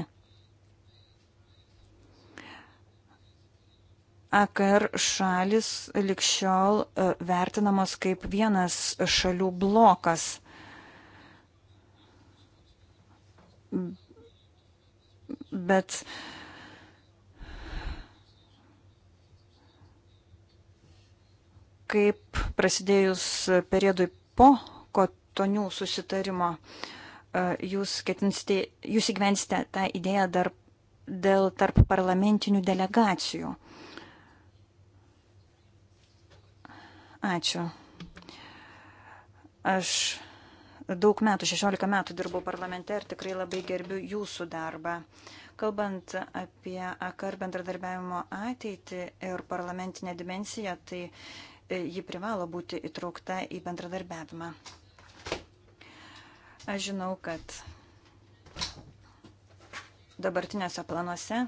AKR šalis likščiol e, vertinamos kaip vienas šalių blokas bet kaip prasidėjus periodui po kotonių susitarimo, e, jūs, ketinsite, jūs įgyvensite tą idėją dar dėl tarp parlamentinių delegacijų. Ačiū. Aš daug metų, 16 metų dirbau parlamente ir tikrai labai gerbiu jūsų darbą. Kalbant apie AKR bendradarbiavimo ateitį ir parlamentinę dimensiją, tai e, ji privalo būti įtraukta į bendradarbiavimą. Aš žinau, kad dabartiniuose planuose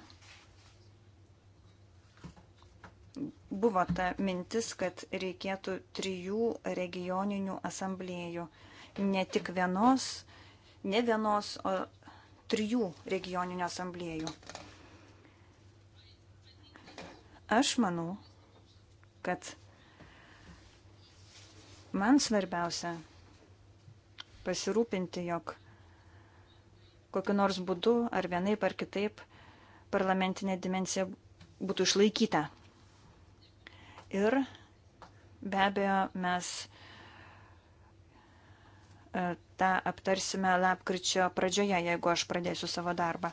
buvo ta mintis, kad reikėtų trijų regioninių asamblėjų – ne tik vienos, ne vienos, o trijų regioninių asamblėjų. Aš manau, kad man svarbiausia pasirūpinti, jog kokiu nors būdu ar vienaip ar kitaip parlamentinė dimensija būtų išlaikyta. Ir be abejo, mes E, tą aptarsime lapkričio pradžioje, jeigu aš pradėsiu savo darbą.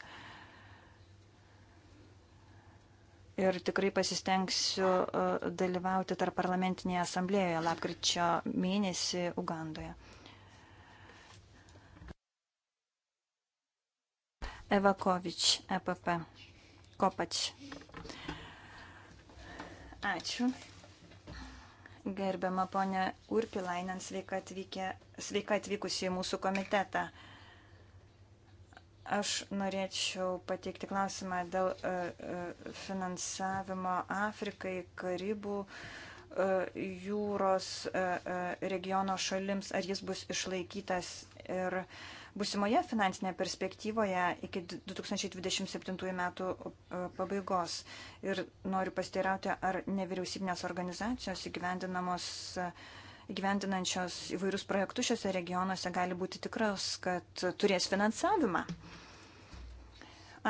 Ir tikrai pasistengsiu e, dalyvauti tarp parlamentinėje asamblėjoje lapkričio mėnesį Ugandoje. Evakovič, EPP, Kopač. Ačiū. Gerbiama ponė Urpilainen, sveika, atvykė, sveika atvykusi į mūsų komitetą. Aš norėčiau pateikti klausimą dėl e, e, finansavimo Afrikai, Karibų e, jūros regiono šalims, ar jis bus išlaikytas ir uh, busimoje finansinėje perspektyvoje iki 2027 metų e, pabaigos. Ir noriu pasteirauti, ar nevyriausybinės organizacijos įgyvendinamos įgyvendinančios įvairius projektus šiuose regionuose gali būti tikros, kad turės finansavimą.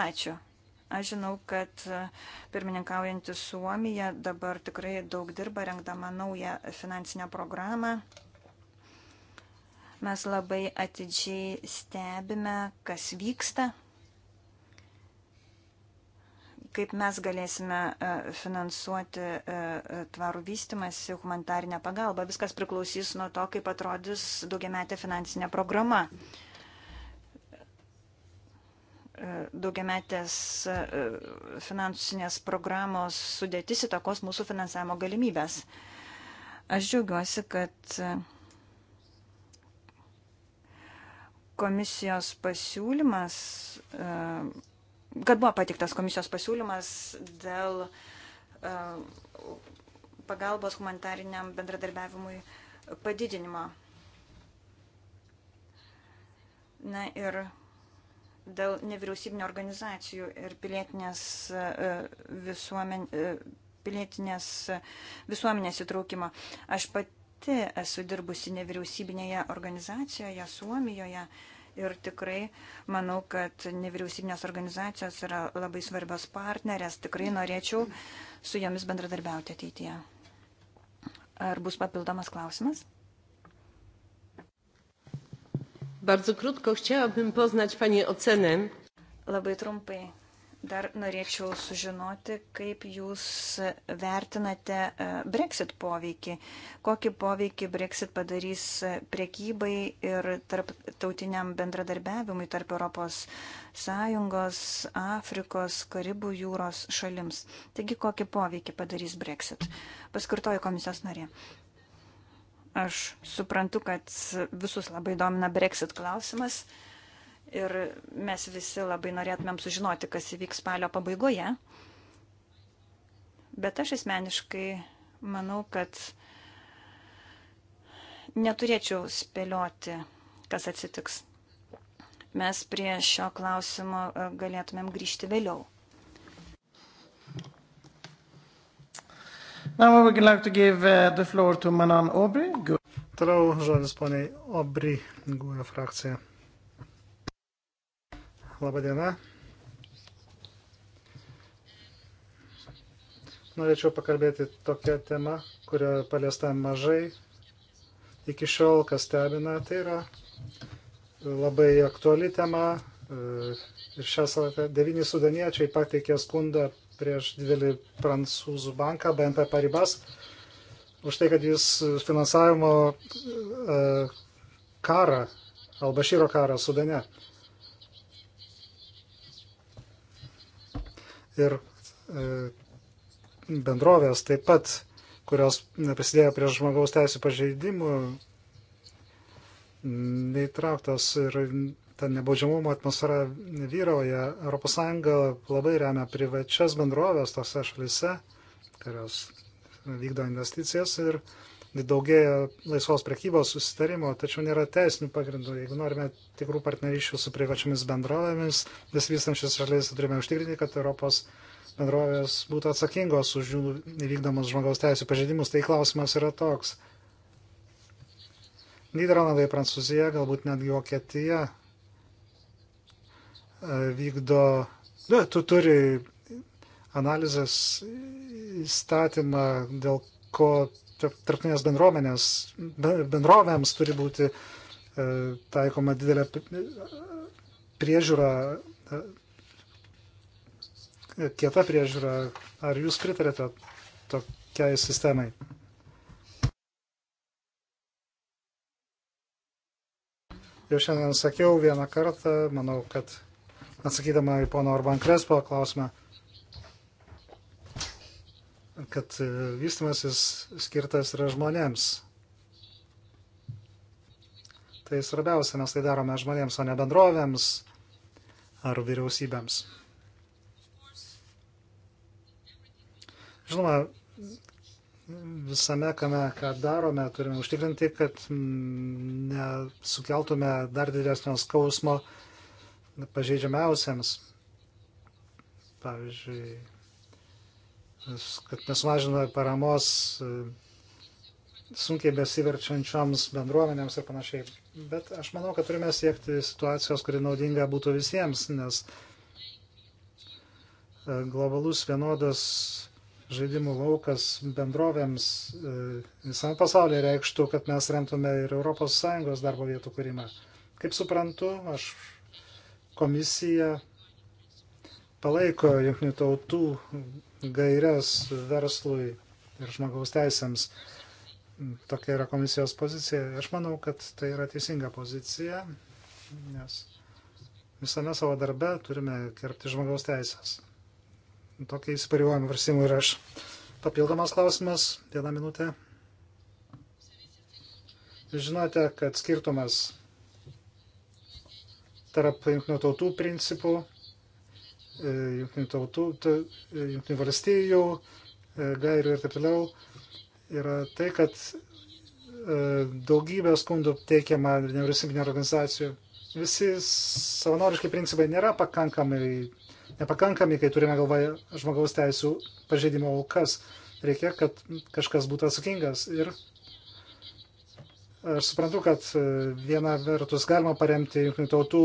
Ačiū. Aš žinau, kad e, pirmininkaujantį Suomiją dabar tikrai daug dirba rengdama naują finansinę programą Mes labai atidžiai stebime, kas vyksta, kaip mes galėsime e, finansuoti e, e, tvarų vystimąsi, humanitarinę pagalbą. Viskas priklausys nuo to, kaip atrodys daugiametė finansinė programa. Daugiametės finansinės programos sudėtis įtakos mūsų finansavimo galimybės. Aš džiaugiuosi, kad komisijos pasiūlymas, e, kad buvo patiktas komisijos pasiūlymas dėl e, pagalbos humanitariniam bendradarbiavimui padidinimo. Na ir dėl nevyriausybinio organizacijų ir pilietinės, e, visuomen, pilietinės visuomenės įtraukimo. Aš pat pati esu dirbusi nevyriausybinėje organizacijoje Suomijoje ir tikrai manau, kad nevyriausybinės organizacijos yra labai svarbios partnerės. Tikrai norėčiau su jomis bendradarbiauti ateityje. Ar bus papildomas klausimas? Bardzo krótko chciałabym poznać Pani ocenę. Labai trumpai Dar norėčiau sužinoti, kaip jūs vertinate e, Brexit poveikį. Kokį poveikį Brexit padarys e, priekybai ir tarptautiniam bendradarbiavimui tarp ES, Afrikos, Karibų jūros šalims. Taigi, kokį poveikį padarys Brexit. Paskirtoji komisijos narė. Aš suprantu, kad visus labai domina Brexit klausimas. Uh, ir mes visi labai norėtumėm sužinoti, kas įvyks spalio pabaigoje. Bet aš asmeniškai manau, kad neturėčiau spėlioti, kas atsitiks. Mes prie šio klausimo e, galėtumėm grįžti vėliau. Now I would like to give uh, the floor to Manan Aubrey. Toliau žodis poniai Aubrey, GUE frakcija laba diena. Norėčiau pakalbėti tokią temą, kurio paliesta mažai iki šiol, kas stebina. Tai yra labai aktuali tema. Ir šią savaitę devyni sudaniečiai pateikė skundą prieš didelį prancūzų banką BNP Paribas už tai, kad jis finansavimo e, karą, Albašyro karą Sudane. ir e, bendrovės taip pat, kurios prisidėjo prie žmogaus teisų pažeidimų, neįtrauktos ir ta nebaudžiamumo atmosfera vyrauja. ES labai remia privačias bendrovės tose šalise, kurios vykdo investicijas ir uh, daugėja laisvos prekybos susitarimo, tačiau nėra teisinių pagrindų. Jeigu norime tikrų partnerysčių su privačiamis bendrovėmis, besivystančias šalis turime užtikrinti, kad Europos bendrovės būtų atsakingos už jų įvykdomus žmogaus teisų pažeidimus. Tai klausimas yra toks. Niderlandai, Prancūzija, galbūt netgi Vokietija e, vykdo, nu, tu turi analizės įstatymą, dėl ko tarptautinės bendruomenės, bendrovėms turi būti e, taikoma didelė priežiūra, e, kieta priežiūra. Ar jūs pritarėte tokiai sistemai? Jau šiandien sakiau vieną kartą, manau, kad atsakydama į pono Orban Krespo klausimą, kad e, vystimasis skirtas yra žmonėms. Tai svarbiausia, mes tai darome žmonėms, o ne bendrovėms ar vyriausybėms. Žinoma, visame, kame, ką darome, turime užtikrinti, kad mm, nesukeltume dar didesnio skausmo pažeidžiamiausiams. Pavyzdžiui, kad nesumažina paramos e, sunkiai besiverčiančioms bendruomenėms ir panašiai. Bet aš manau, kad turime siekti situacijos, kuri naudinga būtų visiems, nes e, globalus vienodas žaidimų laukas bendrovėms e, visame pasaulyje reikštų, kad mes remtume ir ES darbo vietų kūrimą. Kaip suprantu, aš komisija palaiko jungtinių tautų gairias verslui ir žmogaus teisėms. Tokia yra komisijos pozicija. Aš manau, kad tai yra teisinga pozicija, nes visame savo darbe turime gerbti žmogaus teisės. Tokį įsipareigojimą varsimu ir aš. Papildomas klausimas, vieną minutę. Žinote, kad skirtumas tarp jungtinių tautų principų E, jungtinių tautų, e, jungtinių valstijų, e, gairių ir taip toliau, yra tai, kad daugybė skundų teikiama nevyriausybinio organizacijų. Visi savanoriškai principai nėra pakankamai, nepakankami, kai turime galvoje žmogaus teisų pažeidimo aukas. Reikia, kad kažkas būtų atsakingas ir Aš suprantu, kad e, viena vertus galima paremti jungtinių tautų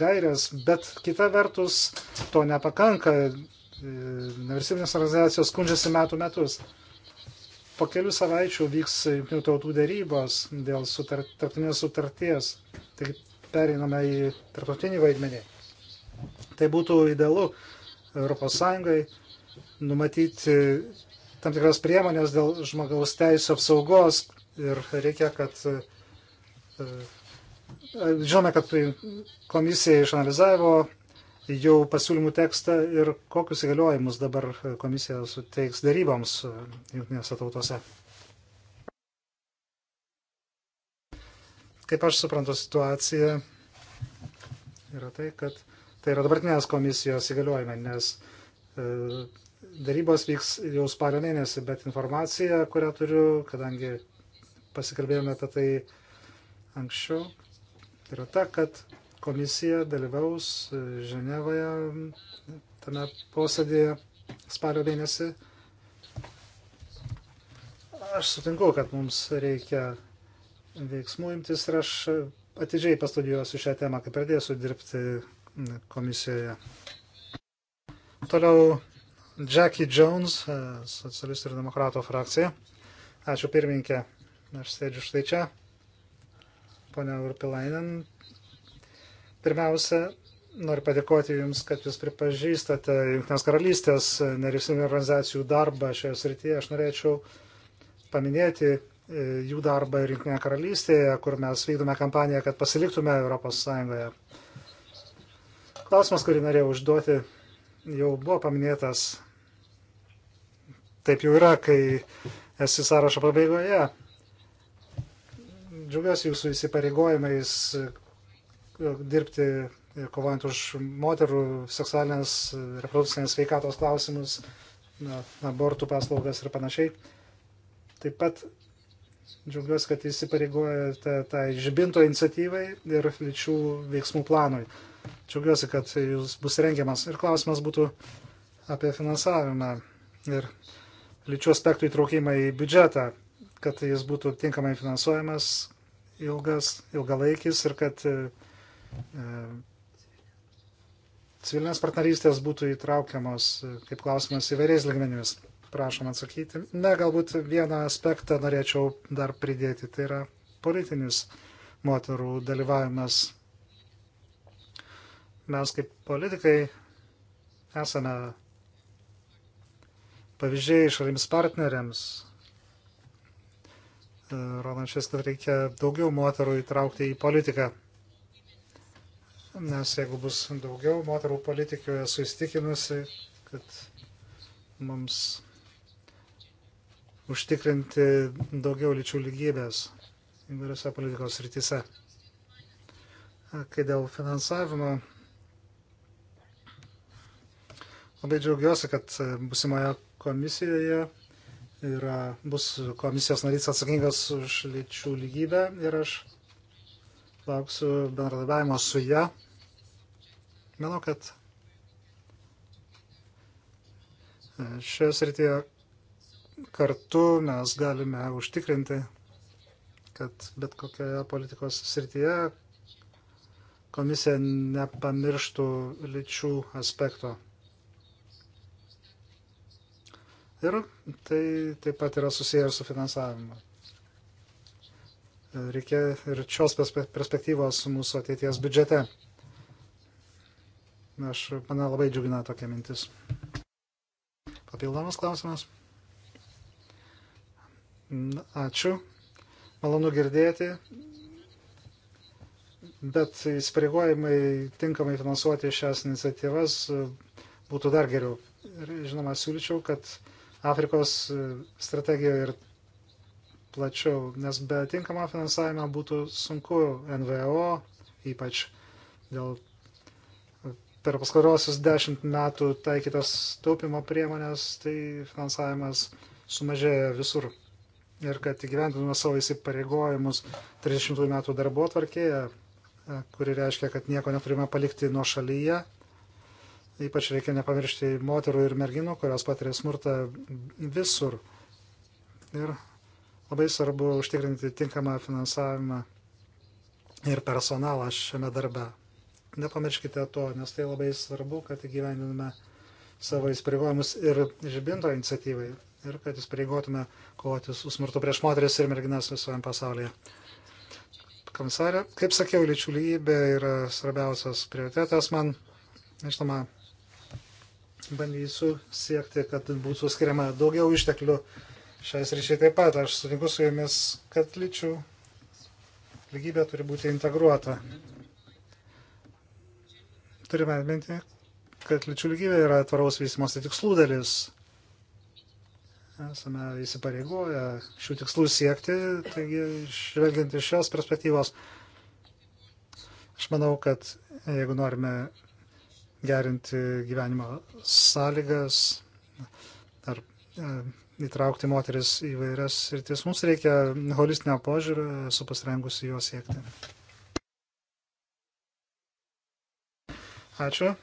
gairias, bet kita vertus to nepakanka. E, nevyriausybinės organizacijos skundžiasi metų metus. Po kelių savaičių vyks jungtinių tautų dėrybos dėl sutart, tarptautinės sutarties. Tai pereiname į tarptautinį vaidmenį. Tai būtų idealu ES numatyti tam tikras priemonės dėl žmogaus teisų apsaugos ir reikia, kad e, e, žinome, kad tai komisija išanalizavo jau pasiūlymų tekstą ir kokius įgaliojimus dabar komisija suteiks daryboms jungtinėse tautose. Kaip aš suprantu, situacija yra tai, kad tai yra dabartinės komisijos įgaliojimai, nes e, darybos vyks jau spalio mėnesį, bet informacija, kurią turiu, kadangi pasikalbėjome apie tai anksčiau, tai yra ta, kad komisija dalyvaus Ženevoje tame posėdėje spalio mėnesį. Aš sutinku, kad mums reikia veiksmų imtis ir aš atidžiai pastudijuosiu šią temą, kai pradėsiu dirbti komisijoje. Toliau Jackie Jones, socialistų ir demokratų frakcija. Ačiū pirmininkė. Aš sėdžiu štai čia. Pone Urpilainen, pirmiausia, noriu padėkoti Jums, kad Jūs pripažįstate Junktinės karalystės nevyriausybinio organizacijų darbą šioje srityje. Aš norėčiau paminėti e, jų darbą ir Junktinėje karalystėje, kur mes vykdome kampaniją, kad pasiliktume Europos Sąjungoje. Klausimas, kurį norėjau užduoti, jau buvo paminėtas. Taip jau yra, kai esi sąrašo pabaigoje. Džiaugiuosi jūsų įsipareigojimais e, dirbti e, kovant už moterų seksualinės reprodukcinės sveikatos klausimus, abortų paslaugas ir panašiai. Taip pat džiaugiuosi, kad įsipareigojate tai žibinto iniciatyvai ir lyčių veiksmų planui. Džiaugiuosi, kad jūs bus rengiamas. Ir klausimas būtų apie finansavimą ir lyčių aspektų įtraukimą į biudžetą, kad jis būtų tinkamai finansuojamas, ilgas, ilgalaikis ir kad e, e, civilinės partnerystės būtų įtraukiamos e, kaip klausimas įvairiais ligmenimis. Prašom atsakyti. Na, galbūt vieną aspektą norėčiau dar pridėti. Tai yra politinis moterų dalyvavimas. Mes kaip politikai esame pavyzdžiai šalims partneriams, romančias, kad reikia daugiau moterų įtraukti į politiką. Nes jeigu bus daugiau moterų politikių, esu įstikinusi, kad mums užtikrinti daugiau lyčių lygybės įvairiose politikos rytise. Kai dėl finansavimo, labai džiaugiuosi, kad busimoje komisijoje yra, bus komisijos narys atsakingas už lyčių lygybę ir aš lauksiu bendradarbiavimo su ją. Manau, kad e, šioje srityje kartu mes galime užtikrinti, kad bet kokioje politikos srityje komisija nepamirštų lyčių aspekto. Ir tai taip pat yra susijęs su finansavimu. Reikia ir šios perspektyvos mūsų ateities biudžete. Aš mane labai džiugina tokia mintis. Papildomas klausimas. Ačiū. Malonu girdėti. Bet įsipareigojimai tinkamai finansuoti šias iniciatyvas būtų dar geriau. Ir žinoma, siūlyčiau, kad Afrikos e, strategijoje ir plačiau, nes be tinkamo finansavimo būtų sunku NVO, ypač dėl e, per paskarosius dešimt metų taikytas taupimo priemonės, tai finansavimas sumažėja visur. Ir kad įgyventume savo įsipareigojimus 30 metų darbo atvarkėje, e, kuri reiškia, kad nieko neturime palikti nuo šalyje, Ypač reikia nepamiršti moterų ir merginų, kurios patiria smurtą visur. Ir labai svarbu užtikrinti tinkamą finansavimą ir personalą šiame darbe. Nepamirškite to, nes tai labai svarbu, kad įgyvendiname savo įsipareigojimus ir žibinto iniciatyvai ir kad įsipareigotume kovoti su smurtu prieš moteris ir merginas visojame pasaulyje. Komisarė, kaip sakiau, lyčių lygybė yra svarbiausias prioritetas man. Žinoma, bandysiu siekti, kad būtų skiriama daugiau išteklių šiais ryšiai taip pat. Aš sutinku su jumis, kad lyčių lygybė turi būti integruota. Turime atminti, kad lyčių lygybė yra tvaraus vystimosi tikslų dalis. Esame įsipareigoję šių tikslų siekti, taigi žvelgiant iš šios perspektyvos, aš manau, kad jeigu norime gerinti gyvenimo sąlygas ar e, įtraukti moteris į vairias sritis. Mums reikia holistinio požiūrio, esu pasirengusi jo siekti. Ačiū.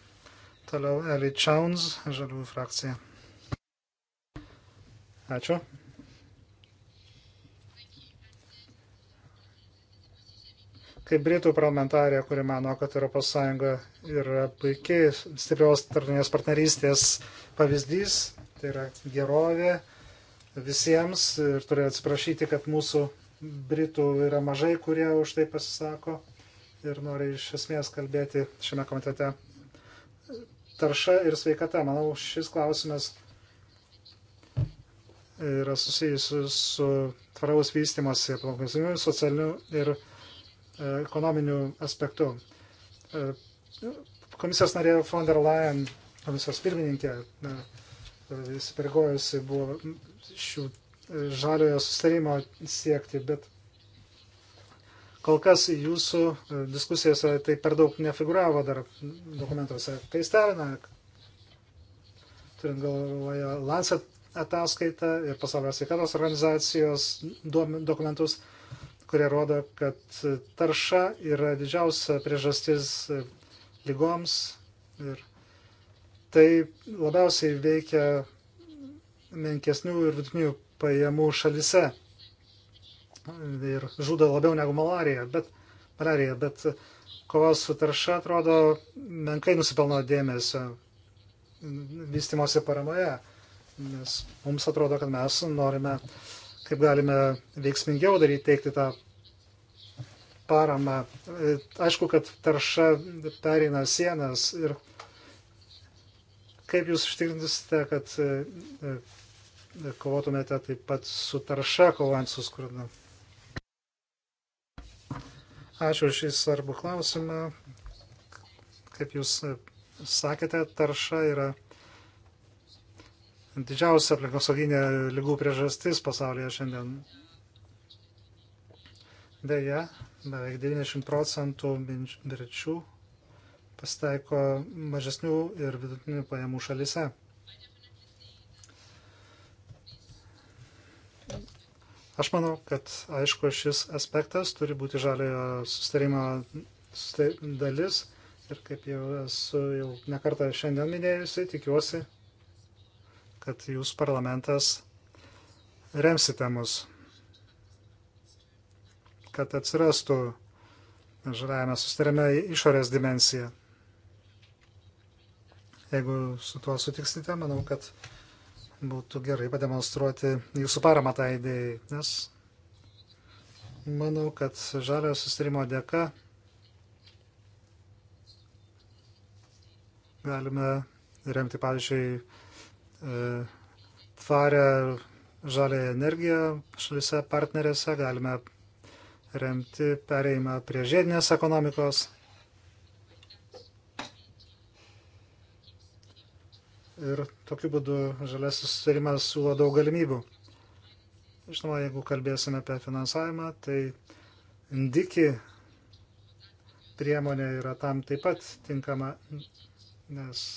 Toliau Eli Čiauns, žaliųjų frakcija. Ačiū. Kaip Britų parlamentarė, kuri mano, kad ES yra puikiai stiprios tarptautinės partnerystės pavyzdys, tai yra gerovė visiems ir turiu atsiprašyti, kad mūsų Britų yra mažai, kurie už tai pasisako ir nori iš esmės kalbėti šiame komitete. Tarša ir sveikata, manau, šis klausimas yra susijusi su tvaraus vystimosi, aplinkosiniu, socialiniu ir E, ekonominiu aspektu. E, komisijos narė von der Leyen, komisijos pirmininkė, e, įsipareigojusi buvo šių žaliojo sustarimo siekti, bet kol kas jūsų diskusijose tai per daug nefiguravo dar dokumentuose. Tai stebina, turint galvoje Lancet ataskaitą ir pasaulio sveikatos organizacijos dokumentus, kurie rodo, kad tarša yra didžiausia priežastis lygoms ir tai labiausiai veikia menkesnių ir vidutinių pajamų šalise ir žudo labiau negu malarija, bet, malarija, bet kovos su tarša atrodo menkai nusipelno dėmesio vystimosi paramoje, nes mums atrodo, kad mes norime uh, kaip galime veiksmingiau daryti, teikti tą paramą. E, aišku, kad tarša pereina sienas ir kaip jūs užtikrinsite, kad e, e, kovotumėte taip pat su tarša kovant su skurdu? Ačiū šį svarbų klausimą. Kaip jūs sakėte, tarša yra didžiausia aplinkosauginė lygų priežastis pasaulyje šiandien. Deja, beveik 90 procentų mirčių pasitaiko mažesnių ir vidutinių pajamų šalyse. Aš manau, kad aišku, šis aspektas turi būti žaliojo sustarimo dalis ir kaip jau esu jau nekartą šiandien minėjusi, tikiuosi, kad jūs parlamentas remsite mus, kad atsirastų žaliajame sustarime išorės dimensija. Jeigu su tuo sutiksite, manau, kad būtų gerai pademonstruoti jūsų paramą tą tai idėjai, nes manau, kad žalio sustarimo dėka galime remti, pavyzdžiui, E, tvarę žalę energiją šalise partnerėse, galime remti pereimą prie žiedinės ekonomikos. Ir tokiu būdu žalės susitarimas siūlo daug galimybių. Žinoma, jeigu kalbėsime apie finansavimą, tai indiki priemonė yra tam taip pat tinkama, nes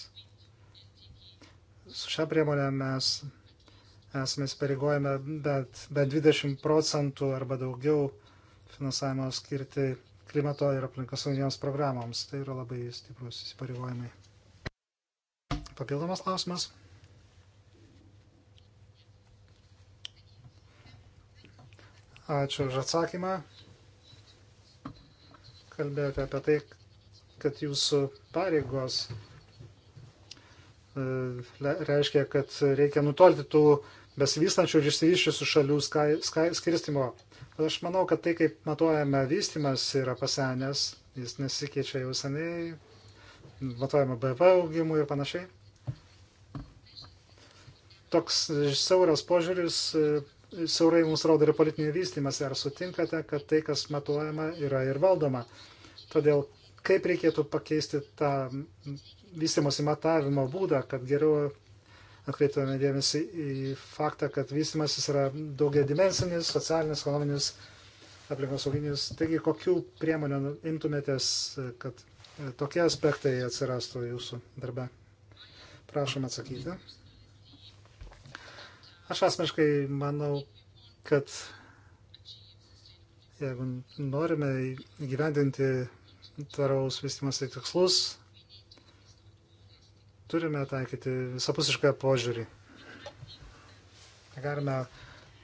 su šią priemonę mes esame įsipareigojame bet, bet 20 procentų arba daugiau finansavimo skirti klimato ir aplinkosauginėms programoms. Tai yra labai stiprus įsipareigojimai. Papildomas klausimas. Ačiū už atsakymą. Kalbėjote apie tai, kad jūsų pareigos reiškia, kad reikia nutolti tų besivystančių ir išsivyščiusių šalių skai, skai, skirstimo. Bet aš manau, kad tai, kaip matuojame vystimas, yra pasenęs, jis nesikeičia jau seniai, matuojame BVP augimų ir panašiai. Toks siauras požiūris siaurai mums rodo ir politinį vystimas. Ar sutinkate, kad tai, kas matuojama, yra ir valdoma? Todėl kaip reikėtų pakeisti tą vystimosi matavimo būdą, kad geriau atkreiptume dėmesį į faktą, kad vystimasis yra daugia dimensinis, socialinis, ekonominis, aplinkosauginis. Taigi, kokių priemonių imtumėtės, kad tokie aspektai atsirastų jūsų darbe? Prašom atsakyti. Aš asmeniškai manau, kad jeigu norime įgyvendinti tvaraus vystimasi tikslus, Turime taikyti visapusišką požiūrį. Negalime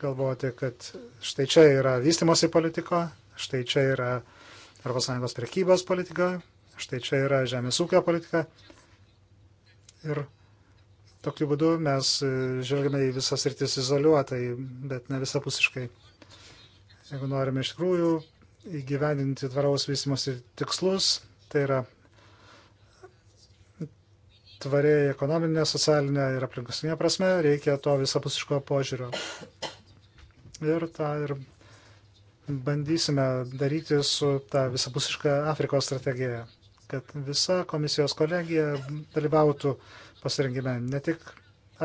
galvoti, kad štai čia yra vystimosi politiko, štai čia yra ES prekybos politika, štai čia yra žemės ūkio politika. Ir tokiu būdu mes žvelgiame į visas rytis izoliuotai, bet ne visapusiškai. Jeigu norime iš tikrųjų įgyvendinti tvaraus vystimosi tikslus, tai yra tvariai ekonominė, socialinė ir aplinkosinė prasme, reikia to visapusiško požiūrio. Ir tą ir bandysime daryti su tą visapusišką Afrikos strategiją, kad visa komisijos kolegija dalyvautų pasirinkime. Ne tik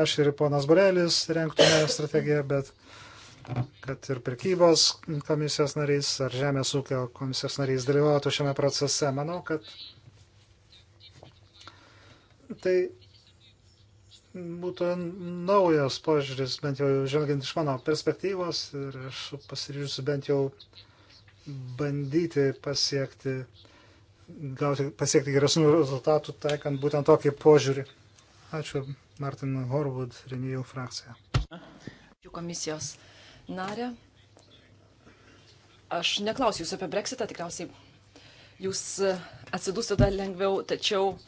aš ir ponas Borelis renktume strategiją, bet kad ir prekybos komisijos narys ar žemės ūkio komisijos narys dalyvautų šiame procese. Manau, kad tai būtų naujas požiūris, bent jau žvelgiant iš mano perspektyvos ir aš pasiryžusiu bent jau bandyti pasiekti, gauti, pasiekti geresnių rezultatų, taikant būtent tokį požiūrį. Ačiū Martin Horwood, Renijų frakcija. Ačiū komisijos narė. Aš neklausiu jūsų apie Brexitą, tikriausiai jūs atsidūsite dar lengviau, tačiau uh,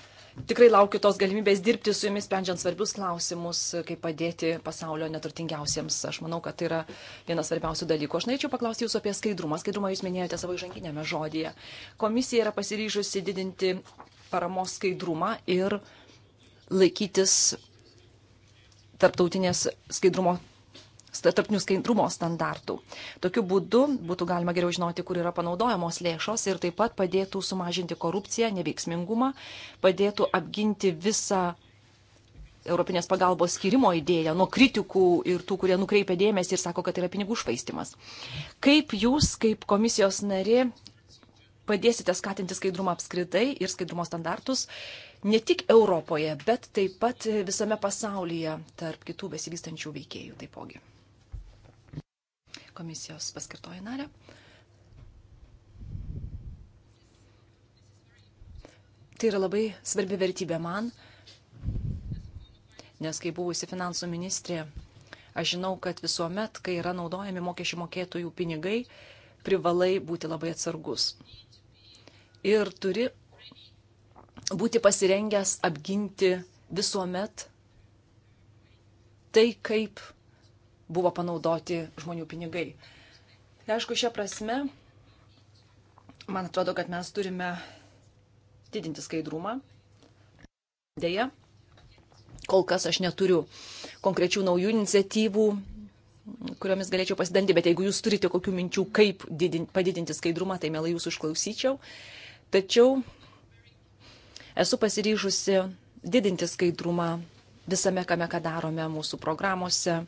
tikrai laukiu tos galimybės dirbti su jumis, sprendžiant svarbius klausimus, kaip padėti pasaulio neturtingiausiems. Aš manau, kad tai yra vienas svarbiausių dalykų. Aš norėčiau paklausti jūsų apie skaidrumą. Skaidrumą jūs minėjote savo įžanginėme žodėje. Komisija yra pasiryžusi didinti paramos skaidrumą ir laikytis tarptautinės skaidrumo tarptinių skaidrumo standartų. Tokiu būdu būtų galima geriau žinoti, kur yra panaudojamos lėšos ir taip pat padėtų sumažinti korupciją, neveiksmingumą, padėtų apginti visą Europinės pagalbos skirimo idėją nuo kritikų ir tų, kurie nukreipia dėmesį ir sako, kad tai yra pinigų švaistimas. Kaip jūs, kaip komisijos nari, padėsite skatinti skaidrumą apskritai ir skaidrumo standartus ne tik Europoje, bet taip pat visame pasaulyje tarp kitų besivystančių veikėjų taipogi? komisijos paskirtoji narė. Tai yra labai svarbi vertybė man, nes kai buvusi finansų ministrė, aš žinau, kad visuomet, kai yra naudojami mokesčių mokėtojų pinigai, privalai būti labai atsargus. Ir turi būti pasirengęs apginti visuomet tai, kaip buvo panaudoti žmonių pinigai. Ir tai aišku, šią prasme, man atrodo, kad mes turime didinti skaidrumą. Deja, kol kas aš neturiu konkrečių naujų iniciatyvų, kuriomis galėčiau pasidalinti, bet jeigu jūs turite kokių minčių, kaip didinti, padidinti skaidrumą, tai mielai jūs užklausyčiau. Tačiau esu pasiryžusi didinti skaidrumą visame, kame ką darome mūsų programuose,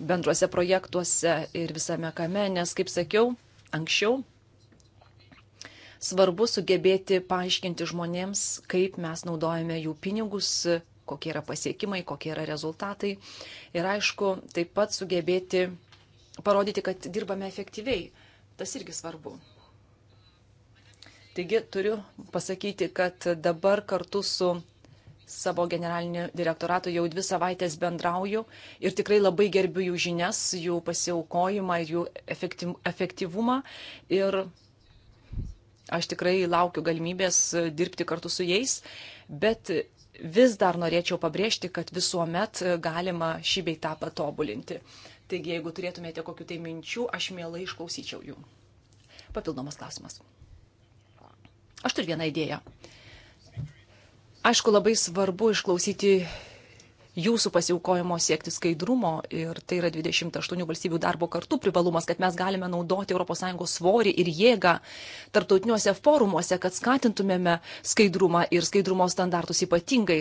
bendruose projektuose ir visame kame, nes, kaip sakiau, anksčiau svarbu sugebėti paaiškinti žmonėms, kaip mes naudojame jų pinigus, kokie yra pasiekimai, kokie yra rezultatai. Ir aišku, taip pat sugebėti parodyti, kad dirbame efektyviai. Tas irgi svarbu. Taigi turiu pasakyti, kad dabar kartu su savo generaliniu direktoratu jau dvi savaitės bendrauju ir tikrai labai gerbiu jų žinias, jų pasiaukojimą ir jų efektyvumą. Ir aš tikrai laukiu galimybės dirbti kartu su jais, bet vis dar norėčiau pabrėžti, kad visuomet galima šį beitą patobulinti. Taigi, jeigu turėtumėte kokių tai minčių, aš mielai išklausyčiau jų. Papildomas klausimas. Aš turiu vieną idėją. Aišku, labai svarbu išklausyti jūsų pasiaukojimo siekti skaidrumo ir tai yra 28 valstybių darbo kartu privalumas, kad mes galime naudoti ES svorį ir jėgą tarptautiniuose forumuose, kad skatintumėme skaidrumą ir skaidrumo standartus ypatingai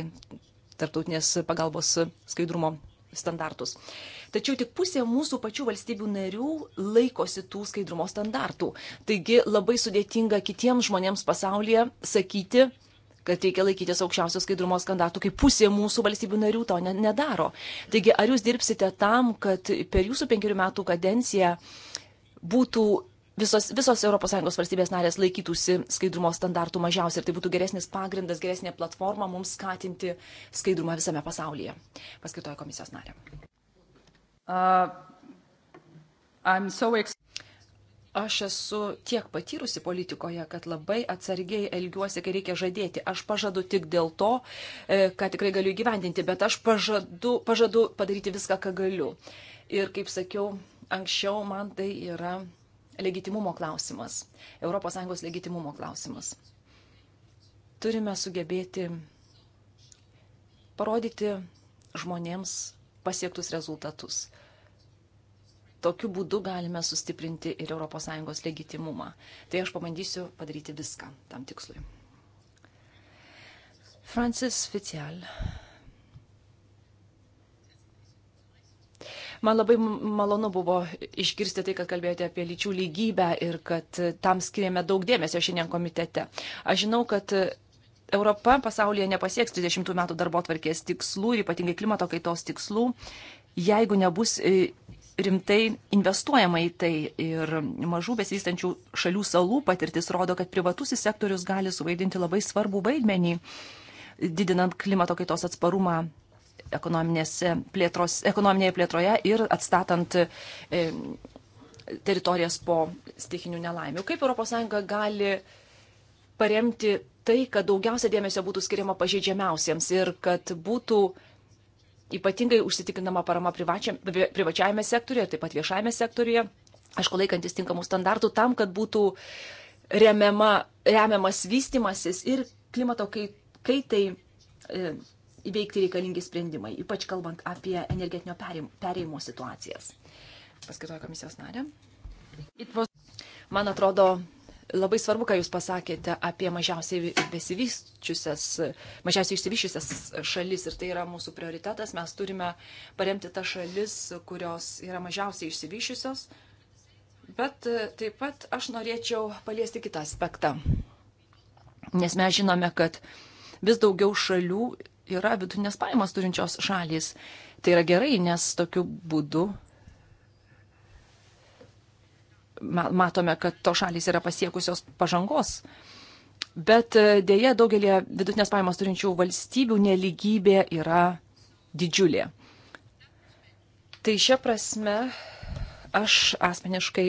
tarptautinės pagalbos skaidrumo standartus. Tačiau tik pusė mūsų pačių valstybių narių laikosi tų skaidrumo standartų. Taigi labai sudėtinga kitiems žmonėms pasaulyje sakyti, kad reikia laikytis aukščiausios skaidrumo standartų, kai pusė mūsų valstybių narių to ne, nedaro. Taigi, ar jūs dirbsite tam, kad per jūsų penkerių metų kadenciją būtų visos, visos ES valstybės narės laikytųsi skaidrumo standartų mažiausiai ir tai būtų geresnis pagrindas, geresnė platforma mums skatinti skaidrumą visame pasaulyje? Paskirtoja komisijos narė. Uh, so aš esu tiek patyrusi politikoje, kad labai atsargiai elgiuosi, kai reikia žadėti. Aš pažadu tik dėl to, e, ką tikrai galiu įgyvendinti, bet aš pažadu, pažadu padaryti viską, ką galiu. Ir kaip sakiau, anksčiau man tai yra legitimumo klausimas, ES legitimumo klausimas. Turime sugebėti parodyti žmonėms pasiektus rezultatus tokiu būdu galime sustiprinti ir ES legitimumą. Tai aš pabandysiu padaryti viską tam tikslui. Francis Fitial. Man labai malonu buvo išgirsti tai, kad kalbėjote apie lyčių lygybę ir kad tam skiriame daug dėmesio šiandien komitete. Aš žinau, kad Europa pasaulyje nepasieks 30 metų darbo tvarkės tikslų ir ypatingai klimato kaitos tikslų, jeigu nebus e, rimtai investuojama į tai ir mažų besivystančių šalių salų patirtis rodo, kad privatusis sektorius gali suvaidinti labai svarbų vaidmenį, didinant klimato kaitos atsparumą plėtros, ekonominėje plėtroje ir atstatant e, teritorijas po stikinių nelaimių. Kaip ES gali paremti tai, kad daugiausia dėmesio būtų skiriama pažeidžiamiausiems ir kad būtų uh, ypatingai užsitikrinama parama privačiajame sektoriuje, taip pat viešajame sektoriuje, aišku, laikantis tinkamų standartų tam, kad būtų remiama, remiamas vystimasis ir klimato kaitai e, įveikti reikalingi sprendimai, ypač kalbant apie energetinio perėjimo situacijas. Paskirtoja komisijos narė. Man atrodo, Labai svarbu, ką Jūs pasakėte apie mažiausiai besivyščiusias, mažiausiai išsivyščiusias šalis ir tai yra mūsų prioritetas. Mes turime paremti tas šalis, kurios yra mažiausiai išsivyščiusios. Bet e, taip pat aš norėčiau paliesti kitą aspektą. Nes mes žinome, kad vis daugiau šalių yra vidutinės pajamas turinčios šalis. Tai yra gerai, nes tokiu būdu matome, kad to šalys yra pasiekusios pažangos. Bet e, dėje daugelie vidutinės pajamos turinčių valstybių neligybė yra didžiulė. Tai šia prasme aš asmeniškai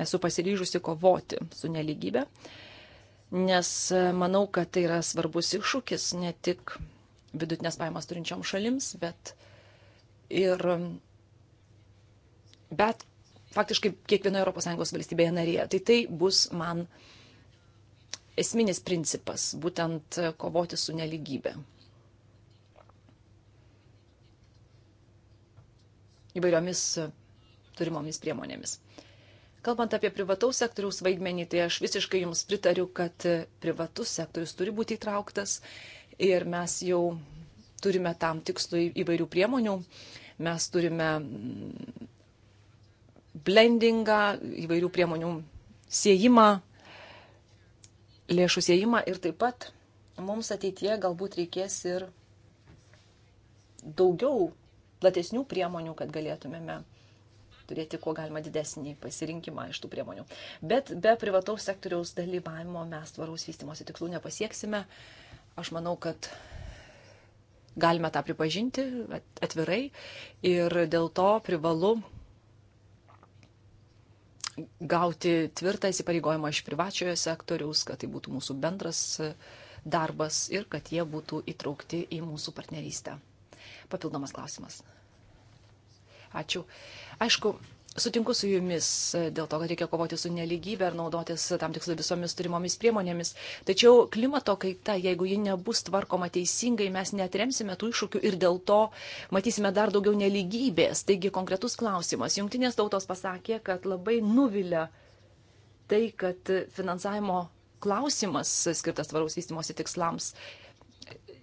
esu pasiryžusi kovoti su neligybė, nes e, manau, kad tai yra svarbus iššūkis ne tik vidutinės pajamas turinčiom šalims, bet ir bet faktiškai kiekvienoje ES valstybėje narėje. Tai tai bus man esminis principas - būtent e, kovoti su neligybė. Įvairiomis e, turimomis priemonėmis. Kalbant apie privataus sektoriaus vaidmenį, tai aš visiškai jums pritariu, kad e, privatus sektorius turi būti įtrauktas ir mes jau turime tam tikslui įvairių priemonių. Mes turime blendingą, įvairių priemonių siejimą, lėšų siejimą ir taip pat mums ateitie galbūt reikės ir daugiau platesnių priemonių, kad galėtumėme turėti kuo galima didesnį pasirinkimą iš tų priemonių. Bet be privataus sektoriaus dalyvavimo mes tvaraus vystimosi tikslų nepasieksime. Aš manau, kad galime tą pripažinti atvirai ir dėl to privalu gauti tvirtą įsipareigojimą iš privačiojo sektoriaus, kad tai būtų mūsų bendras e, darbas ir kad jie būtų įtraukti į mūsų partnerystę. Papildomas klausimas. Ačiū. Aišku, Sutinku su jumis e, dėl to, kad reikia kovoti su neligybė ir naudotis tam tikslu visomis turimomis priemonėmis. Tačiau klimato kaita, jeigu ji nebus tvarkoma teisingai, mes netremsime tų iššūkių ir dėl to matysime dar daugiau neligybės. Taigi konkretus klausimas. Junktinės tautos pasakė, kad labai nuvilia tai, kad finansavimo klausimas skirtas tvaraus vystimosi tikslams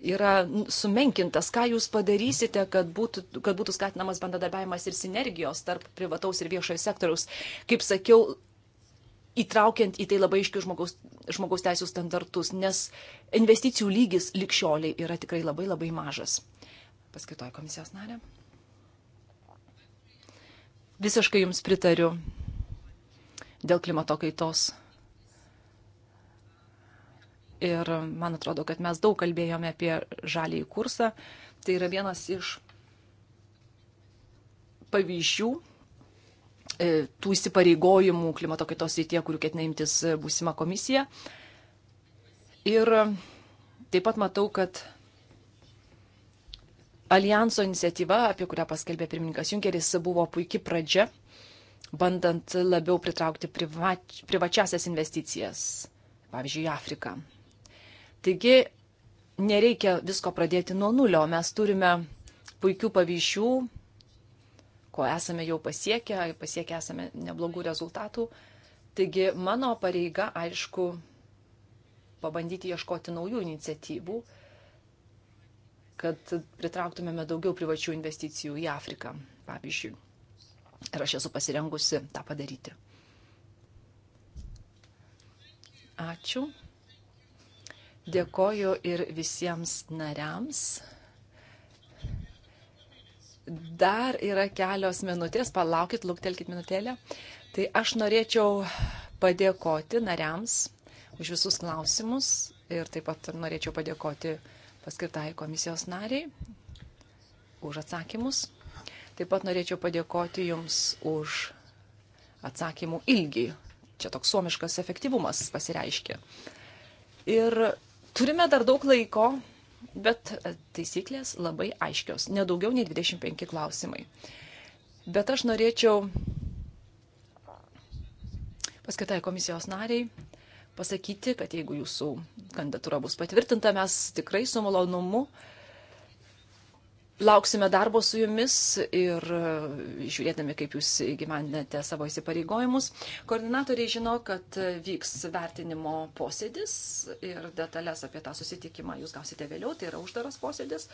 yra sumenkintas. Ką jūs padarysite, kad būtų, kad būtų skatinamas bendradarbiavimas ir sinergijos tarp privataus ir viešojo sektoriaus? Kaip sakiau, įtraukiant į tai labai iškius žmogaus, žmogaus teisų standartus, nes investicijų lygis likščioliai yra tikrai labai labai mažas. Paskaitoju komisijos narė. Visiškai jums pritariu dėl klimato kaitos Ir man atrodo, kad mes daug kalbėjome apie žalį į kursą. Tai yra vienas iš pavyzdžių e, tų įsipareigojimų klimato kaitos rytie, kurių ketina imtis būsima komisija. Ir taip pat matau, kad Alijanso iniciatyva, apie kurią paskelbė pirmininkas Junkeris, buvo puikia pradžia, bandant labiau pritraukti privač, privačiasias investicijas, pavyzdžiui, į Afriką. Taigi nereikia visko pradėti nuo nulio, mes turime puikių pavyzdžių, ko esame jau pasiekę, pasiekę esame neblogų rezultatų. Taigi mano pareiga, aišku, pabandyti ieškoti naujų iniciatyvų, kad pritrauktumėme daugiau privačių investicijų į Afriką, pavyzdžiui. Ir aš esu pasirengusi tą padaryti. Ačiū. Dėkoju ir visiems nariams. Dar yra kelios minutės, palaukit, luktelkit minutėlę. Tai aš norėčiau padėkoti nariams už visus klausimus ir taip pat norėčiau padėkoti paskirtai komisijos nariai už atsakymus. Taip pat norėčiau padėkoti Jums už atsakymų ilgį. Čia toks suomiškas efektyvumas pasireiškia. Ir Turime dar daug laiko, bet taisyklės labai aiškios. Nedaugiau nei 25 klausimai. Bet aš norėčiau paskaitai komisijos nariai pasakyti, kad jeigu jūsų kandidatūra bus patvirtinta, mes tikrai su malonumu uh, lauksime darbo su jumis ir e, žiūrėdami, kaip jūs gyvendinate savo įsipareigojimus. Koordinatoriai žino, kad e, vyks vertinimo posėdis ir detalės apie tą susitikimą jūs gausite vėliau, tai yra uždaras posėdis.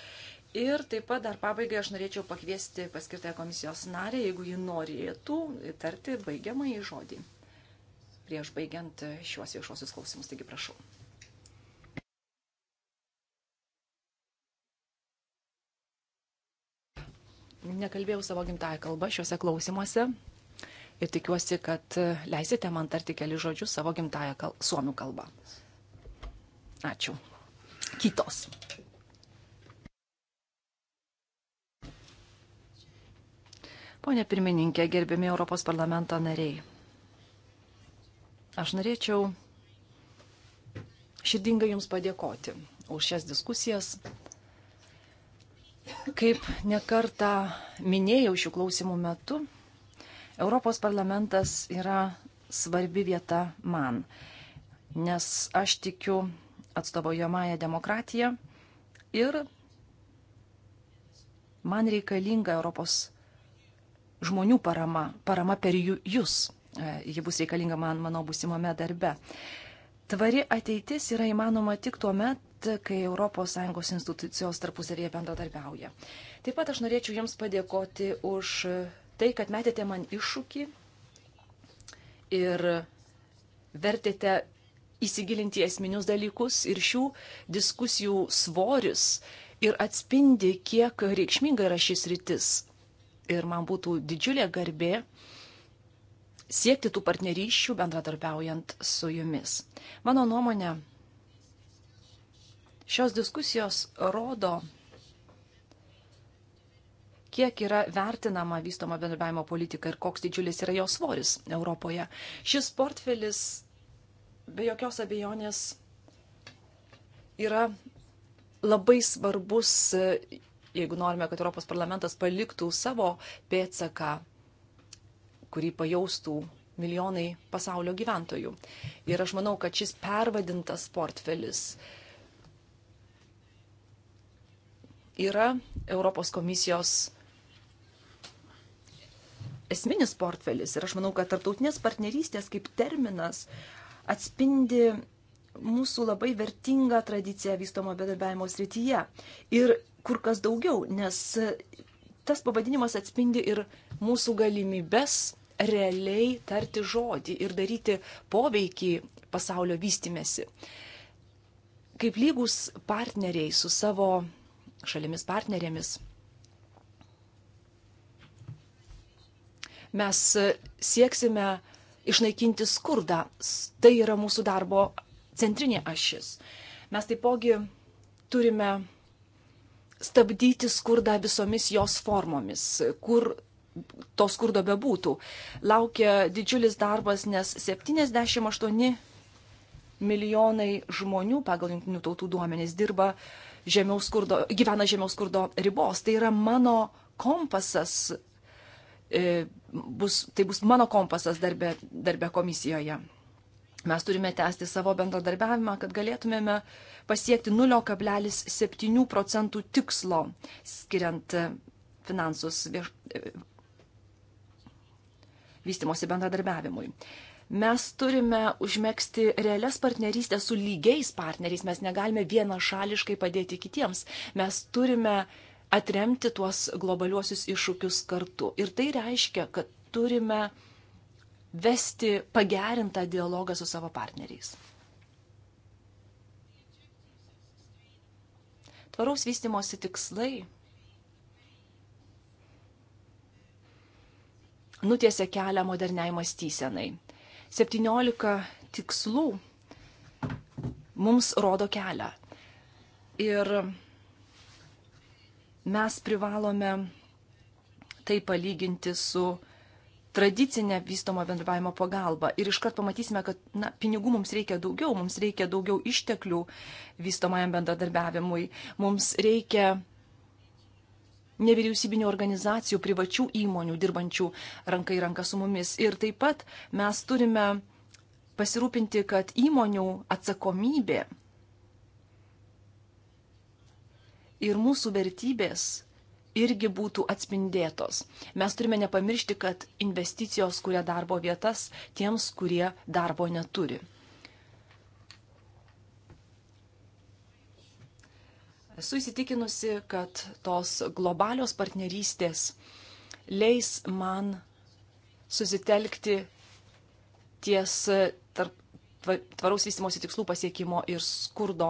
Ir taip pat dar pabaigai aš norėčiau pakviesti paskirtąją komisijos narę, jeigu ji norėtų, tarti baigiamąjį žodį prieš baigiant šiuos viešuosius klausimus. Taigi prašau. nekalbėjau savo gimtają kalbą šiuose klausimuose ir tikiuosi, kad leisite man tarti keli žodžius savo gimtają kal suomių kalbą. Ačiū. Kitos. Pone pirmininkė, gerbiami Europos parlamento nariai. Aš norėčiau širdingai Jums padėkoti už šias diskusijas, Kaip nekarta minėjau šių klausimų metu, Europos parlamentas yra svarbi vieta man, nes aš tikiu atstovaujamąją demokratiją ir man reikalinga Europos žmonių parama, parama per jūs. E, ji bus reikalinga man mano būsimame darbe. Tvari ateitis yra įmanoma tik tuo met, tuomet, kai ES institucijos tarpusavėje bendradarbiauja. Taip pat aš norėčiau Jums padėkoti už tai, kad metėte man iššūkį ir vertėte įsigilinti esminius dalykus ir šių diskusijų svoris ir atspindi, kiek reikšminga yra šis rytis. Ir man būtų didžiulė garbė siekti tų partnerysčių bendradarbiaujant su jumis. Mano nuomonė, Šios diskusijos rodo, kiek yra vertinama vystoma bendradarbiavimo politika ir koks didžiulis yra jos svoris Europoje. Šis portfelis be jokios abejonės yra labai svarbus, jeigu norime, kad Europos parlamentas paliktų savo pėtsaką, kurį pajaustų milijonai pasaulio gyventojų. Ir aš manau, kad šis pervadintas portfelis uh, yra Europos komisijos esminis portfelis. Ir aš manau, kad tarptautinės partnerystės kaip terminas atspindi mūsų labai vertingą tradiciją vystomo bedarbiavimo srityje. Ir kur kas daugiau, nes tas pavadinimas atspindi ir mūsų galimybes realiai tarti žodį ir daryti poveikį pasaulio vystimėsi. Kaip lygus partneriai su savo šalimis partnerėmis. Mes sieksime išnaikinti skurdą. Tai yra mūsų darbo centrinė ašis. Mes taipogi turime stabdyti skurdą visomis jos formomis, kur to skurdo bebūtų. Laukia didžiulis darbas, nes 78 milijonai žmonių pagal jungtinių tautų duomenys dirba žemiau skurdo, gyvena žemiau skurdo ribos. Tai yra mano kompasas, e, bus, tai bus mano kompasas darbe, darbe komisijoje. Mes turime tęsti savo bendradarbiavimą, kad galėtumėme pasiekti 0,7 procentų tikslo, skiriant e, finansus vieš... E, vystimosi bendradarbiavimui. Mes turime užmėgsti realias partnerystės su lygiais partneriais, mes negalime vienašališkai padėti kitiems, mes turime atremti tuos globaliuosius iššūkius kartu. Ir tai reiškia, kad turime vesti pagerintą dialogą su savo partneriais. Tvaraus vystimosi tikslai nutiesia kelią moderniai mąstysenai. 17 tikslų mums rodo kelią. Ir mes privalome tai palyginti su tradicinė vystoma bendravimo pagalba. Ir iškart pamatysime, kad na, pinigų mums reikia daugiau, mums reikia daugiau išteklių vystomajam bendradarbiavimui, mums reikia nevyriausybinių organizacijų, privačių įmonių dirbančių rankai ranką su mumis. Ir taip pat mes turime pasirūpinti, kad įmonių atsakomybė ir mūsų vertybės irgi būtų atspindėtos. Mes turime nepamiršti, kad investicijos kuria darbo vietas tiems, kurie darbo neturi. Esu įsitikinusi, kad tos globalios partnerystės leis man susitelkti ties tarp tvaraus vystimosi tikslų pasiekimo ir skurdo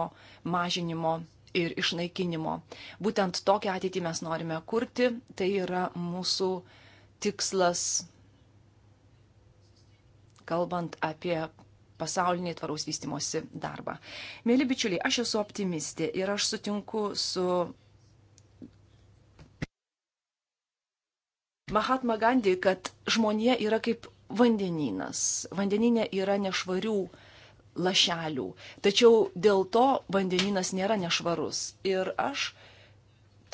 mažinimo ir išnaikinimo. Būtent tokią ateitį mes norime kurti, tai yra mūsų tikslas, kalbant apie pasaulinį tvaraus vystimosi darbą. Mėly bičiuliai, aš esu optimistė ir aš sutinku su Mahatma Gandhi, kad žmonija yra kaip vandenynas. Vandeninė yra nešvarių lašelių. Tačiau dėl to vandeninas nėra nešvarus. Ir aš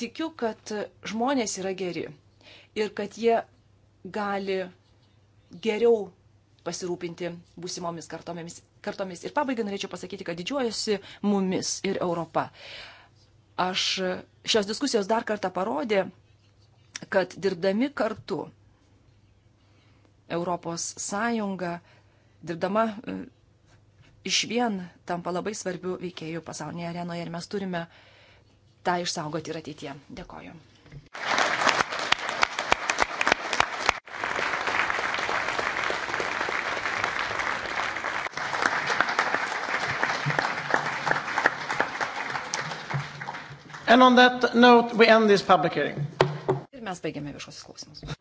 tikiu, kad žmonės yra geri. Ir kad jie gali geriau pasirūpinti būsimomis kartomis. kartomis. Ir pabaigai norėčiau pasakyti, kad didžiuojasi mumis ir Europa. Aš šios diskusijos dar kartą parodė, kad dirbdami kartu Europos Sąjunga, dirbdama e, iš vien tampa labai svarbių veikėjų pasaulyje arenoje ir mes turime tą išsaugoti ir ateitie. Dėkoju. And on that note, we end this public hearing. Ir mes baigiame viešosius klausimus.